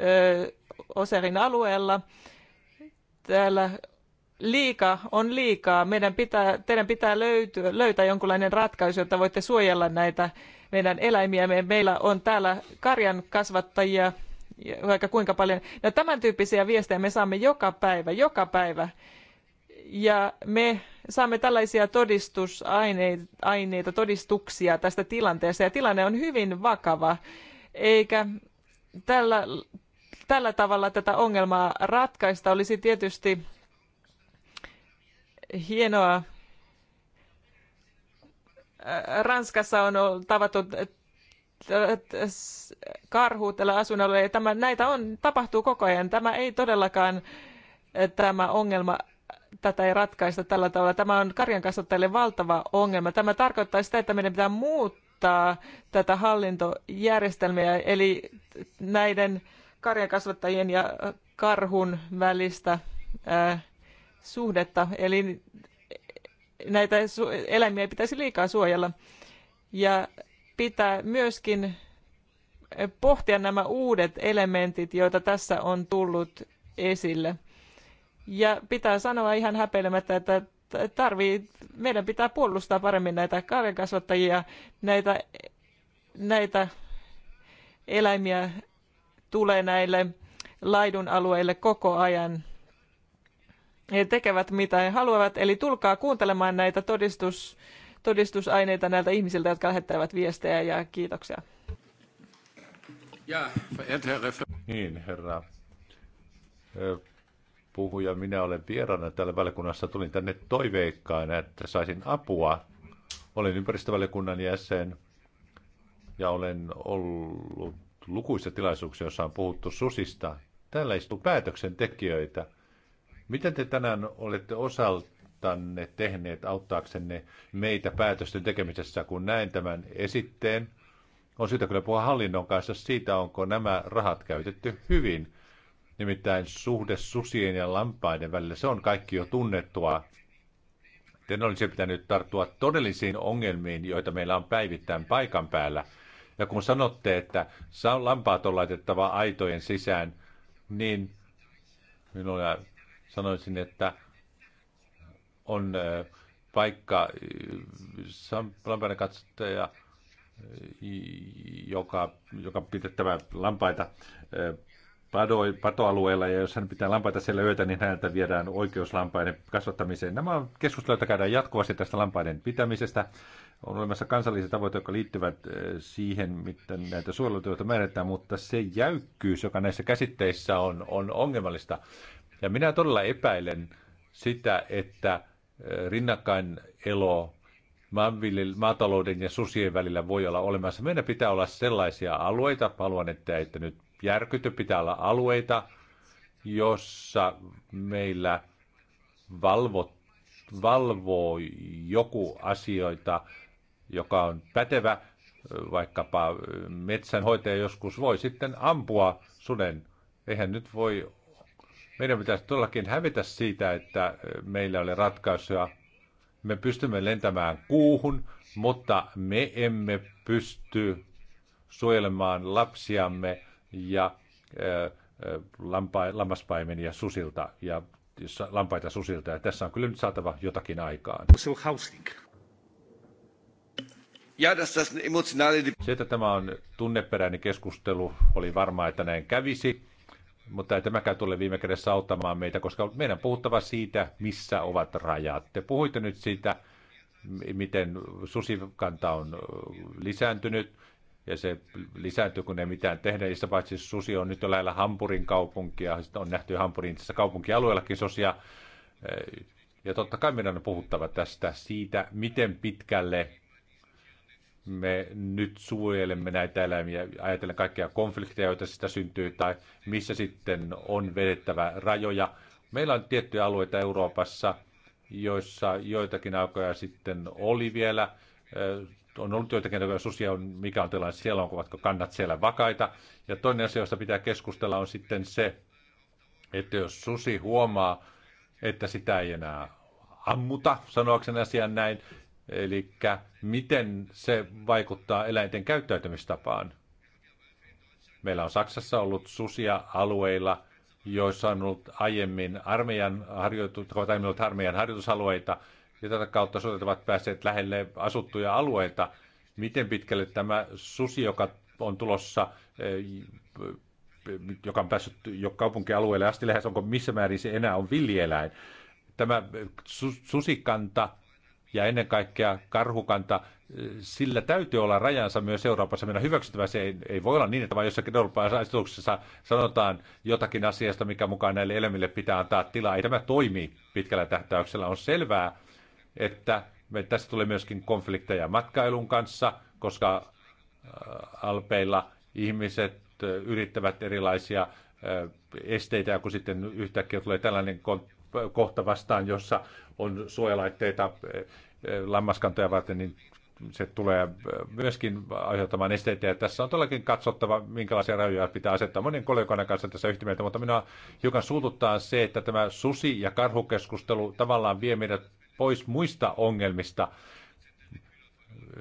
ö, Oserin alueella. Täällä liika on liikaa. Meidän pitää, teidän pitää löytyä, löytää jonkinlainen ratkaisu, jotta voitte suojella näitä meidän eläimiä. Meillä on täällä karjan kasvattajia vaikka kuinka paljon. Ja tämän tyyppisiä viestejä me saamme joka päivä, joka päivä. Ja me saamme tällaisia todistusaineita, todistuksia tästä tilanteesta. Ja tilanne on hyvin vakava, eikä tällä, tällä tavalla tätä ongelmaa ratkaista olisi tietysti hienoa. Ranskassa on tavattu karhu tällä asunnolla ja tämä, näitä on, tapahtuu koko ajan. Tämä ei todellakaan tämä ongelma tätä ei ratkaista tällä tavalla. Tämä on kasvattajille valtava ongelma. Tämä tarkoittaa sitä, että meidän pitää muuttaa tätä hallintojärjestelmää, eli näiden karjankasvattajien ja karhun välistä ää, suhdetta, eli näitä eläimiä ei pitäisi liikaa suojella. Ja pitää myöskin pohtia nämä uudet elementit, joita tässä on tullut esille. Ja pitää sanoa ihan häpeilemättä, että tarvii, meidän pitää puolustaa paremmin näitä karjankasvattajia, näitä, näitä eläimiä tulee näille laidun alueille koko ajan he tekevät mitä he haluavat, eli tulkaa kuuntelemaan näitä todistus, todistusaineita näiltä ihmisiltä, jotka lähettävät viestejä ja kiitoksia. Ja, niin, herra puhuja, minä olen vieraana täällä valiokunnassa. Tulin tänne toiveikkaana, että saisin apua. Olen ympäristövaliokunnan jäsen ja olen ollut lukuisissa tilaisuuksissa, joissa on puhuttu susista. Täällä istuu päätöksentekijöitä – Miten te tänään olette osaltanne tehneet auttaaksenne meitä päätösten tekemisessä, kun näen tämän esitteen? On syytä kyllä puhua hallinnon kanssa siitä, onko nämä rahat käytetty hyvin. Nimittäin suhde susien ja lampaiden välillä, se on kaikki jo tunnettua. Teidän olisi pitänyt tarttua todellisiin ongelmiin, joita meillä on päivittäin paikan päällä. Ja kun sanotte, että lampaat on laitettava aitojen sisään, niin minulla sanoisin, että on paikka lampaiden katsottaja, joka, joka pitettävä lampaita padoi, patoalueella, ja jos hän pitää lampaita siellä yötä, niin häneltä viedään oikeus lampaiden kasvattamiseen. Nämä keskustelut, käydään jatkuvasti tästä lampaiden pitämisestä. On olemassa kansallisia tavoitteita, jotka liittyvät siihen, miten näitä suojelutyötä määrätään, mutta se jäykkyys, joka näissä käsitteissä on, on ongelmallista. Ja minä todella epäilen sitä, että rinnakkain elo maatalouden ja susien välillä voi olla olemassa. Meidän pitää olla sellaisia alueita, haluan, että, että nyt järkyty pitää olla alueita, jossa meillä valvo, valvoo joku asioita, joka on pätevä, vaikkapa metsänhoitaja joskus voi sitten ampua suden. Eihän nyt voi meidän pitäisi todellakin hävitä siitä, että meillä oli ratkaisuja. Me pystymme lentämään kuuhun, mutta me emme pysty suojelemaan lapsiamme ja lampa, ja susilta ja lampaita susilta. Ja tässä on kyllä nyt saatava jotakin aikaan. Se, että tämä on tunneperäinen keskustelu, oli varmaa, että näin kävisi mutta ei tämäkään tule viime kädessä auttamaan meitä, koska meidän puhuttava siitä, missä ovat rajat. Te puhuitte nyt siitä, miten susikanta on lisääntynyt, ja se lisääntyy, kun ei mitään tehdä. Ja paitsi susi on nyt jo lähellä Hampurin kaupunkia, on nähty Hampurin tässä kaupunkialueellakin sosia. Ja totta kai meidän on puhuttava tästä siitä, miten pitkälle me nyt suojelemme näitä eläimiä, ajatellen kaikkia konflikteja, joita sitä syntyy, tai missä sitten on vedettävä rajoja. Meillä on tiettyjä alueita Euroopassa, joissa joitakin aikoja sitten oli vielä, on ollut joitakin aikoja susia, on, mikä on tilanne siellä, onko vaikka kannat siellä vakaita. Ja toinen asia, josta pitää keskustella, on sitten se, että jos susi huomaa, että sitä ei enää ammuta, sanoakseni asian näin, Eli miten se vaikuttaa eläinten käyttäytymistapaan. Meillä on Saksassa ollut susia alueilla, joissa on ollut aiemmin armeijan, harjoitu, tai ollut armeijan harjoitusalueita, ja tätä kautta sudet ovat päässeet lähelle asuttuja alueita. Miten pitkälle tämä susi, joka on tulossa, e, joka on päässyt jo kaupunkialueelle asti lähes, onko missä määrin se enää on villieläin? Tämä susikanta ja ennen kaikkea karhukanta, äh, sillä täytyy olla rajansa myös Euroopassa meidän hyväksyttävä. Se ei, ei voi olla niin, että vain jossakin Euroopan asetuksessa sanotaan jotakin asiasta, mikä mukaan näille elämille pitää antaa tilaa. Ei tämä toimi pitkällä tähtäyksellä. On selvää, että me, tässä tulee myöskin konflikteja matkailun kanssa, koska äh, alpeilla ihmiset äh, yrittävät erilaisia esteitä, ja kun sitten yhtäkkiä tulee tällainen kohta vastaan, jossa on suojalaitteita eh, eh, lammaskantoja varten, niin se tulee eh, myöskin aiheuttamaan esteitä. Ja tässä on todellakin katsottava, minkälaisia rajoja pitää asettaa. Monen kollegana kanssa tässä yhtä mieltä, mutta minua hiukan suututtaa se, että tämä susi- ja karhukeskustelu tavallaan vie meidät pois muista ongelmista.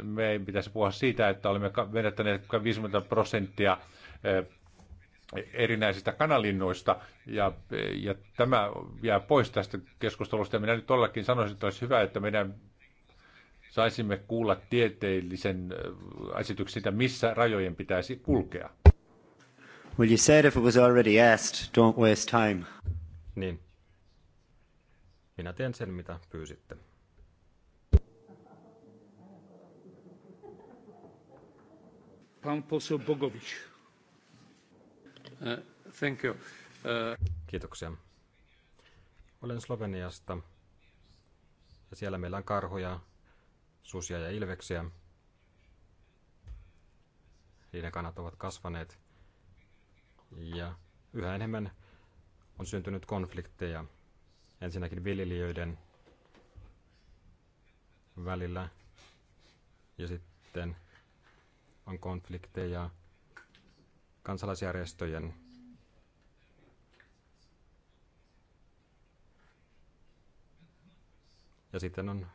Me ei pitäisi puhua siitä, että olemme menettäneet 50 prosenttia erinäisistä kanalinnoista ja, ja tämä jää pois tästä keskustelusta. Ja minä nyt todellakin sanoisin, että olisi hyvä, että meidän saisimme kuulla tieteellisen esityksen siitä, missä rajojen pitäisi kulkea. Well, you said if it was already asked, don't waste time. Niin. Minä teen sen, mitä pyysitte. Pan poseł Bogowicz. Uh, thank you. Uh, Kiitoksia. Olen Sloveniasta ja siellä meillä on karhuja, susia ja ilveksiä. Liinakannat ovat kasvaneet ja yhä enemmän on syntynyt konflikteja ensinnäkin viljelijöiden välillä ja sitten on konflikteja kansalaisjärjestöjen ja sitten on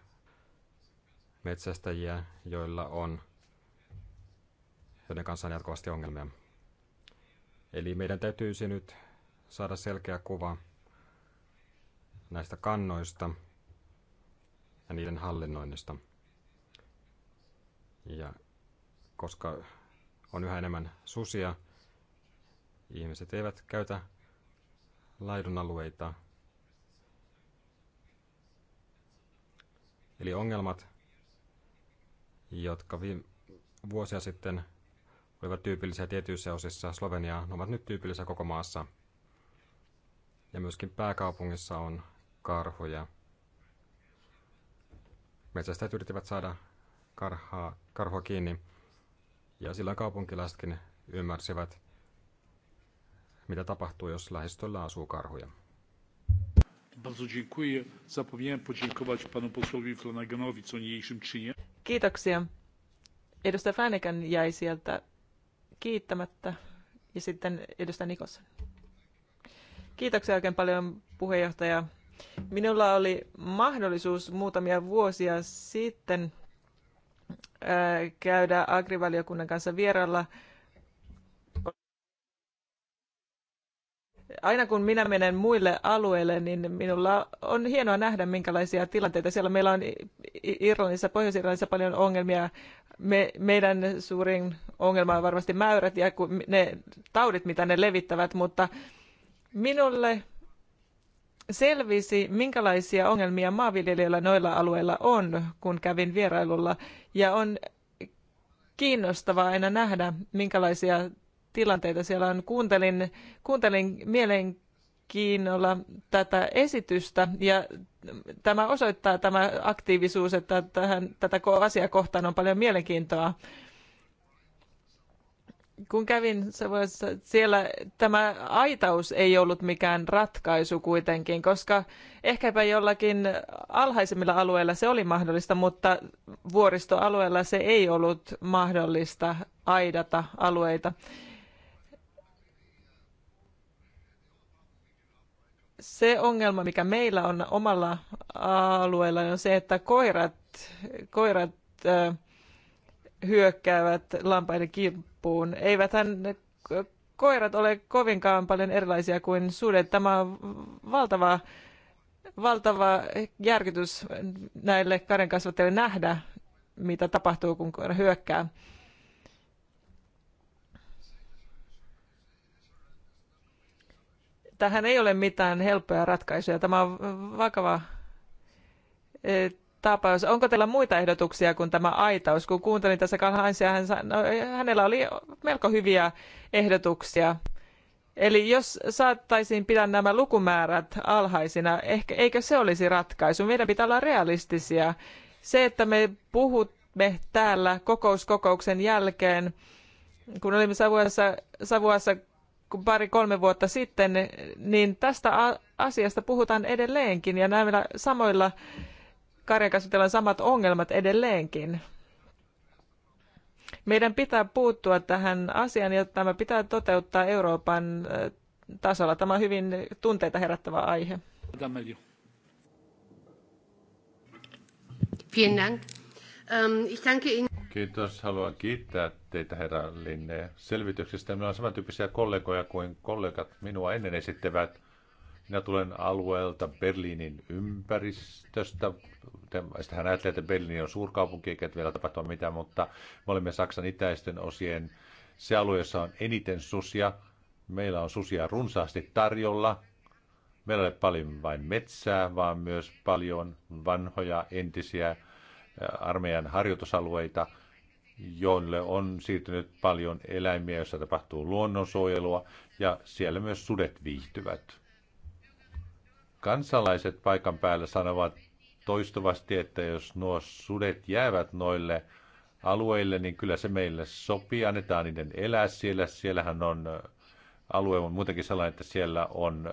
metsästäjiä, joilla on, joiden kanssa on jatkuvasti ongelmia. Eli meidän täytyisi nyt saada selkeä kuva näistä kannoista ja niiden hallinnoinnista. Ja koska on yhä enemmän susia, Ihmiset eivät käytä laidunalueita. Eli ongelmat, jotka viime vuosia sitten olivat tyypillisiä tietyissä osissa Sloveniaa, ne ovat nyt tyypillisiä koko maassa. Ja myöskin pääkaupungissa on karhuja. Metsästäjät yrittivät saada karhaa, karhua kiinni, ja silloin kaupunkilaisetkin ymmärsivät, mitä tapahtuu, jos lähistöllä asuu karhuja. Kiitoksia. Edustaja Fänekän jäi sieltä kiittämättä ja sitten edustaja Nikosson. Kiitoksia oikein paljon puheenjohtaja. Minulla oli mahdollisuus muutamia vuosia sitten käydä agrivaliokunnan kanssa vieralla aina kun minä menen muille alueille, niin minulla on hienoa nähdä, minkälaisia tilanteita siellä meillä on Irlannissa, Pohjois-Irlannissa paljon ongelmia. Me, meidän suurin ongelma on varmasti mäyrät ja ne taudit, mitä ne levittävät, mutta minulle selvisi, minkälaisia ongelmia maanviljelijöillä noilla alueilla on, kun kävin vierailulla. Ja on kiinnostavaa aina nähdä, minkälaisia tilanteita siellä on. Kuuntelin, kuuntelin mielenkiinnolla tätä esitystä ja tämä osoittaa tämä aktiivisuus, että tähän, tätä kohtaan on paljon mielenkiintoa. Kun kävin Savoissa, siellä tämä aitaus ei ollut mikään ratkaisu kuitenkin, koska ehkäpä jollakin alhaisemmilla alueilla se oli mahdollista, mutta vuoristoalueella se ei ollut mahdollista aidata alueita. se ongelma, mikä meillä on omalla alueella, on se, että koirat, koirat hyökkäävät lampaiden kimppuun. Eiväthän koirat ole kovinkaan paljon erilaisia kuin sudet. Tämä on valtava, valtava järkytys näille karjankasvattajille nähdä, mitä tapahtuu, kun koira hyökkää. tähän ei ole mitään helppoja ratkaisuja. Tämä on vakava e, tapaus. Onko teillä muita ehdotuksia kuin tämä aitaus? Kun kuuntelin tässä kalhansia? hän, no, hänellä oli melko hyviä ehdotuksia. Eli jos saattaisiin pitää nämä lukumäärät alhaisina, ehkä, eikö se olisi ratkaisu? Meidän pitää olla realistisia. Se, että me puhumme täällä kokouskokouksen jälkeen, kun olimme Savuassa, Savuassa pari-kolme vuotta sitten, niin tästä asiasta puhutaan edelleenkin ja näillä samoilla karjakasvitellaan samat ongelmat edelleenkin. Meidän pitää puuttua tähän asiaan ja tämä pitää toteuttaa Euroopan tasolla. Tämä on hyvin tunteita herättävä aihe. Ähm, Kiitos. Haluan kiittää teitä, herra Linne, selvityksestä. Minulla on samantyyppisiä kollegoja kuin kollegat minua ennen esittävät. Minä tulen alueelta Berliinin ympäristöstä. Hän ajattelee, että Berliini on suurkaupunki, eikä vielä tapahtua mitään, mutta me olemme Saksan itäisten osien se alue, jossa on eniten susia. Meillä on susia runsaasti tarjolla. Meillä ei ole paljon vain metsää, vaan myös paljon vanhoja entisiä armeijan harjoitusalueita – joille on siirtynyt paljon eläimiä, joissa tapahtuu luonnonsuojelua, ja siellä myös sudet viihtyvät. Kansalaiset paikan päällä sanovat toistuvasti, että jos nuo sudet jäävät noille alueille, niin kyllä se meille sopii, annetaan niiden elää siellä. Siellähän on alue on muutenkin sellainen, että siellä on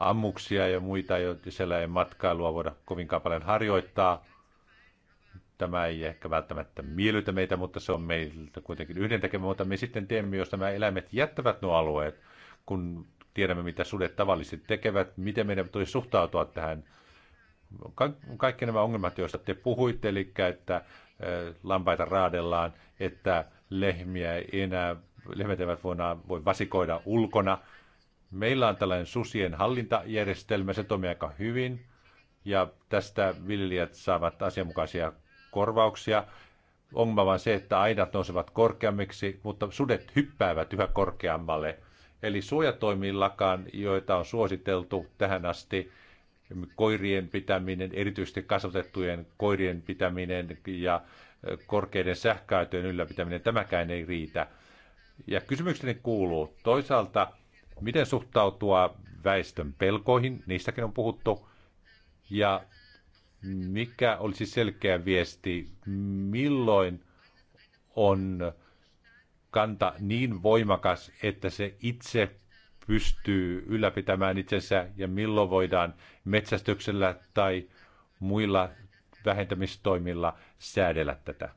ammuksia ja muita, joita siellä ei matkailua voida kovinkaan paljon harjoittaa. Tämä ei ehkä välttämättä miellytä meitä, mutta se on meiltä kuitenkin tekemä, mutta me sitten teemme, jos nämä eläimet jättävät nuo alueet, kun tiedämme, mitä sudet tavallisesti tekevät, miten meidän tulisi suhtautua tähän. Ka- kaikki nämä ongelmat, joista te puhuitte, eli että lampaita raadellaan, että lehmiä ei enää, lehmät eivät voi vasikoida ulkona. Meillä on tällainen susien hallintajärjestelmä, se toimii aika hyvin, ja tästä viljelijät saavat asianmukaisia korvauksia. Ongelma vaan se, että aidat nousevat korkeammiksi, mutta sudet hyppäävät yhä korkeammalle. Eli suojatoimillakaan, joita on suositeltu tähän asti, koirien pitäminen, erityisesti kasvatettujen koirien pitäminen ja korkeiden sähköautojen ylläpitäminen, tämäkään ei riitä. Ja kysymykseni kuuluu toisaalta, miten suhtautua väestön pelkoihin, niistäkin on puhuttu, ja mikä olisi selkeä viesti, milloin on kanta niin voimakas, että se itse pystyy ylläpitämään itsensä ja milloin voidaan metsästyksellä tai muilla vähentämistoimilla säädellä tätä?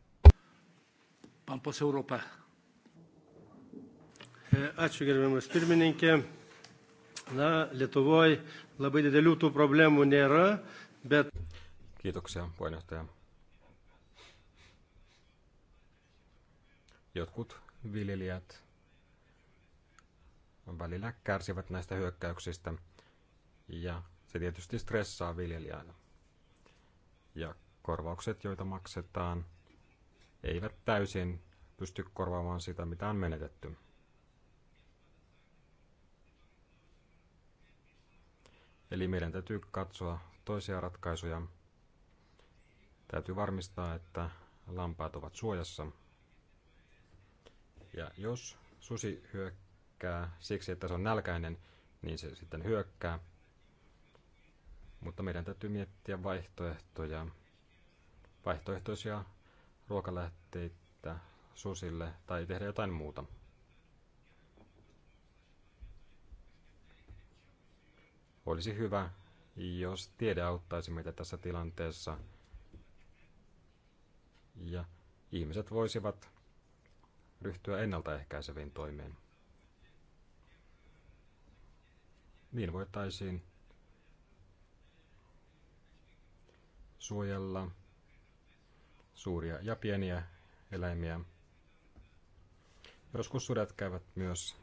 Pampos Europa. E, ačiū gerbiamas pirmininkė. Na, Lietuvoje labai didelių tų problemų nėra, bet Kiitoksia, puheenjohtaja. Jotkut viljelijät välillä kärsivät näistä hyökkäyksistä ja se tietysti stressaa viljelijää. Ja korvaukset, joita maksetaan, eivät täysin pysty korvaamaan sitä, mitä on menetetty. Eli meidän täytyy katsoa toisia ratkaisuja. Täytyy varmistaa, että lampaat ovat suojassa. Ja jos susi hyökkää siksi, että se on nälkäinen, niin se sitten hyökkää. Mutta meidän täytyy miettiä vaihtoehtoja, vaihtoehtoisia ruokalähteitä susille tai tehdä jotain muuta. Olisi hyvä, jos tiede auttaisi meitä tässä tilanteessa – ja ihmiset voisivat ryhtyä ennaltaehkäiseviin toimiin. Niin voitaisiin suojella suuria ja pieniä eläimiä. Joskus sudet käyvät myös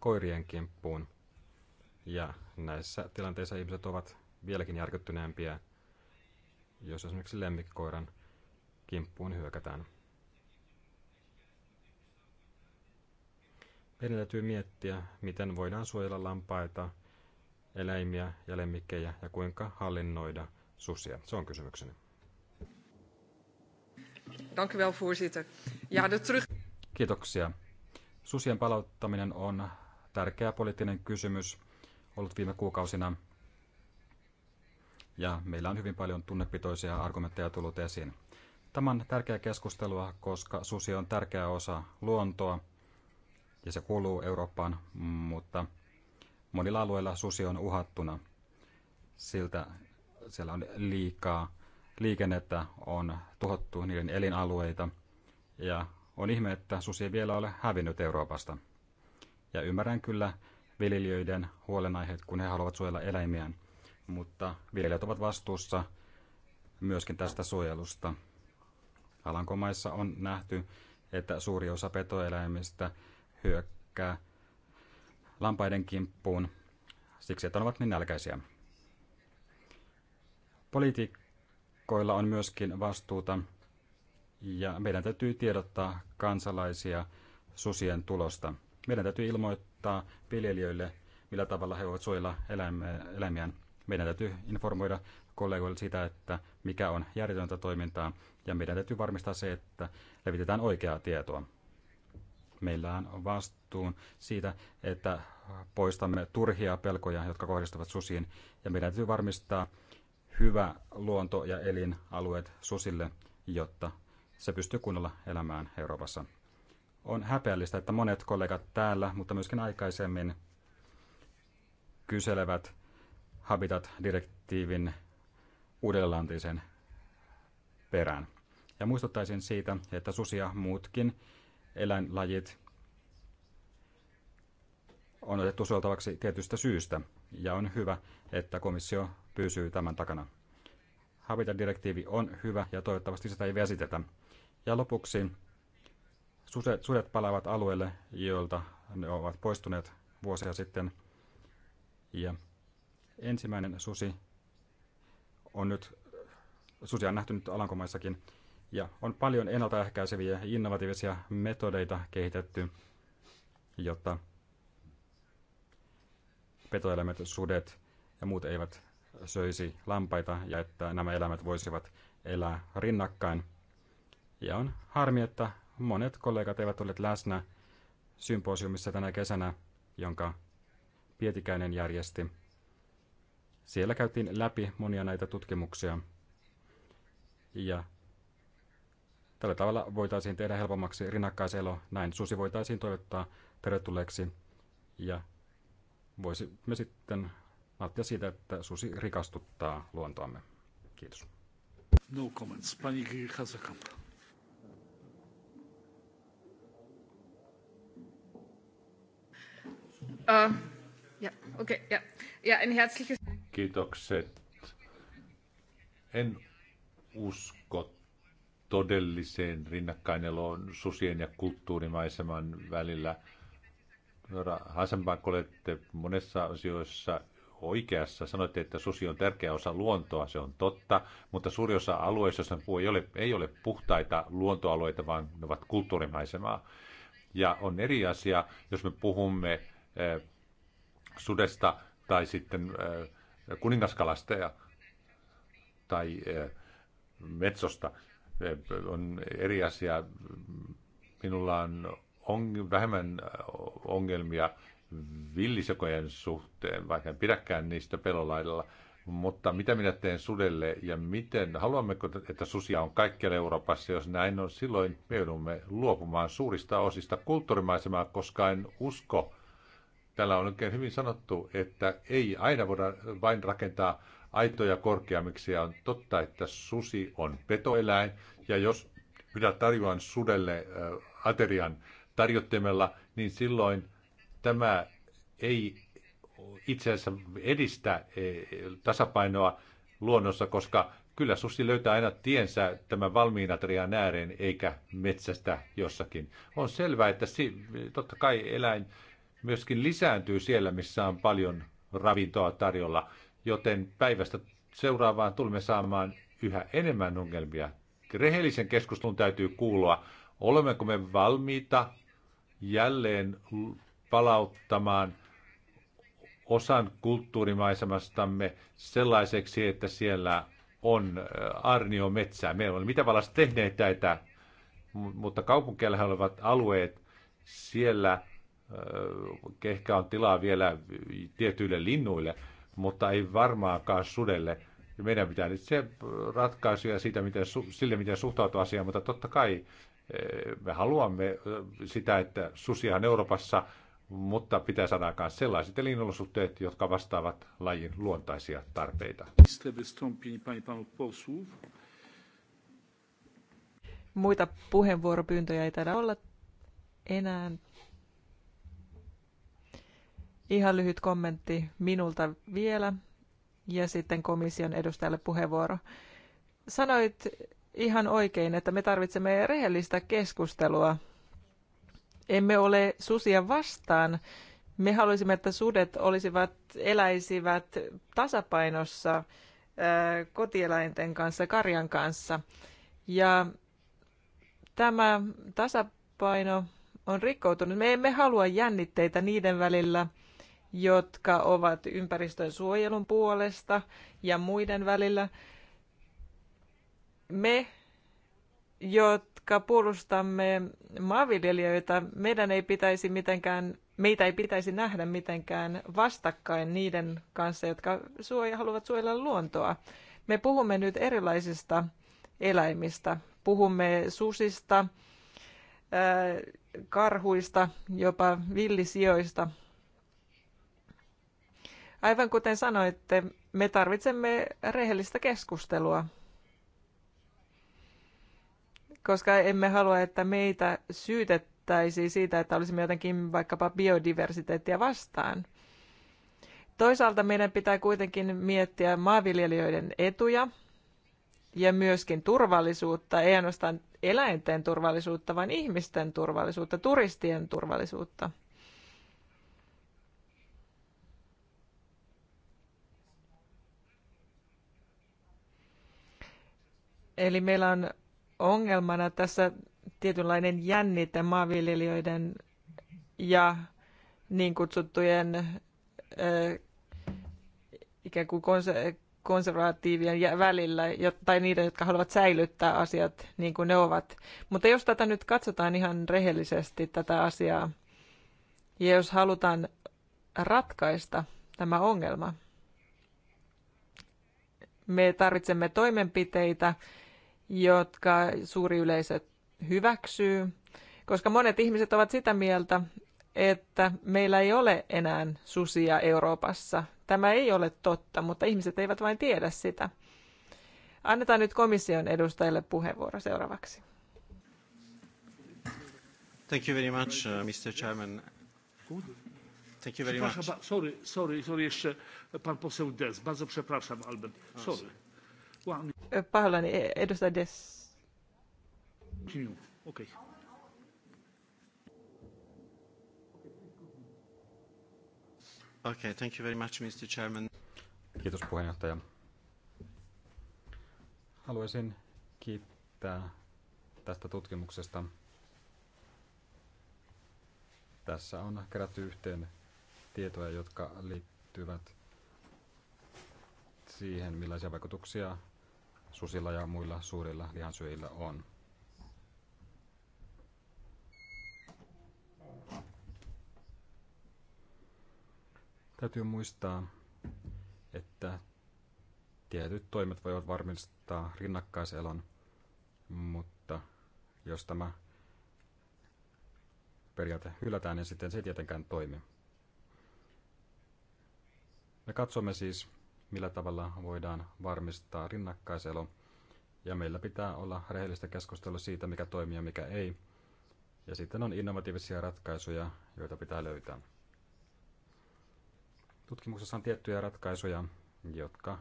koirien kimppuun. Ja näissä tilanteissa ihmiset ovat vieläkin järkyttyneempiä, jos esimerkiksi lemmikkoiran kimppuun hyökätään. Meidän täytyy miettiä, miten voidaan suojella lampaita, eläimiä ja lemmikkejä ja kuinka hallinnoida susia. Se on kysymykseni. Dank u wel, voorzitter. Ja, de terug... Kiitoksia. Susien palauttaminen on tärkeä poliittinen kysymys ollut viime kuukausina. Ja meillä on hyvin paljon tunnepitoisia argumentteja tullut esiin. Tämä on tärkeää keskustelua, koska susi on tärkeä osa luontoa ja se kuuluu Eurooppaan, mutta monilla alueilla susi on uhattuna. Siltä siellä on liikaa liikennettä, on tuhottu niiden elinalueita ja on ihme, että susi ei vielä ole hävinnyt Euroopasta. Ja ymmärrän kyllä viljelijöiden huolenaiheet, kun he haluavat suojella eläimiään, mutta viljelijät ovat vastuussa myöskin tästä suojelusta Alankomaissa on nähty, että suuri osa petoeläimistä hyökkää lampaiden kimppuun siksi, että ne ovat niin nälkäisiä. Poliitikkoilla on myöskin vastuuta ja meidän täytyy tiedottaa kansalaisia susien tulosta. Meidän täytyy ilmoittaa viljelijöille, millä tavalla he voivat suojella eläimiään. Meidän täytyy informoida kollegoille sitä, että mikä on järjetöntä toimintaa, ja meidän täytyy varmistaa se, että levitetään oikeaa tietoa. Meillä on vastuun siitä, että poistamme turhia pelkoja, jotka kohdistuvat susiin, ja meidän täytyy varmistaa hyvä luonto ja elinalueet susille, jotta se pystyy kunnolla elämään Euroopassa. On häpeällistä, että monet kollegat täällä, mutta myöskin aikaisemmin, kyselevät Habitat-direktiivin uudelleenlantisen perään. Ja muistuttaisin siitä, että susia ja muutkin eläinlajit on otettu suojeltavaksi tietystä syystä, ja on hyvä, että komissio pysyy tämän takana. Habitat-direktiivi on hyvä ja toivottavasti sitä ei vesitetä. Ja lopuksi suset, sudet palaavat alueelle, joilta ne ovat poistuneet vuosia sitten. Ja ensimmäinen susi on nyt, susia on nähty nyt Alankomaissakin, ja on paljon ennaltaehkäiseviä ja innovatiivisia metodeita kehitetty, jotta petoeläimet, sudet ja muut eivät söisi lampaita ja että nämä eläimet voisivat elää rinnakkain. Ja on harmi, että monet kollegat eivät olleet läsnä symposiumissa tänä kesänä, jonka Pietikäinen järjesti siellä käytiin läpi monia näitä tutkimuksia. Ja tällä tavalla voitaisiin tehdä helpommaksi rinnakkaiselo. Näin susi voitaisiin toivottaa tervetulleeksi ja voisimme sitten nauttia siitä, että susi rikastuttaa luontoamme. Kiitos. No comments. Pani Uh, ja, okay, ja, ja ein herzliches... Kiitokset. En usko todelliseen rinnakkaineloon susien ja kulttuurimaiseman välillä. Hasenbank, olette monessa asioissa oikeassa. Sanoitte, että susi on tärkeä osa luontoa, se on totta, mutta suuri osa alueista, joissa puu ei ole, ei ole puhtaita luontoalueita, vaan ne ovat kulttuurimaisemaa. Ja on eri asia, jos me puhumme eh, sudesta tai sitten eh, kuningaskalastaja tai eh, metsosta eh, on eri asia. Minulla on on, vähemmän eh, ongelmia villisekojen suhteen, vaikka en pidäkään niistä pelolaidalla. Mutta mitä minä teen sudelle ja miten, haluammeko, että susia on kaikkialla Euroopassa, jos näin on, silloin me joudumme luopumaan suurista osista kulttuurimaisemaa, koska en usko, Täällä on oikein hyvin sanottu, että ei aina voida vain rakentaa aitoja korkeammiksi. Ja on totta, että susi on petoeläin. Ja jos minä tarjoan sudelle aterian tarjottimella, niin silloin tämä ei itse asiassa edistä e, tasapainoa luonnossa, koska kyllä susi löytää aina tiensä tämän valmiin aterian ääreen eikä metsästä jossakin. On selvää, että totta kai eläin myöskin lisääntyy siellä, missä on paljon ravintoa tarjolla, joten päivästä seuraavaan tulemme saamaan yhä enemmän ongelmia. Rehellisen keskustelun täytyy kuulua, olemmeko me valmiita jälleen palauttamaan osan kulttuurimaisemastamme sellaiseksi, että siellä on äh, arnio metsää. Me olemme mitä valasta tehneet tätä, mutta kaupunkialla olevat alueet, siellä – ehkä on tilaa vielä tietyille linnuille, mutta ei varmaankaan sudelle. Meidän pitää nyt se ratkaisuja siitä, miten, sille, miten suhtautua asiaan, mutta totta kai me haluamme sitä, että susia Euroopassa, mutta pitää saada myös sellaiset elinolosuhteet, jotka vastaavat lajin luontaisia tarpeita. Muita puheenvuoropyyntöjä ei taida olla enää. Ihan lyhyt kommentti minulta vielä ja sitten komission edustajalle puheenvuoro. Sanoit ihan oikein, että me tarvitsemme rehellistä keskustelua. Emme ole susia vastaan. Me haluaisimme, että sudet olisivat, eläisivät tasapainossa äh, kotieläinten kanssa, karjan kanssa. Ja tämä tasapaino on rikkoutunut. Me emme halua jännitteitä niiden välillä – jotka ovat ympäristön suojelun puolesta ja muiden välillä. Me, jotka puolustamme maanviljelijöitä, meidän ei pitäisi mitenkään, meitä ei pitäisi nähdä mitenkään vastakkain niiden kanssa, jotka suoja, haluavat suojella luontoa. Me puhumme nyt erilaisista eläimistä. Puhumme susista, karhuista, jopa villisijoista – Aivan kuten sanoitte, me tarvitsemme rehellistä keskustelua, koska emme halua, että meitä syytettäisiin siitä, että olisimme jotenkin vaikkapa biodiversiteettiä vastaan. Toisaalta meidän pitää kuitenkin miettiä maanviljelijöiden etuja ja myöskin turvallisuutta, ei ainoastaan eläinten turvallisuutta, vaan ihmisten turvallisuutta, turistien turvallisuutta – Eli meillä on ongelmana tässä tietynlainen jännite maanviljelijöiden ja niin kutsuttujen äh, ikään kuin konservatiivien välillä, tai niiden, jotka haluavat säilyttää asiat niin kuin ne ovat. Mutta jos tätä nyt katsotaan ihan rehellisesti tätä asiaa, ja jos halutaan ratkaista tämä ongelma, me tarvitsemme toimenpiteitä, jotka suuri yleisö hyväksyy, koska monet ihmiset ovat sitä mieltä, että meillä ei ole enää susia Euroopassa. Tämä ei ole totta, mutta ihmiset eivät vain tiedä sitä. Annetaan nyt komission edustajille puheenvuoro seuraavaksi. Thank you very much, uh, Mr. Chairman. Thank you very much. Sorry, sorry, sorry, jeszcze pan poseł Des. Bardzo przepraszam, Albert. Sorry. Pahoillani, edustaja Des. Okay. Okay, thank you very much, Mr. Chairman. Kiitos puheenjohtaja. Haluaisin kiittää tästä tutkimuksesta. Tässä on kerätty yhteen tietoja, jotka liittyvät siihen, millaisia vaikutuksia susilla ja muilla suurilla lihansyöjillä on. Täytyy muistaa, että tietyt toimet voivat varmistaa rinnakkaiselon, mutta jos tämä periaate hylätään, niin sitten se ei tietenkään toimi. Me katsomme siis, millä tavalla voidaan varmistaa rinnakkaiselo. Ja meillä pitää olla rehellistä keskustelua siitä, mikä toimii ja mikä ei. Ja sitten on innovatiivisia ratkaisuja, joita pitää löytää. Tutkimuksessa on tiettyjä ratkaisuja, jotka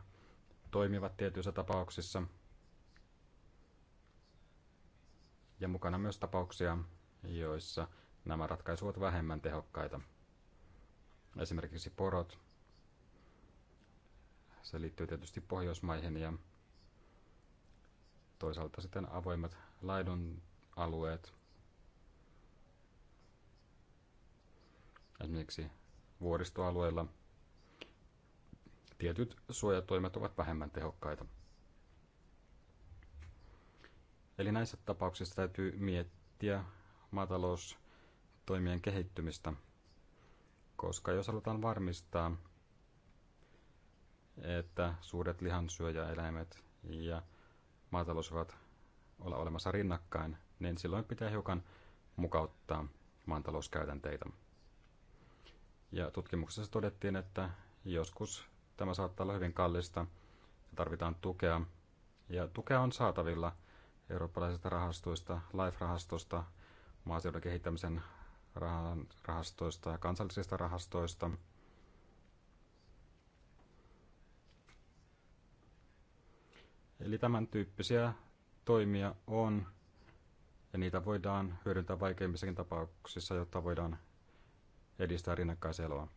toimivat tietyissä tapauksissa. Ja mukana myös tapauksia, joissa nämä ratkaisut ovat vähemmän tehokkaita. Esimerkiksi porot se liittyy tietysti Pohjoismaihin ja toisaalta sitten avoimet laidun alueet. Esimerkiksi vuoristoalueilla tietyt suojatoimet ovat vähemmän tehokkaita. Eli näissä tapauksissa täytyy miettiä maataloustoimien kehittymistä, koska jos halutaan varmistaa, että suuret lihansyöjäeläimet ja maatalous ovat olla olemassa rinnakkain, niin silloin pitää hiukan mukauttaa maatalouskäytänteitä. Ja tutkimuksessa todettiin, että joskus tämä saattaa olla hyvin kallista ja tarvitaan tukea. Ja tukea on saatavilla eurooppalaisista rahastoista, LIFE-rahastosta, maaseudun kehittämisen rahastoista ja kansallisista rahastoista – Eli tämän tyyppisiä toimia on, ja niitä voidaan hyödyntää vaikeimmissakin tapauksissa, jotta voidaan edistää rinnakkaiseloa.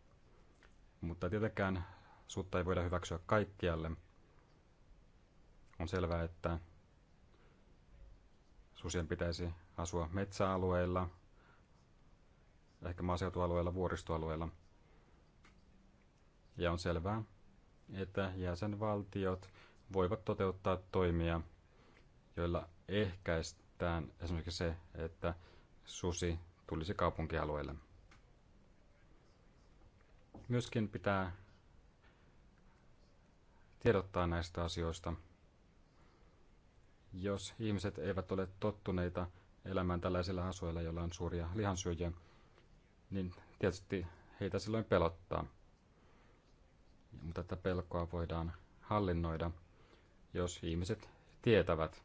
Mutta tietenkään sutta ei voida hyväksyä kaikkialle. On selvää, että susien pitäisi asua metsäalueilla, ehkä maaseutualueilla, vuoristoalueilla. Ja on selvää, että jäsenvaltiot voivat toteuttaa toimia, joilla ehkäistään esimerkiksi se, että susi tulisi kaupunkialueelle. Myöskin pitää tiedottaa näistä asioista. Jos ihmiset eivät ole tottuneita elämään tällaisilla asuilla, joilla on suuria lihansyöjiä, niin tietysti heitä silloin pelottaa. Mutta tätä pelkoa voidaan hallinnoida – jos ihmiset tietävät,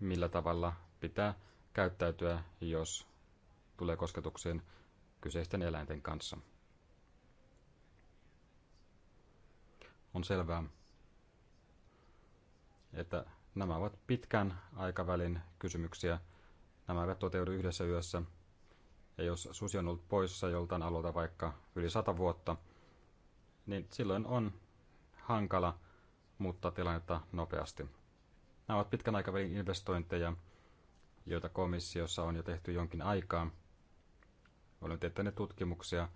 millä tavalla pitää käyttäytyä, jos tulee kosketuksiin kyseisten eläinten kanssa. On selvää, että nämä ovat pitkän aikavälin kysymyksiä. Nämä eivät toteudu yhdessä yössä. Ja jos susi on ollut poissa joltain alueelta vaikka yli sata vuotta, niin silloin on hankala muuttaa tilannetta nopeasti. Nämä ovat pitkän aikavälin investointeja, joita komissiossa on jo tehty jonkin aikaa. Olemme tehneet tutkimuksia,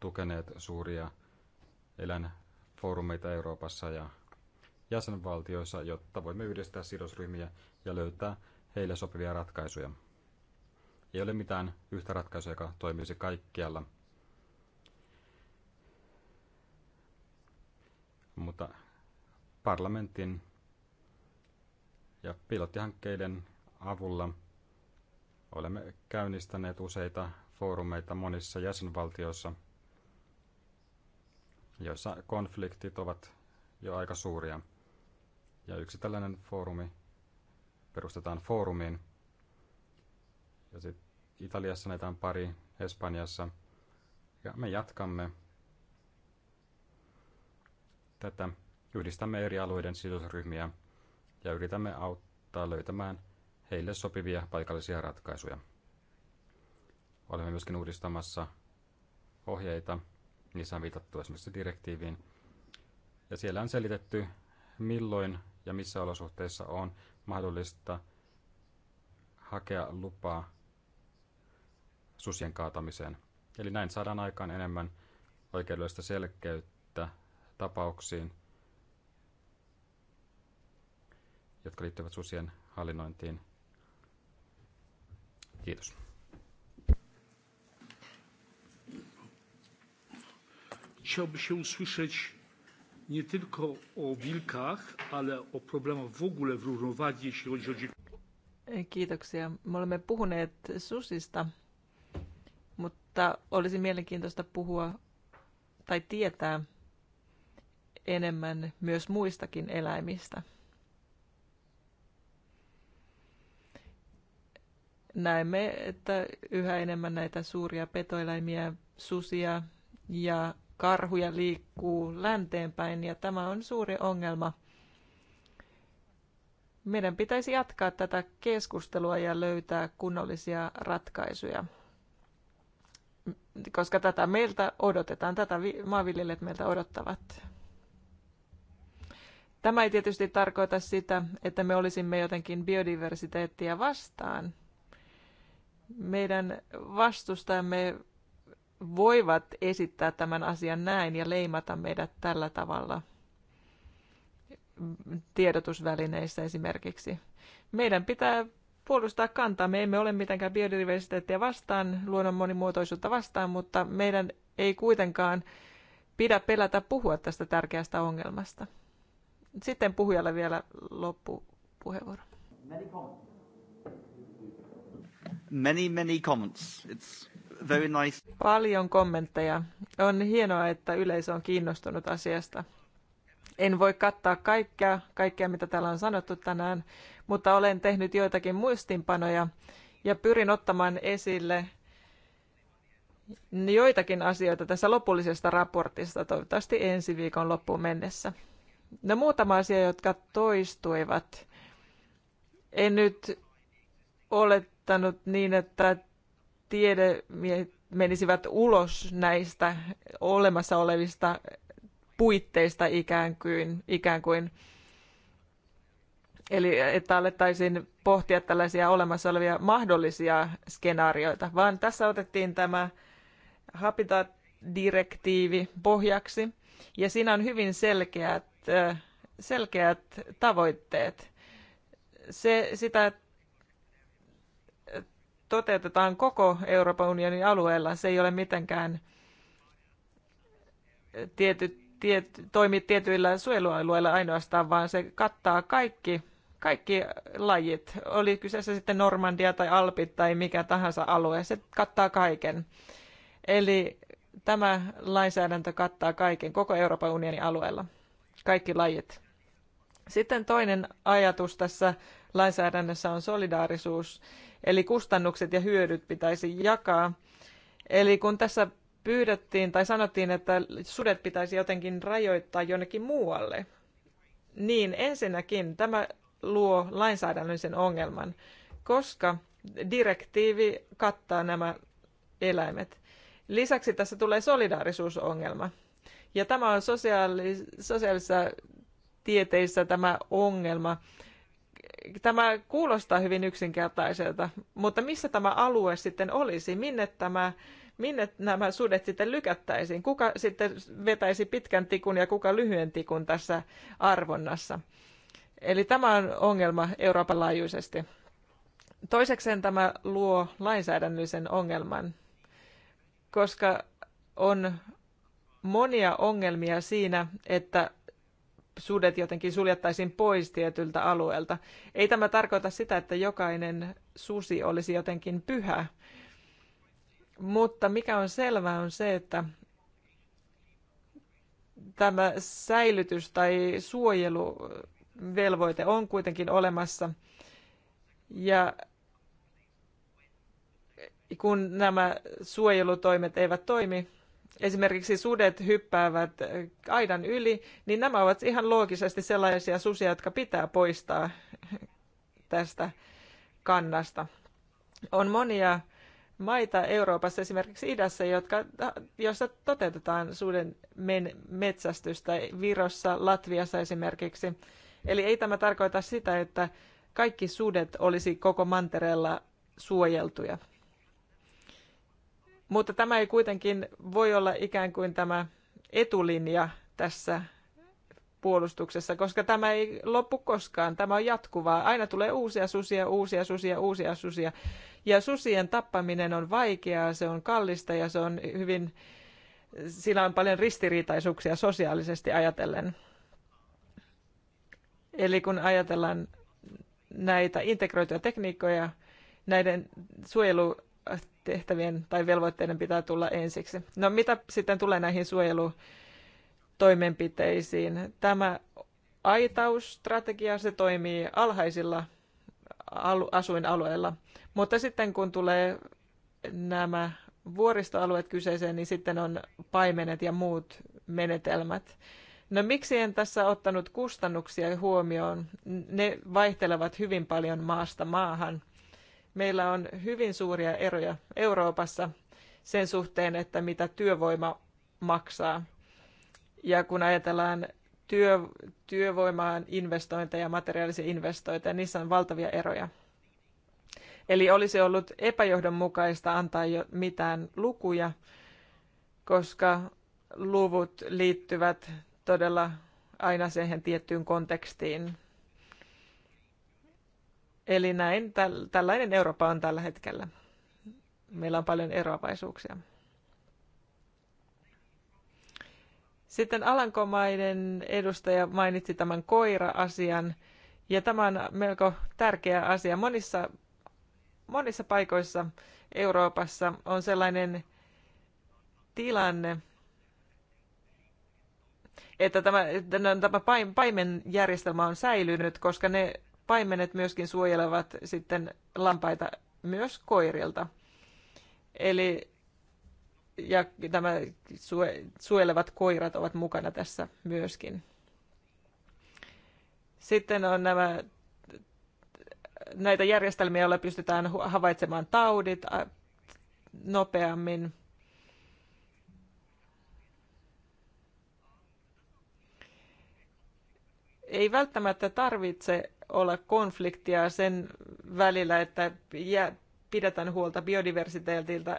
tukeneet suuria eläinfoorumeita Euroopassa ja jäsenvaltioissa, jotta voimme yhdistää sidosryhmiä ja löytää heille sopivia ratkaisuja. Ei ole mitään yhtä ratkaisua, joka toimisi kaikkialla. Mutta parlamentin ja pilottihankkeiden avulla olemme käynnistäneet useita foorumeita monissa jäsenvaltioissa, joissa konfliktit ovat jo aika suuria. Ja yksi tällainen foorumi perustetaan foorumiin. Ja sitten Italiassa näitä on pari, Espanjassa. Ja me jatkamme tätä Yhdistämme eri alueiden sidosryhmiä ja yritämme auttaa löytämään heille sopivia paikallisia ratkaisuja. Olemme myöskin uudistamassa ohjeita, niissä on viitattu esimerkiksi direktiiviin, ja siellä on selitetty, milloin ja missä olosuhteissa on mahdollista hakea lupaa susien kaatamiseen. Eli näin saadaan aikaan enemmän oikeudellista selkeyttä tapauksiin, jotka liittyvät susien hallinnointiin. Kiitos. Chciałby się usłyszeć nie tylko o wilkach, ale o problemach w ogóle w równowadzie, jeśli chodzi o Kiitoksia. Me olemme puhuneet susista, mutta olisi mielenkiintoista puhua tai tietää enemmän myös muistakin eläimistä. näemme, että yhä enemmän näitä suuria petoeläimiä, susia ja karhuja liikkuu länteenpäin ja tämä on suuri ongelma. Meidän pitäisi jatkaa tätä keskustelua ja löytää kunnollisia ratkaisuja, koska tätä meiltä odotetaan, tätä maanviljelijät meiltä odottavat. Tämä ei tietysti tarkoita sitä, että me olisimme jotenkin biodiversiteettiä vastaan – meidän vastustajamme voivat esittää tämän asian näin ja leimata meidät tällä tavalla tiedotusvälineissä esimerkiksi. Meidän pitää puolustaa kantaa. Me emme ole mitenkään biodiversiteettiä vastaan, luonnon monimuotoisuutta vastaan, mutta meidän ei kuitenkaan pidä pelätä puhua tästä tärkeästä ongelmasta. Sitten puhujalle vielä loppupuheenvuoro. Medical. Many, many comments. It's very nice. Paljon kommentteja. On hienoa, että yleisö on kiinnostunut asiasta. En voi kattaa kaikkea, kaikkea, mitä täällä on sanottu tänään, mutta olen tehnyt joitakin muistinpanoja ja pyrin ottamaan esille joitakin asioita tässä lopullisesta raportista, toivottavasti ensi viikon loppuun mennessä. No muutama asia, jotka toistuivat. En nyt ole ehdottanut niin, että tiedemiehet menisivät ulos näistä olemassa olevista puitteista ikään kuin, ikään kuin. Eli että alettaisiin pohtia tällaisia olemassa olevia mahdollisia skenaarioita, vaan tässä otettiin tämä Habitat-direktiivi pohjaksi, ja siinä on hyvin selkeät, selkeät tavoitteet. Se, sitä toteutetaan koko Euroopan unionin alueella. Se ei ole mitenkään tiety, tiety, toimi tietyillä suojelualueilla ainoastaan, vaan se kattaa kaikki, kaikki lajit. Oli kyseessä sitten Normandia tai Alpit tai mikä tahansa alue, se kattaa kaiken. Eli tämä lainsäädäntö kattaa kaiken koko Euroopan unionin alueella, kaikki lajit. Sitten toinen ajatus tässä lainsäädännössä on solidaarisuus. Eli kustannukset ja hyödyt pitäisi jakaa. Eli kun tässä pyydettiin tai sanottiin, että sudet pitäisi jotenkin rajoittaa jonnekin muualle, niin ensinnäkin tämä luo lainsäädännöllisen ongelman, koska direktiivi kattaa nämä eläimet. Lisäksi tässä tulee solidaarisuusongelma. Ja tämä on sosiaali- sosiaalisessa tieteissä tämä ongelma, Tämä kuulostaa hyvin yksinkertaiselta, mutta missä tämä alue sitten olisi? Minne, tämä, minne nämä sudet sitten lykättäisiin? Kuka sitten vetäisi pitkän tikun ja kuka lyhyen tikun tässä arvonnassa? Eli tämä on ongelma Euroopan laajuisesti. Toisekseen tämä luo lainsäädännöllisen ongelman, koska on monia ongelmia siinä, että sudet jotenkin suljettaisiin pois tietyltä alueelta. Ei tämä tarkoita sitä, että jokainen susi olisi jotenkin pyhä, mutta mikä on selvää on se, että tämä säilytys tai suojeluvelvoite on kuitenkin olemassa. Ja kun nämä suojelutoimet eivät toimi, esimerkiksi sudet hyppäävät aidan yli, niin nämä ovat ihan loogisesti sellaisia susia, jotka pitää poistaa tästä kannasta. On monia maita Euroopassa, esimerkiksi idässä, jotka, jossa toteutetaan suden men- metsästystä, Virossa, Latviassa esimerkiksi. Eli ei tämä tarkoita sitä, että kaikki sudet olisi koko mantereella suojeltuja. Mutta tämä ei kuitenkin voi olla ikään kuin tämä etulinja tässä puolustuksessa, koska tämä ei loppu koskaan. Tämä on jatkuvaa. Aina tulee uusia susia, uusia susia, uusia susia. Ja susien tappaminen on vaikeaa, se on kallista ja se on hyvin, sillä on paljon ristiriitaisuuksia sosiaalisesti ajatellen. Eli kun ajatellaan näitä integroituja tekniikkoja, näiden suojelu tehtävien tai velvoitteiden pitää tulla ensiksi. No mitä sitten tulee näihin suojelutoimenpiteisiin? Tämä aitausstrategia, se toimii alhaisilla asuinalueilla, mutta sitten kun tulee nämä vuoristoalueet kyseeseen, niin sitten on paimenet ja muut menetelmät. No miksi en tässä ottanut kustannuksia huomioon? Ne vaihtelevat hyvin paljon maasta maahan meillä on hyvin suuria eroja Euroopassa sen suhteen, että mitä työvoima maksaa. Ja kun ajatellaan työ, työvoimaan investointeja, materiaalisia investointeja, niissä on valtavia eroja. Eli olisi ollut epäjohdonmukaista antaa jo mitään lukuja, koska luvut liittyvät todella aina siihen tiettyyn kontekstiin, Eli näin, täl, tällainen Eurooppa on tällä hetkellä. Meillä on paljon eroavaisuuksia. Sitten Alankomaiden edustaja mainitsi tämän koira-asian, ja tämä on melko tärkeä asia. Monissa, monissa paikoissa Euroopassa on sellainen tilanne, että tämä, tämä paimenjärjestelmä on säilynyt, koska ne paimenet myöskin suojelevat sitten lampaita myös koirilta. Eli ja tämä suojelevat koirat ovat mukana tässä myöskin. Sitten on nämä, näitä järjestelmiä, joilla pystytään havaitsemaan taudit nopeammin. Ei välttämättä tarvitse olla konfliktia sen välillä, että pidetään huolta biodiversiteetiltä,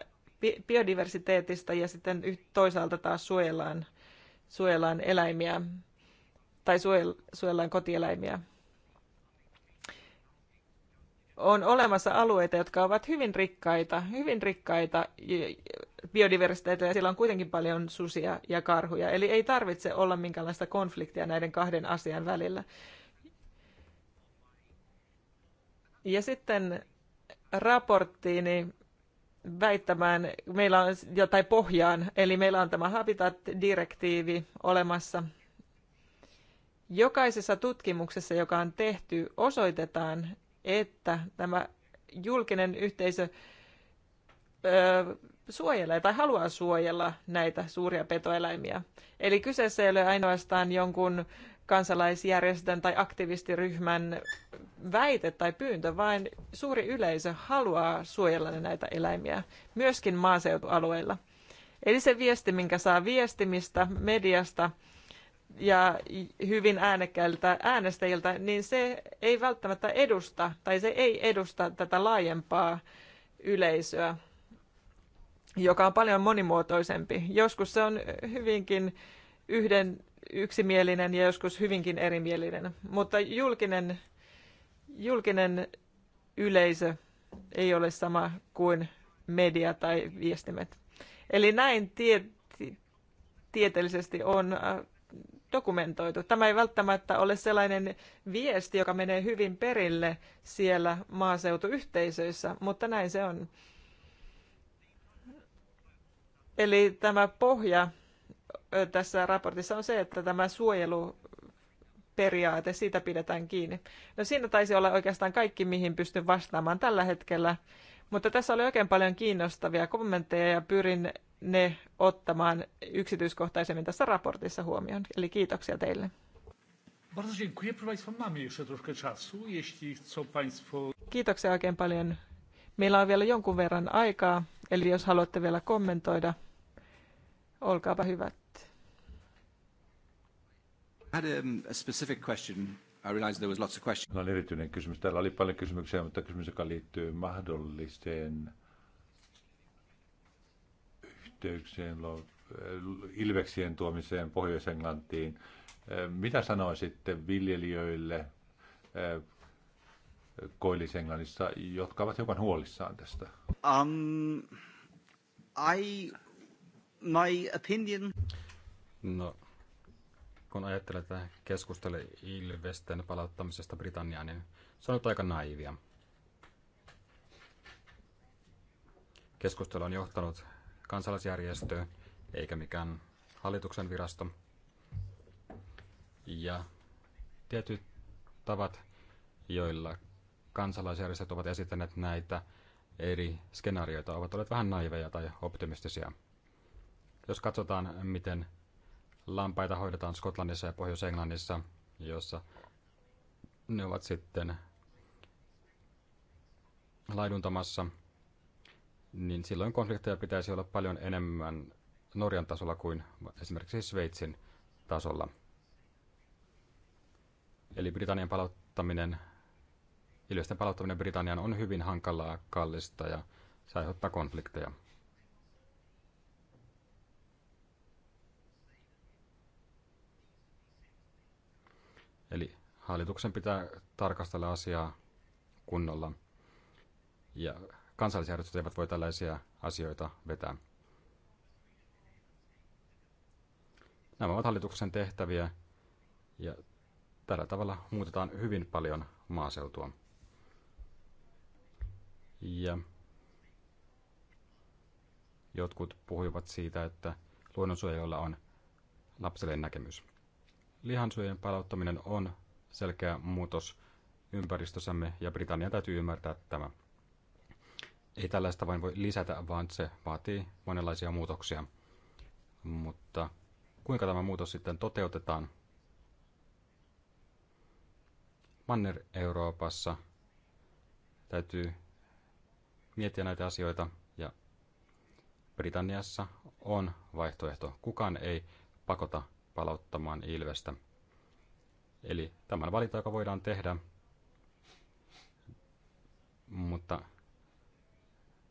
biodiversiteetistä ja sitten toisaalta taas suojellaan, suojellaan eläimiä tai suojellaan kotieläimiä. On olemassa alueita, jotka ovat hyvin rikkaita, hyvin rikkaita biodiversiteetillä ja siellä on kuitenkin paljon susia ja karhuja. Eli ei tarvitse olla minkäänlaista konfliktia näiden kahden asian välillä. Ja sitten raporttiini väittämään, meillä on jotain pohjaan, eli meillä on tämä Habitat-direktiivi olemassa. Jokaisessa tutkimuksessa, joka on tehty, osoitetaan, että tämä julkinen yhteisö ö, suojelee tai haluaa suojella näitä suuria petoeläimiä. Eli kyseessä ei ole ainoastaan jonkun kansalaisjärjestön tai aktivistiryhmän väite tai pyyntö, vaan suuri yleisö haluaa suojella näitä eläimiä, myöskin maaseutualueilla. Eli se viesti, minkä saa viestimistä, mediasta ja hyvin äänekkäiltä äänestäjiltä, niin se ei välttämättä edusta tai se ei edusta tätä laajempaa yleisöä, joka on paljon monimuotoisempi. Joskus se on hyvinkin yhden yksimielinen ja joskus hyvinkin erimielinen. Mutta julkinen, julkinen yleisö ei ole sama kuin media tai viestimet. Eli näin tie, tieteellisesti on äh, dokumentoitu. Tämä ei välttämättä ole sellainen viesti, joka menee hyvin perille siellä maaseutuyhteisöissä, mutta näin se on. Eli tämä pohja tässä raportissa on se, että tämä suojelu periaate, siitä pidetään kiinni. No siinä taisi olla oikeastaan kaikki, mihin pystyn vastaamaan tällä hetkellä, mutta tässä oli oikein paljon kiinnostavia kommentteja ja pyrin ne ottamaan yksityiskohtaisemmin tässä raportissa huomioon. Eli kiitoksia teille. Kiitoksia oikein paljon. Meillä on vielä jonkun verran aikaa, eli jos haluatte vielä kommentoida, olkaapa hyvät had a, um, a specific question. I realized there was lots of questions. On erityinen kysymys. Täällä oli paljon kysymyksiä, mutta kysymys, joka liittyy mahdolliseen yhteykseen, äh, ilveksien tuomiseen Pohjois-Englantiin. Äh, mitä sanoisitte viljelijöille äh, Koillis-Englannissa, jotka ovat hiukan huolissaan tästä? Um, I, my opinion... No, kun ajattelee tätä keskustelua Ilvesten palauttamisesta Britanniaan, niin se on aika naivia. Keskustelu on johtanut kansalaisjärjestö, eikä mikään hallituksen virasto. Ja tietyt tavat, joilla kansalaisjärjestöt ovat esittäneet näitä eri skenaarioita, ovat olleet vähän naiveja tai optimistisia. Jos katsotaan, miten lampaita hoidetaan Skotlannissa ja Pohjois-Englannissa, jossa ne ovat sitten laiduntamassa, niin silloin konflikteja pitäisi olla paljon enemmän Norjan tasolla kuin esimerkiksi Sveitsin tasolla. Eli Britannian palauttaminen, ilmeisten palauttaminen Britannian on hyvin hankalaa, kallista ja se aiheuttaa konflikteja. Eli hallituksen pitää tarkastella asiaa kunnolla. Ja kansallisjärjestöt eivät voi tällaisia asioita vetää. Nämä ovat hallituksen tehtäviä ja tällä tavalla muutetaan hyvin paljon maaseutua. Ja jotkut puhuivat siitä, että luonnonsuojelulla on lapselle näkemys lihansyöjien palauttaminen on selkeä muutos ympäristössämme ja Britannia täytyy ymmärtää tämä. Ei tällaista vain voi lisätä, vaan se vaatii monenlaisia muutoksia. Mutta kuinka tämä muutos sitten toteutetaan? Manner-Euroopassa täytyy miettiä näitä asioita ja Britanniassa on vaihtoehto. Kukaan ei pakota palauttamaan Ilvestä. Eli tämän valinta, joka voidaan tehdä, mutta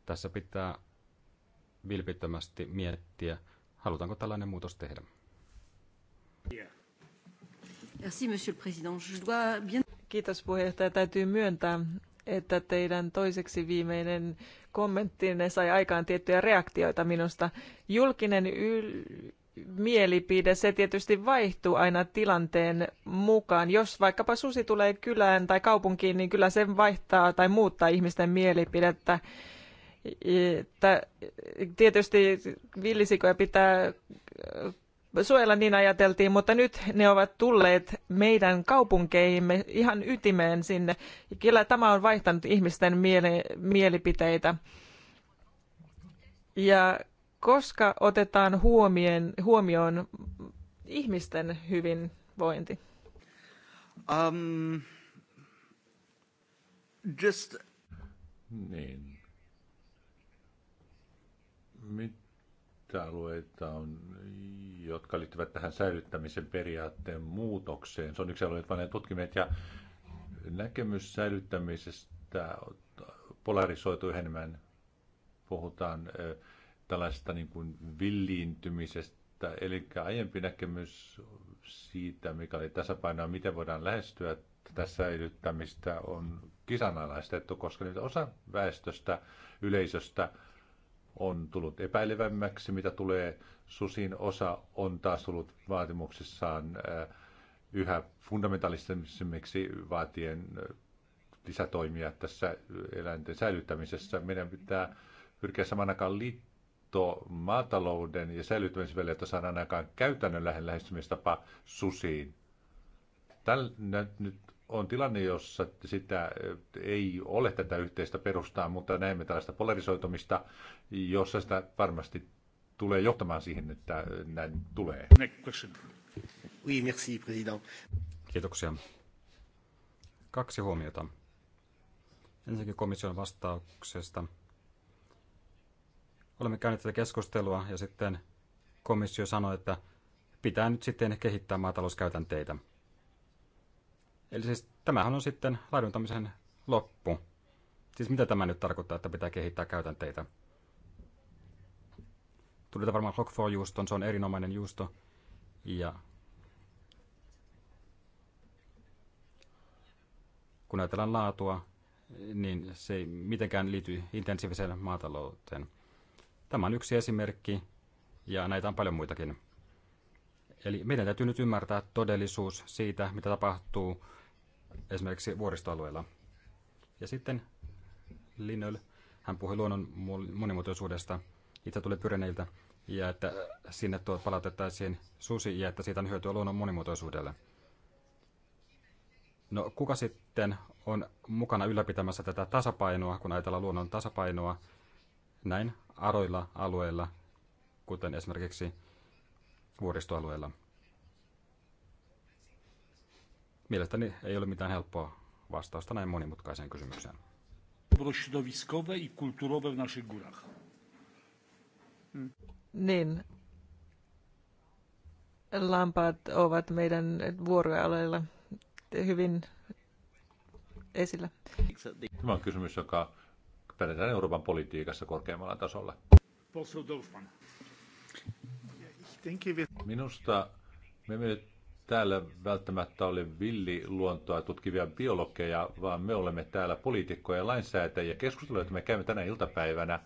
tässä pitää vilpittömästi miettiä, halutaanko tällainen muutos tehdä. Kiitos puheenjohtaja. Täytyy myöntää, että teidän toiseksi viimeinen kommenttinne sai aikaan tiettyjä reaktioita minusta. Julkinen yl- mielipide, se tietysti vaihtuu aina tilanteen mukaan. Jos vaikkapa susi tulee kylään tai kaupunkiin, niin kyllä se vaihtaa tai muuttaa ihmisten mielipidettä. Että tietysti villisikoja pitää äh, suojella, niin ajateltiin, mutta nyt ne ovat tulleet meidän kaupunkeihimme ihan ytimeen sinne. Kyllä tämä on vaihtanut ihmisten miele- mielipiteitä. Ja koska otetaan huomien, huomioon ihmisten hyvinvointi? Um, just... Niin. Mitä alueita on, jotka liittyvät tähän säilyttämisen periaatteen muutokseen? Se on yksi alue, jota tutkimet Ja näkemys säilyttämisestä polarisoituu enemmän. Puhutaan äh, tällaista niin kuin villiintymisestä, eli aiempi näkemys siitä, mikä oli tasapainoa, miten voidaan lähestyä tätä säilyttämistä, on kisanalaistettu, koska nyt osa väestöstä, yleisöstä on tullut epäilevämmäksi, mitä tulee susiin. Osa on taas tullut vaatimuksissaan äh, yhä fundamentalistisemmiksi vaatien äh, lisätoimia tässä eläinten säilyttämisessä. Meidän pitää pyrkiä saman aikaan liittymään liitto maatalouden ja säilyttämisen välillä, että saadaan aikaan käytännön lähestymistapa susiin. Tällä nyt on tilanne, jossa sitä eh, ei ole tätä yhteistä perustaa, mutta näemme tällaista polarisoitumista, jossa sitä varmasti tulee johtamaan siihen, että eh, näin tulee. Oui, merci, president. Kiitoksia. Kaksi huomiota. Ensinnäkin komission vastauksesta – olemme käyneet tätä keskustelua ja sitten komissio sanoi, että pitää nyt sitten kehittää maatalouskäytänteitä. Eli siis tämähän on sitten laiduntamisen loppu. Siis mitä tämä nyt tarkoittaa, että pitää kehittää käytänteitä? Tuli varmaan Roquefort-juuston, se on erinomainen juusto. Ja kun ajatellaan laatua, niin se ei mitenkään liity intensiiviseen maatalouteen. Tämä on yksi esimerkki ja näitä on paljon muitakin. Eli meidän täytyy nyt ymmärtää todellisuus siitä, mitä tapahtuu esimerkiksi vuoristoalueella. Ja sitten Linnöl, hän puhui luonnon monimuotoisuudesta. Itse tuli Pyreneiltä ja että sinne tuo palautettaisiin susi ja että siitä on hyötyä luonnon monimuotoisuudelle. No kuka sitten on mukana ylläpitämässä tätä tasapainoa, kun ajatellaan luonnon tasapainoa näin aroilla alueilla, kuten esimerkiksi vuoristoalueilla. Mielestäni ei ole mitään helppoa vastausta näin monimutkaiseen kysymykseen. Hmm. Niin. Lampaat ovat meidän vuoroalueilla hyvin esillä. Tämä on kysymys, joka pärjätään Euroopan politiikassa korkeammalla tasolla. Minusta me emme täällä välttämättä ole villiluontoa tutkivia biologeja, vaan me olemme täällä poliitikkoja ja lainsäätäjiä. keskustelua, että me käymme tänä iltapäivänä,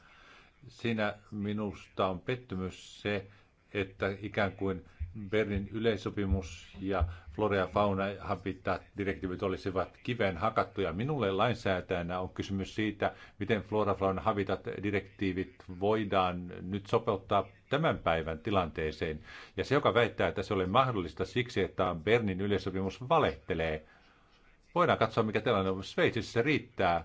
siinä minusta on pettymys se, että ikään kuin Bernin yleisopimus ja flora ja fauna habitat direktiivit olisivat kiveen hakattuja. Minulle lainsäätäjänä on kysymys siitä, miten flora fauna habitat direktiivit voidaan nyt sopeuttaa tämän päivän tilanteeseen. Ja se, joka väittää, että se oli mahdollista siksi, että on Bernin yleisopimus valehtelee. Voidaan katsoa, mikä tilanne on Sveitsissä riittää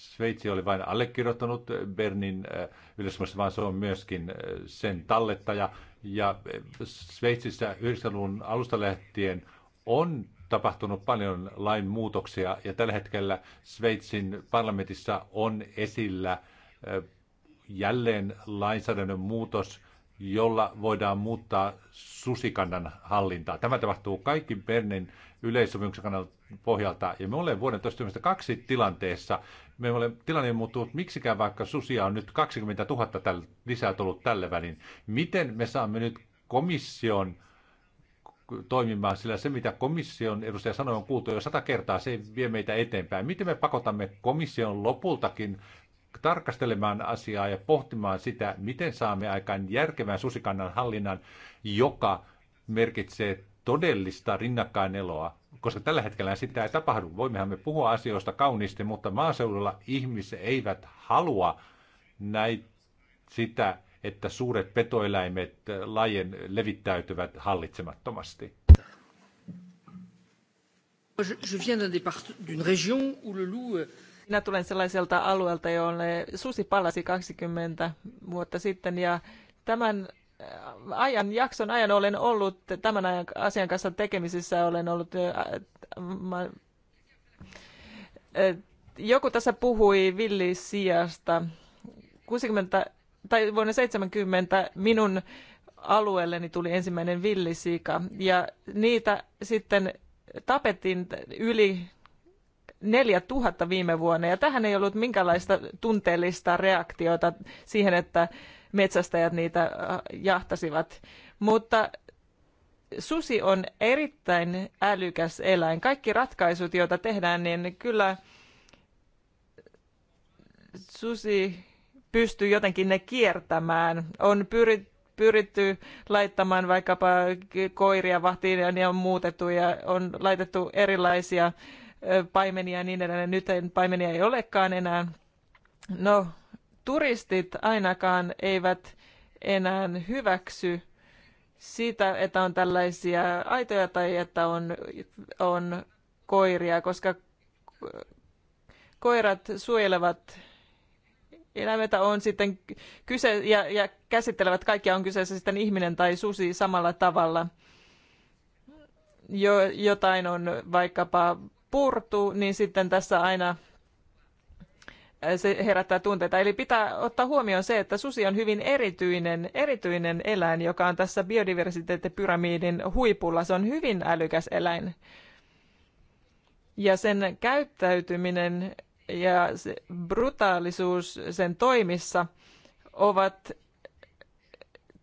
Sveitsi oli vain allekirjoittanut Bernin äh, yleissopimus, vaan se on myöskin äh, sen tallettaja. Ja äh, Sveitsissä 90-luvun alusta lähtien on tapahtunut paljon lainmuutoksia ja tällä hetkellä Sveitsin parlamentissa on esillä jälleen lainsäädännön muutos, jolla voidaan muuttaa susikannan hallintaa. Tämä tapahtuu kaikki Bernin yleissopimuksen kannalta pohjalta. Ja me olemme vuoden 2002 tilanteessa, me olemme, tilanne muuttunut miksikään, vaikka susia on nyt 20 000 täl, lisää tullut tälle väliin, Miten me saamme nyt komission toimimaan, sillä se mitä komission edustaja sanoi on kuultu jo sata kertaa, se ei vie meitä eteenpäin. Miten me pakotamme komission lopultakin tarkastelemaan asiaa ja pohtimaan sitä, miten saamme aikaan järkevän susikannan hallinnan, joka merkitsee todellista rinnakkaineloa koska tällä hetkellä sitä ei tapahdu. Voimmehan me puhua asioista kauniisti, mutta maaseudulla ihmiset eivät halua näitä sitä, että suuret petoeläimet lajen levittäytyvät hallitsemattomasti. Euh, Minä tulen sellaiselta alueelta, jolle susi palasi 20 vuotta sitten ja tämän ajan, jakson ajan olen ollut tämän ajan, asian kanssa tekemisissä, olen ollut Ä, joku tässä puhui villisiasta. 60, tai vuonna 70 minun alueelleni tuli ensimmäinen villisika ja niitä sitten tapettiin yli 4000 viime vuonna ja tähän ei ollut minkäänlaista tunteellista reaktiota siihen, että metsästäjät niitä äh, jahtasivat. Mutta susi on erittäin älykäs eläin. Kaikki ratkaisut, joita tehdään, niin kyllä susi pystyy jotenkin ne kiertämään. On pyritty pyritty laittamaan vaikkapa koiria vahtiin ja ne on muutettu ja on laitettu erilaisia äh, paimenia ja niin edelleen. Nyt paimenia ei olekaan enää. No, turistit ainakaan eivät enää hyväksy sitä, että on tällaisia aitoja tai että on, on koiria, koska koirat suojelevat eläimetä on sitten kyse ja, ja käsittelevät kaikkia, on kyseessä sitten ihminen tai susi samalla tavalla. Jo, jotain on vaikkapa purtu, niin sitten tässä aina Äh, se herättää tunteita. Eli pitää ottaa huomioon se, että susi on hyvin erityinen, erityinen eläin, joka on tässä biodiversiteettipyramiidin huipulla. Se on hyvin älykäs eläin. Ja sen käyttäytyminen ja se brutaalisuus sen toimissa ovat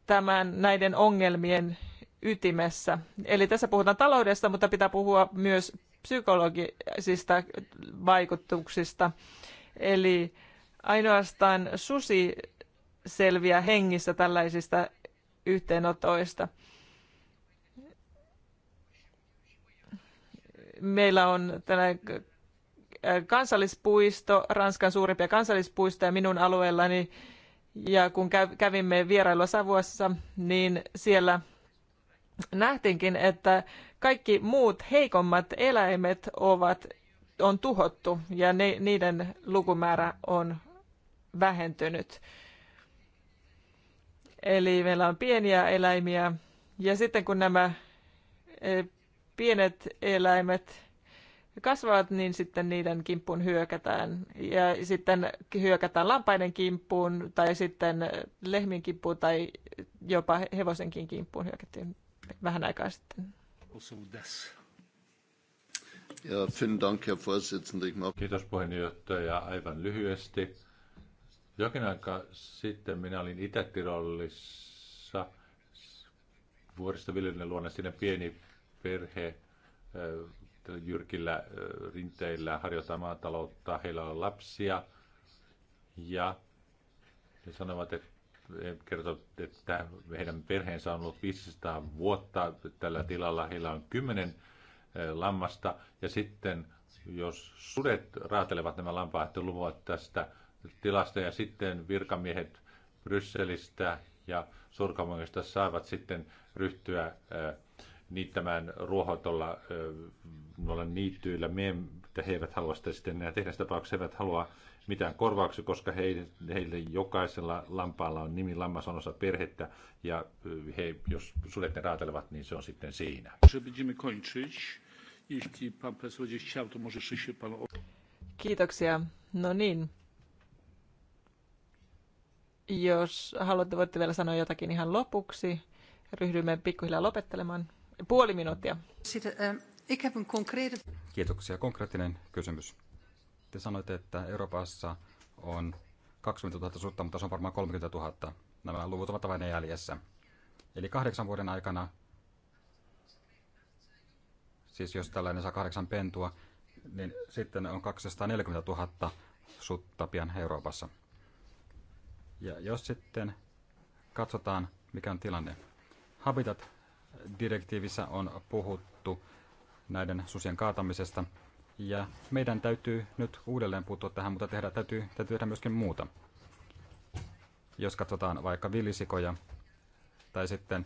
tämän, näiden ongelmien ytimessä. Eli tässä puhutaan taloudesta, mutta pitää puhua myös psykologisista vaikutuksista Eli ainoastaan susi selviää hengissä tällaisista yhteenotoista. Meillä on tänä äh, kansallispuisto, Ranskan suurimpia kansallispuistoja minun alueellani. Ja kun kävimme vierailua Savuassa, niin siellä nähtiinkin, että kaikki muut heikommat eläimet ovat on tuhottu ja ne, niiden lukumäärä on vähentynyt. Eli meillä on pieniä eläimiä ja sitten kun nämä e, pienet eläimet kasvavat, niin sitten niiden kimppuun hyökätään. Ja sitten hyökätään lampaiden kimppuun tai sitten lehmin kimppuun tai jopa hevosenkin kimppuun hyökättiin vähän aikaa sitten. Ja, vielen Dank, Herr Vorsitzender. Kiitos puheenjohtaja. Aivan lyhyesti. Jokin aika sitten minä olin itä tirollissa vuorista luona. Siinä pieni perhe äh, jyrkillä äh, rinteillä harjoittaa maataloutta. Heillä on lapsia ja he sanovat, että kertovat, että heidän perheensä on ollut 500 vuotta tällä tilalla. Heillä on 10 lammasta. Ja sitten jos sudet raatelevat nämä lampaat, ja luvat tästä tilasta ja sitten virkamiehet Brysselistä ja Surkamongista saavat sitten ryhtyä niittämään ruohotolla noilla niittyillä, me, että he eivät halua sitä sitten enää tehdä. Sitä tapauksessa he eivät halua mitään korvauksia, koska heille, heille jokaisella lampaalla on nimi, lammas on osa perhettä, ja he, jos sudet ne raatelevat, niin se on sitten siinä. Kiitoksia. No niin. Jos haluatte, voitte vielä sanoa jotakin ihan lopuksi. Ryhdymme pikkuhiljaa lopettelemaan. Puoli minuuttia. Eh, Kiitoksia. Konkreettinen kysymys. Te sanoitte, että Euroopassa on 20 000 sutta, mutta se on varmaan 30 000. Nämä luvut ovat vain jäljessä. Eli kahdeksan vuoden aikana Siis jos tällainen saa kahdeksan pentua, niin sitten on 240 000 sutta pian Euroopassa. Ja jos sitten katsotaan, mikä on tilanne. Habitat-direktiivissä on puhuttu näiden susien kaatamisesta, ja meidän täytyy nyt uudelleen puuttua tähän, mutta tehdä, täytyy, täytyy tehdä myöskin muuta. Jos katsotaan vaikka villisikoja tai sitten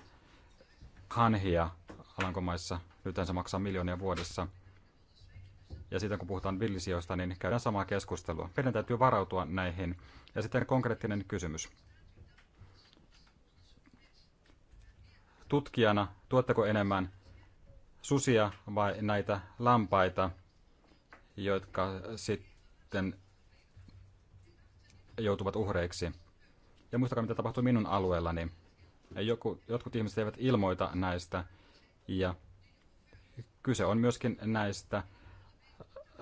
hanhia Alankomaissa. Nythän se maksaa miljoonia vuodessa. Ja sitten kun puhutaan villisijoista, niin käydään samaa keskustelua. Meidän täytyy varautua näihin. Ja sitten konkreettinen kysymys. Tutkijana, tuotteko enemmän susia vai näitä lampaita, jotka sitten joutuvat uhreiksi? Ja muistakaa, mitä tapahtui minun alueellani. Joku, jotkut ihmiset eivät ilmoita näistä ja kyse on myöskin näistä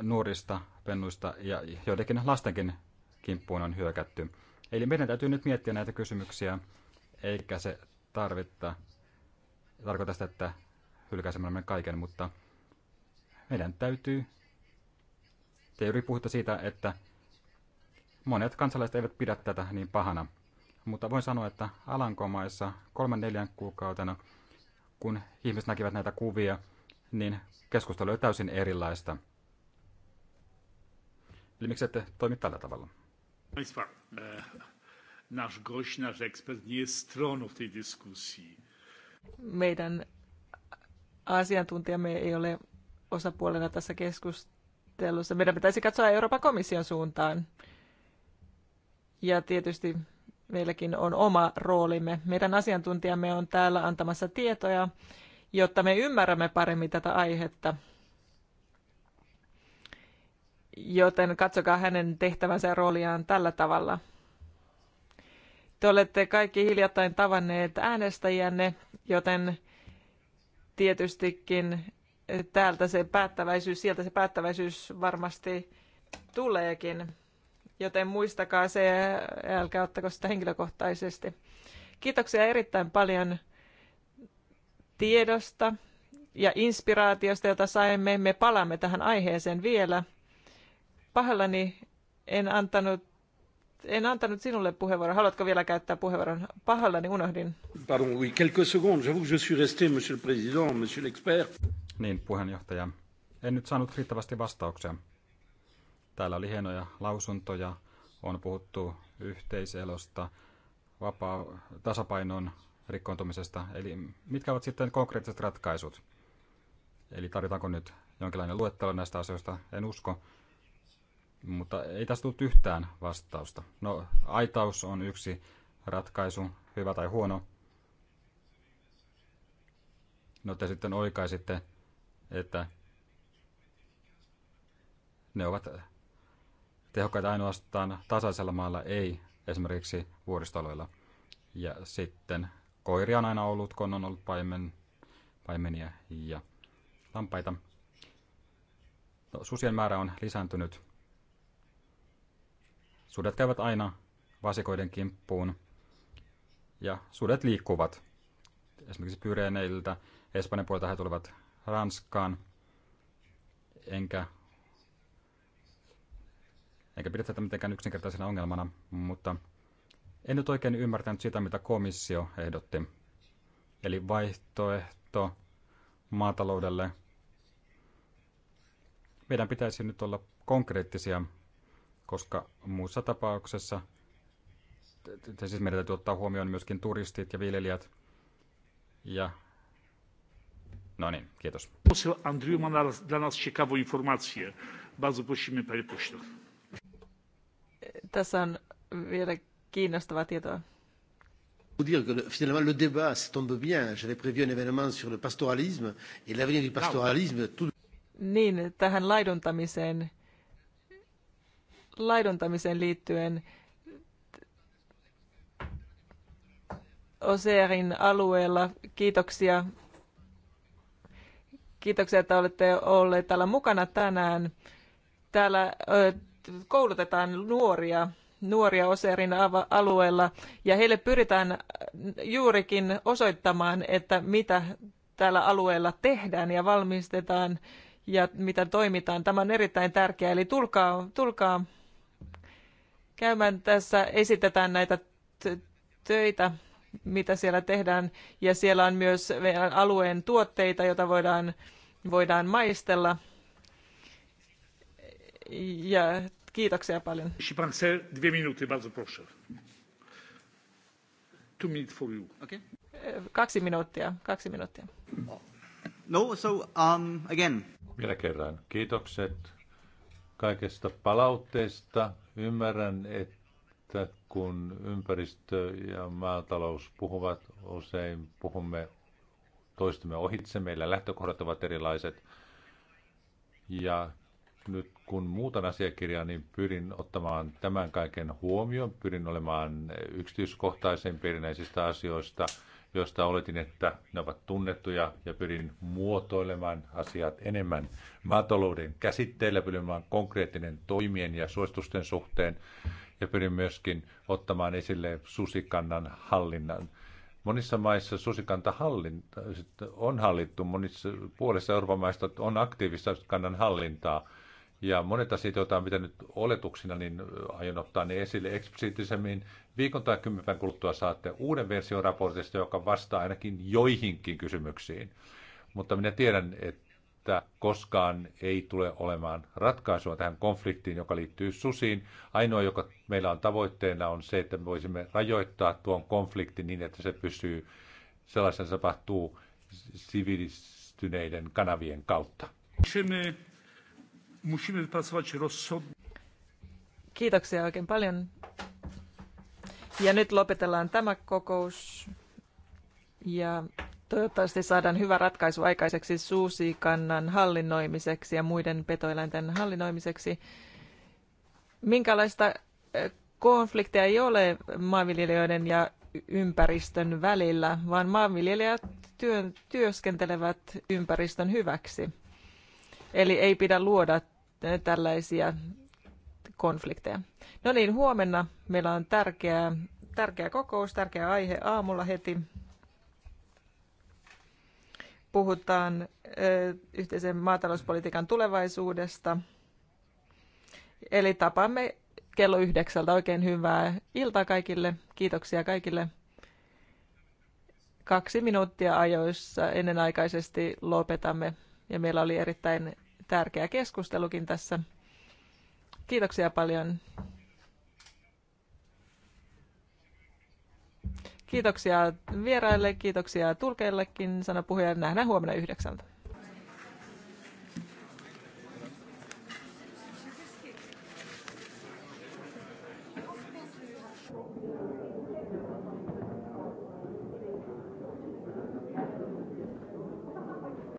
nuorista pennuista ja joidenkin lastenkin kimppuun on hyökätty. Eli meidän täytyy nyt miettiä näitä kysymyksiä, eikä se tarvitta, tarkoita sitä, että hylkäisemme kaiken, mutta meidän täytyy, te juuri puhutte siitä, että monet kansalaiset eivät pidä tätä niin pahana, mutta voin sanoa, että Alankomaissa kolmen neljän kuukautena – kun ihmiset näkivät näitä kuvia, niin keskustelu oli täysin erilaista. Eli miksi ette toimi tällä tavalla? E, Meidän asiantuntijamme ei ole osapuolena tässä keskustelussa. Meidän pitäisi katsoa Euroopan komission suuntaan. Ja tietysti meilläkin on oma roolimme. Meidän asiantuntijamme on täällä antamassa tietoja, jotta me ymmärrämme paremmin tätä aihetta. Joten katsokaa hänen tehtävänsä ja rooliaan tällä tavalla. Te olette kaikki hiljattain tavanneet äänestäjänne, joten tietystikin täältä se päättäväisyys, sieltä se päättäväisyys varmasti tuleekin joten muistakaa se, älkää ottako sitä henkilökohtaisesti. Kiitoksia erittäin paljon tiedosta ja inspiraatiosta, jota saimme. Me palaamme tähän aiheeseen vielä. Pahallani en antanut, en antanut sinulle puheenvuoron. Haluatko vielä käyttää puheenvuoron? Pahallani unohdin. Pardon, oui, quelques secondes. J'avoue que je suis resté, monsieur le président, monsieur l'expert. Niin, puheenjohtaja. En nyt saanut riittävästi vastauksia. Täällä oli hienoja lausuntoja, on puhuttu yhteiselosta, vapaa, tasapainon rikkoontumisesta. Eli mitkä ovat sitten konkreettiset ratkaisut? Eli tarvitaanko nyt jonkinlainen luettelo näistä asioista? En usko. Mutta ei tästä tullut yhtään vastausta. No, aitaus on yksi ratkaisu, hyvä tai huono. No te sitten oikaisitte, että ne ovat tehokkaita ainoastaan tasaisella maalla, ei esimerkiksi vuoristoalueilla. Ja sitten koiria on aina ollut, kun on ollut paimen, paimenia ja lampaita. No, susien määrä on lisääntynyt. Sudet käyvät aina vasikoiden kimppuun ja sudet liikkuvat. Esimerkiksi Pyreneiltä, Espanjan puolelta he tulevat Ranskaan, enkä enkä pidä tätä mitenkään yksinkertaisena ongelmana, mutta en nyt oikein ymmärtänyt sitä, mitä komissio ehdotti. Eli vaihtoehto maataloudelle. Meidän pitäisi nyt olla konkreettisia, koska muussa tapauksessa siis meidän täytyy ottaa huomioon myöskin turistit ja viljelijät. Ja No niin, kiitos. Poseł ma dla nas ciekawą informację. Bardzo prosimy, panie pośle. Tässä on vielä kiinnostavaa tietoa. dire que finalement le débat tombe bien. J'avais prévu un événement sur le pastoralisme et l'avenir du pastoralisme. Tout... Niin, tähän laiduntamiseen, laiduntamiseen liittyen Oseerin alueella. Kiitoksia. Kiitoksia, että olette olleet täällä mukana tänään. Täällä koulutetaan nuoria nuoria Oserin alueella ja heille pyritään juurikin osoittamaan, että mitä tällä alueella tehdään ja valmistetaan ja mitä toimitaan. Tämä on erittäin tärkeää, eli tulkaa, tulkaa käymään tässä, esitetään näitä töitä, mitä siellä tehdään ja siellä on myös alueen tuotteita, joita voidaan, voidaan maistella ja Kiitoksia paljon. bardzo proszę. Two minutes for you. Okay. Kaksi minuuttia, kaksi minuuttia. No, so um, again. Vielä kerran. Kiitokset kaikesta palautteesta. Ymmärrän, että kun ympäristö ja maatalous puhuvat, usein puhumme toistumme ohitse. Meillä lähtökohdat ovat erilaiset. Ja nyt kun muutan asiakirjaa, niin pyrin ottamaan tämän kaiken huomioon, pyrin olemaan yksityiskohtaisempi erinäisistä asioista, joista oletin, että ne ovat tunnettuja ja pyrin muotoilemaan asiat enemmän maatalouden käsitteillä, pyrin olemaan konkreettinen toimien ja suositusten suhteen ja pyrin myöskin ottamaan esille susikannan hallinnan. Monissa maissa susikanta hallinta, on hallittu, monissa puolissa Euroopan maista on aktiivista kannan hallintaa. Ja monet asiat, joita on pitänyt oletuksina, niin aion ottaa ne esille eksplisiittisemmin. Viikon tai kymmenen kuluttua saatte uuden version raportista, joka vastaa ainakin joihinkin kysymyksiin. Mutta minä tiedän, että koskaan ei tule olemaan ratkaisua tähän konfliktiin, joka liittyy susiin. Ainoa, joka meillä on tavoitteena, on se, että me voisimme rajoittaa tuon konfliktin niin, että se pysyy sellaisen tapahtuu sivilistyneiden kanavien kautta. Kysymyy musimy wypracować rozsądne. Kiitoksia oikein paljon. Ja nyt lopetellaan tämä kokous. Ja toivottavasti saadaan hyvä ratkaisu aikaiseksi suusikannan hallinnoimiseksi ja muiden petoeläinten hallinnoimiseksi. Minkälaista eh, konflikteja ei ole maanviljelijöiden ja ympäristön välillä, vaan maanviljelijät työn, työskentelevät ympäristön hyväksi. Eli ei pidä luoda tällaisia konflikteja. No niin, huomenna meillä on tärkeä, tärkeä kokous, tärkeä aihe aamulla heti. Puhutaan ö, yhteisen maatalouspolitiikan tulevaisuudesta. Eli tapaamme kello yhdeksältä. Oikein hyvää iltaa kaikille. Kiitoksia kaikille. Kaksi minuuttia ajoissa ennenaikaisesti lopetamme. Ja meillä oli erittäin tärkeä keskustelukin tässä. Kiitoksia paljon. Kiitoksia vieraille, kiitoksia tulkeillekin, sanoi puhuja. Nähdään huomenna yhdeksältä.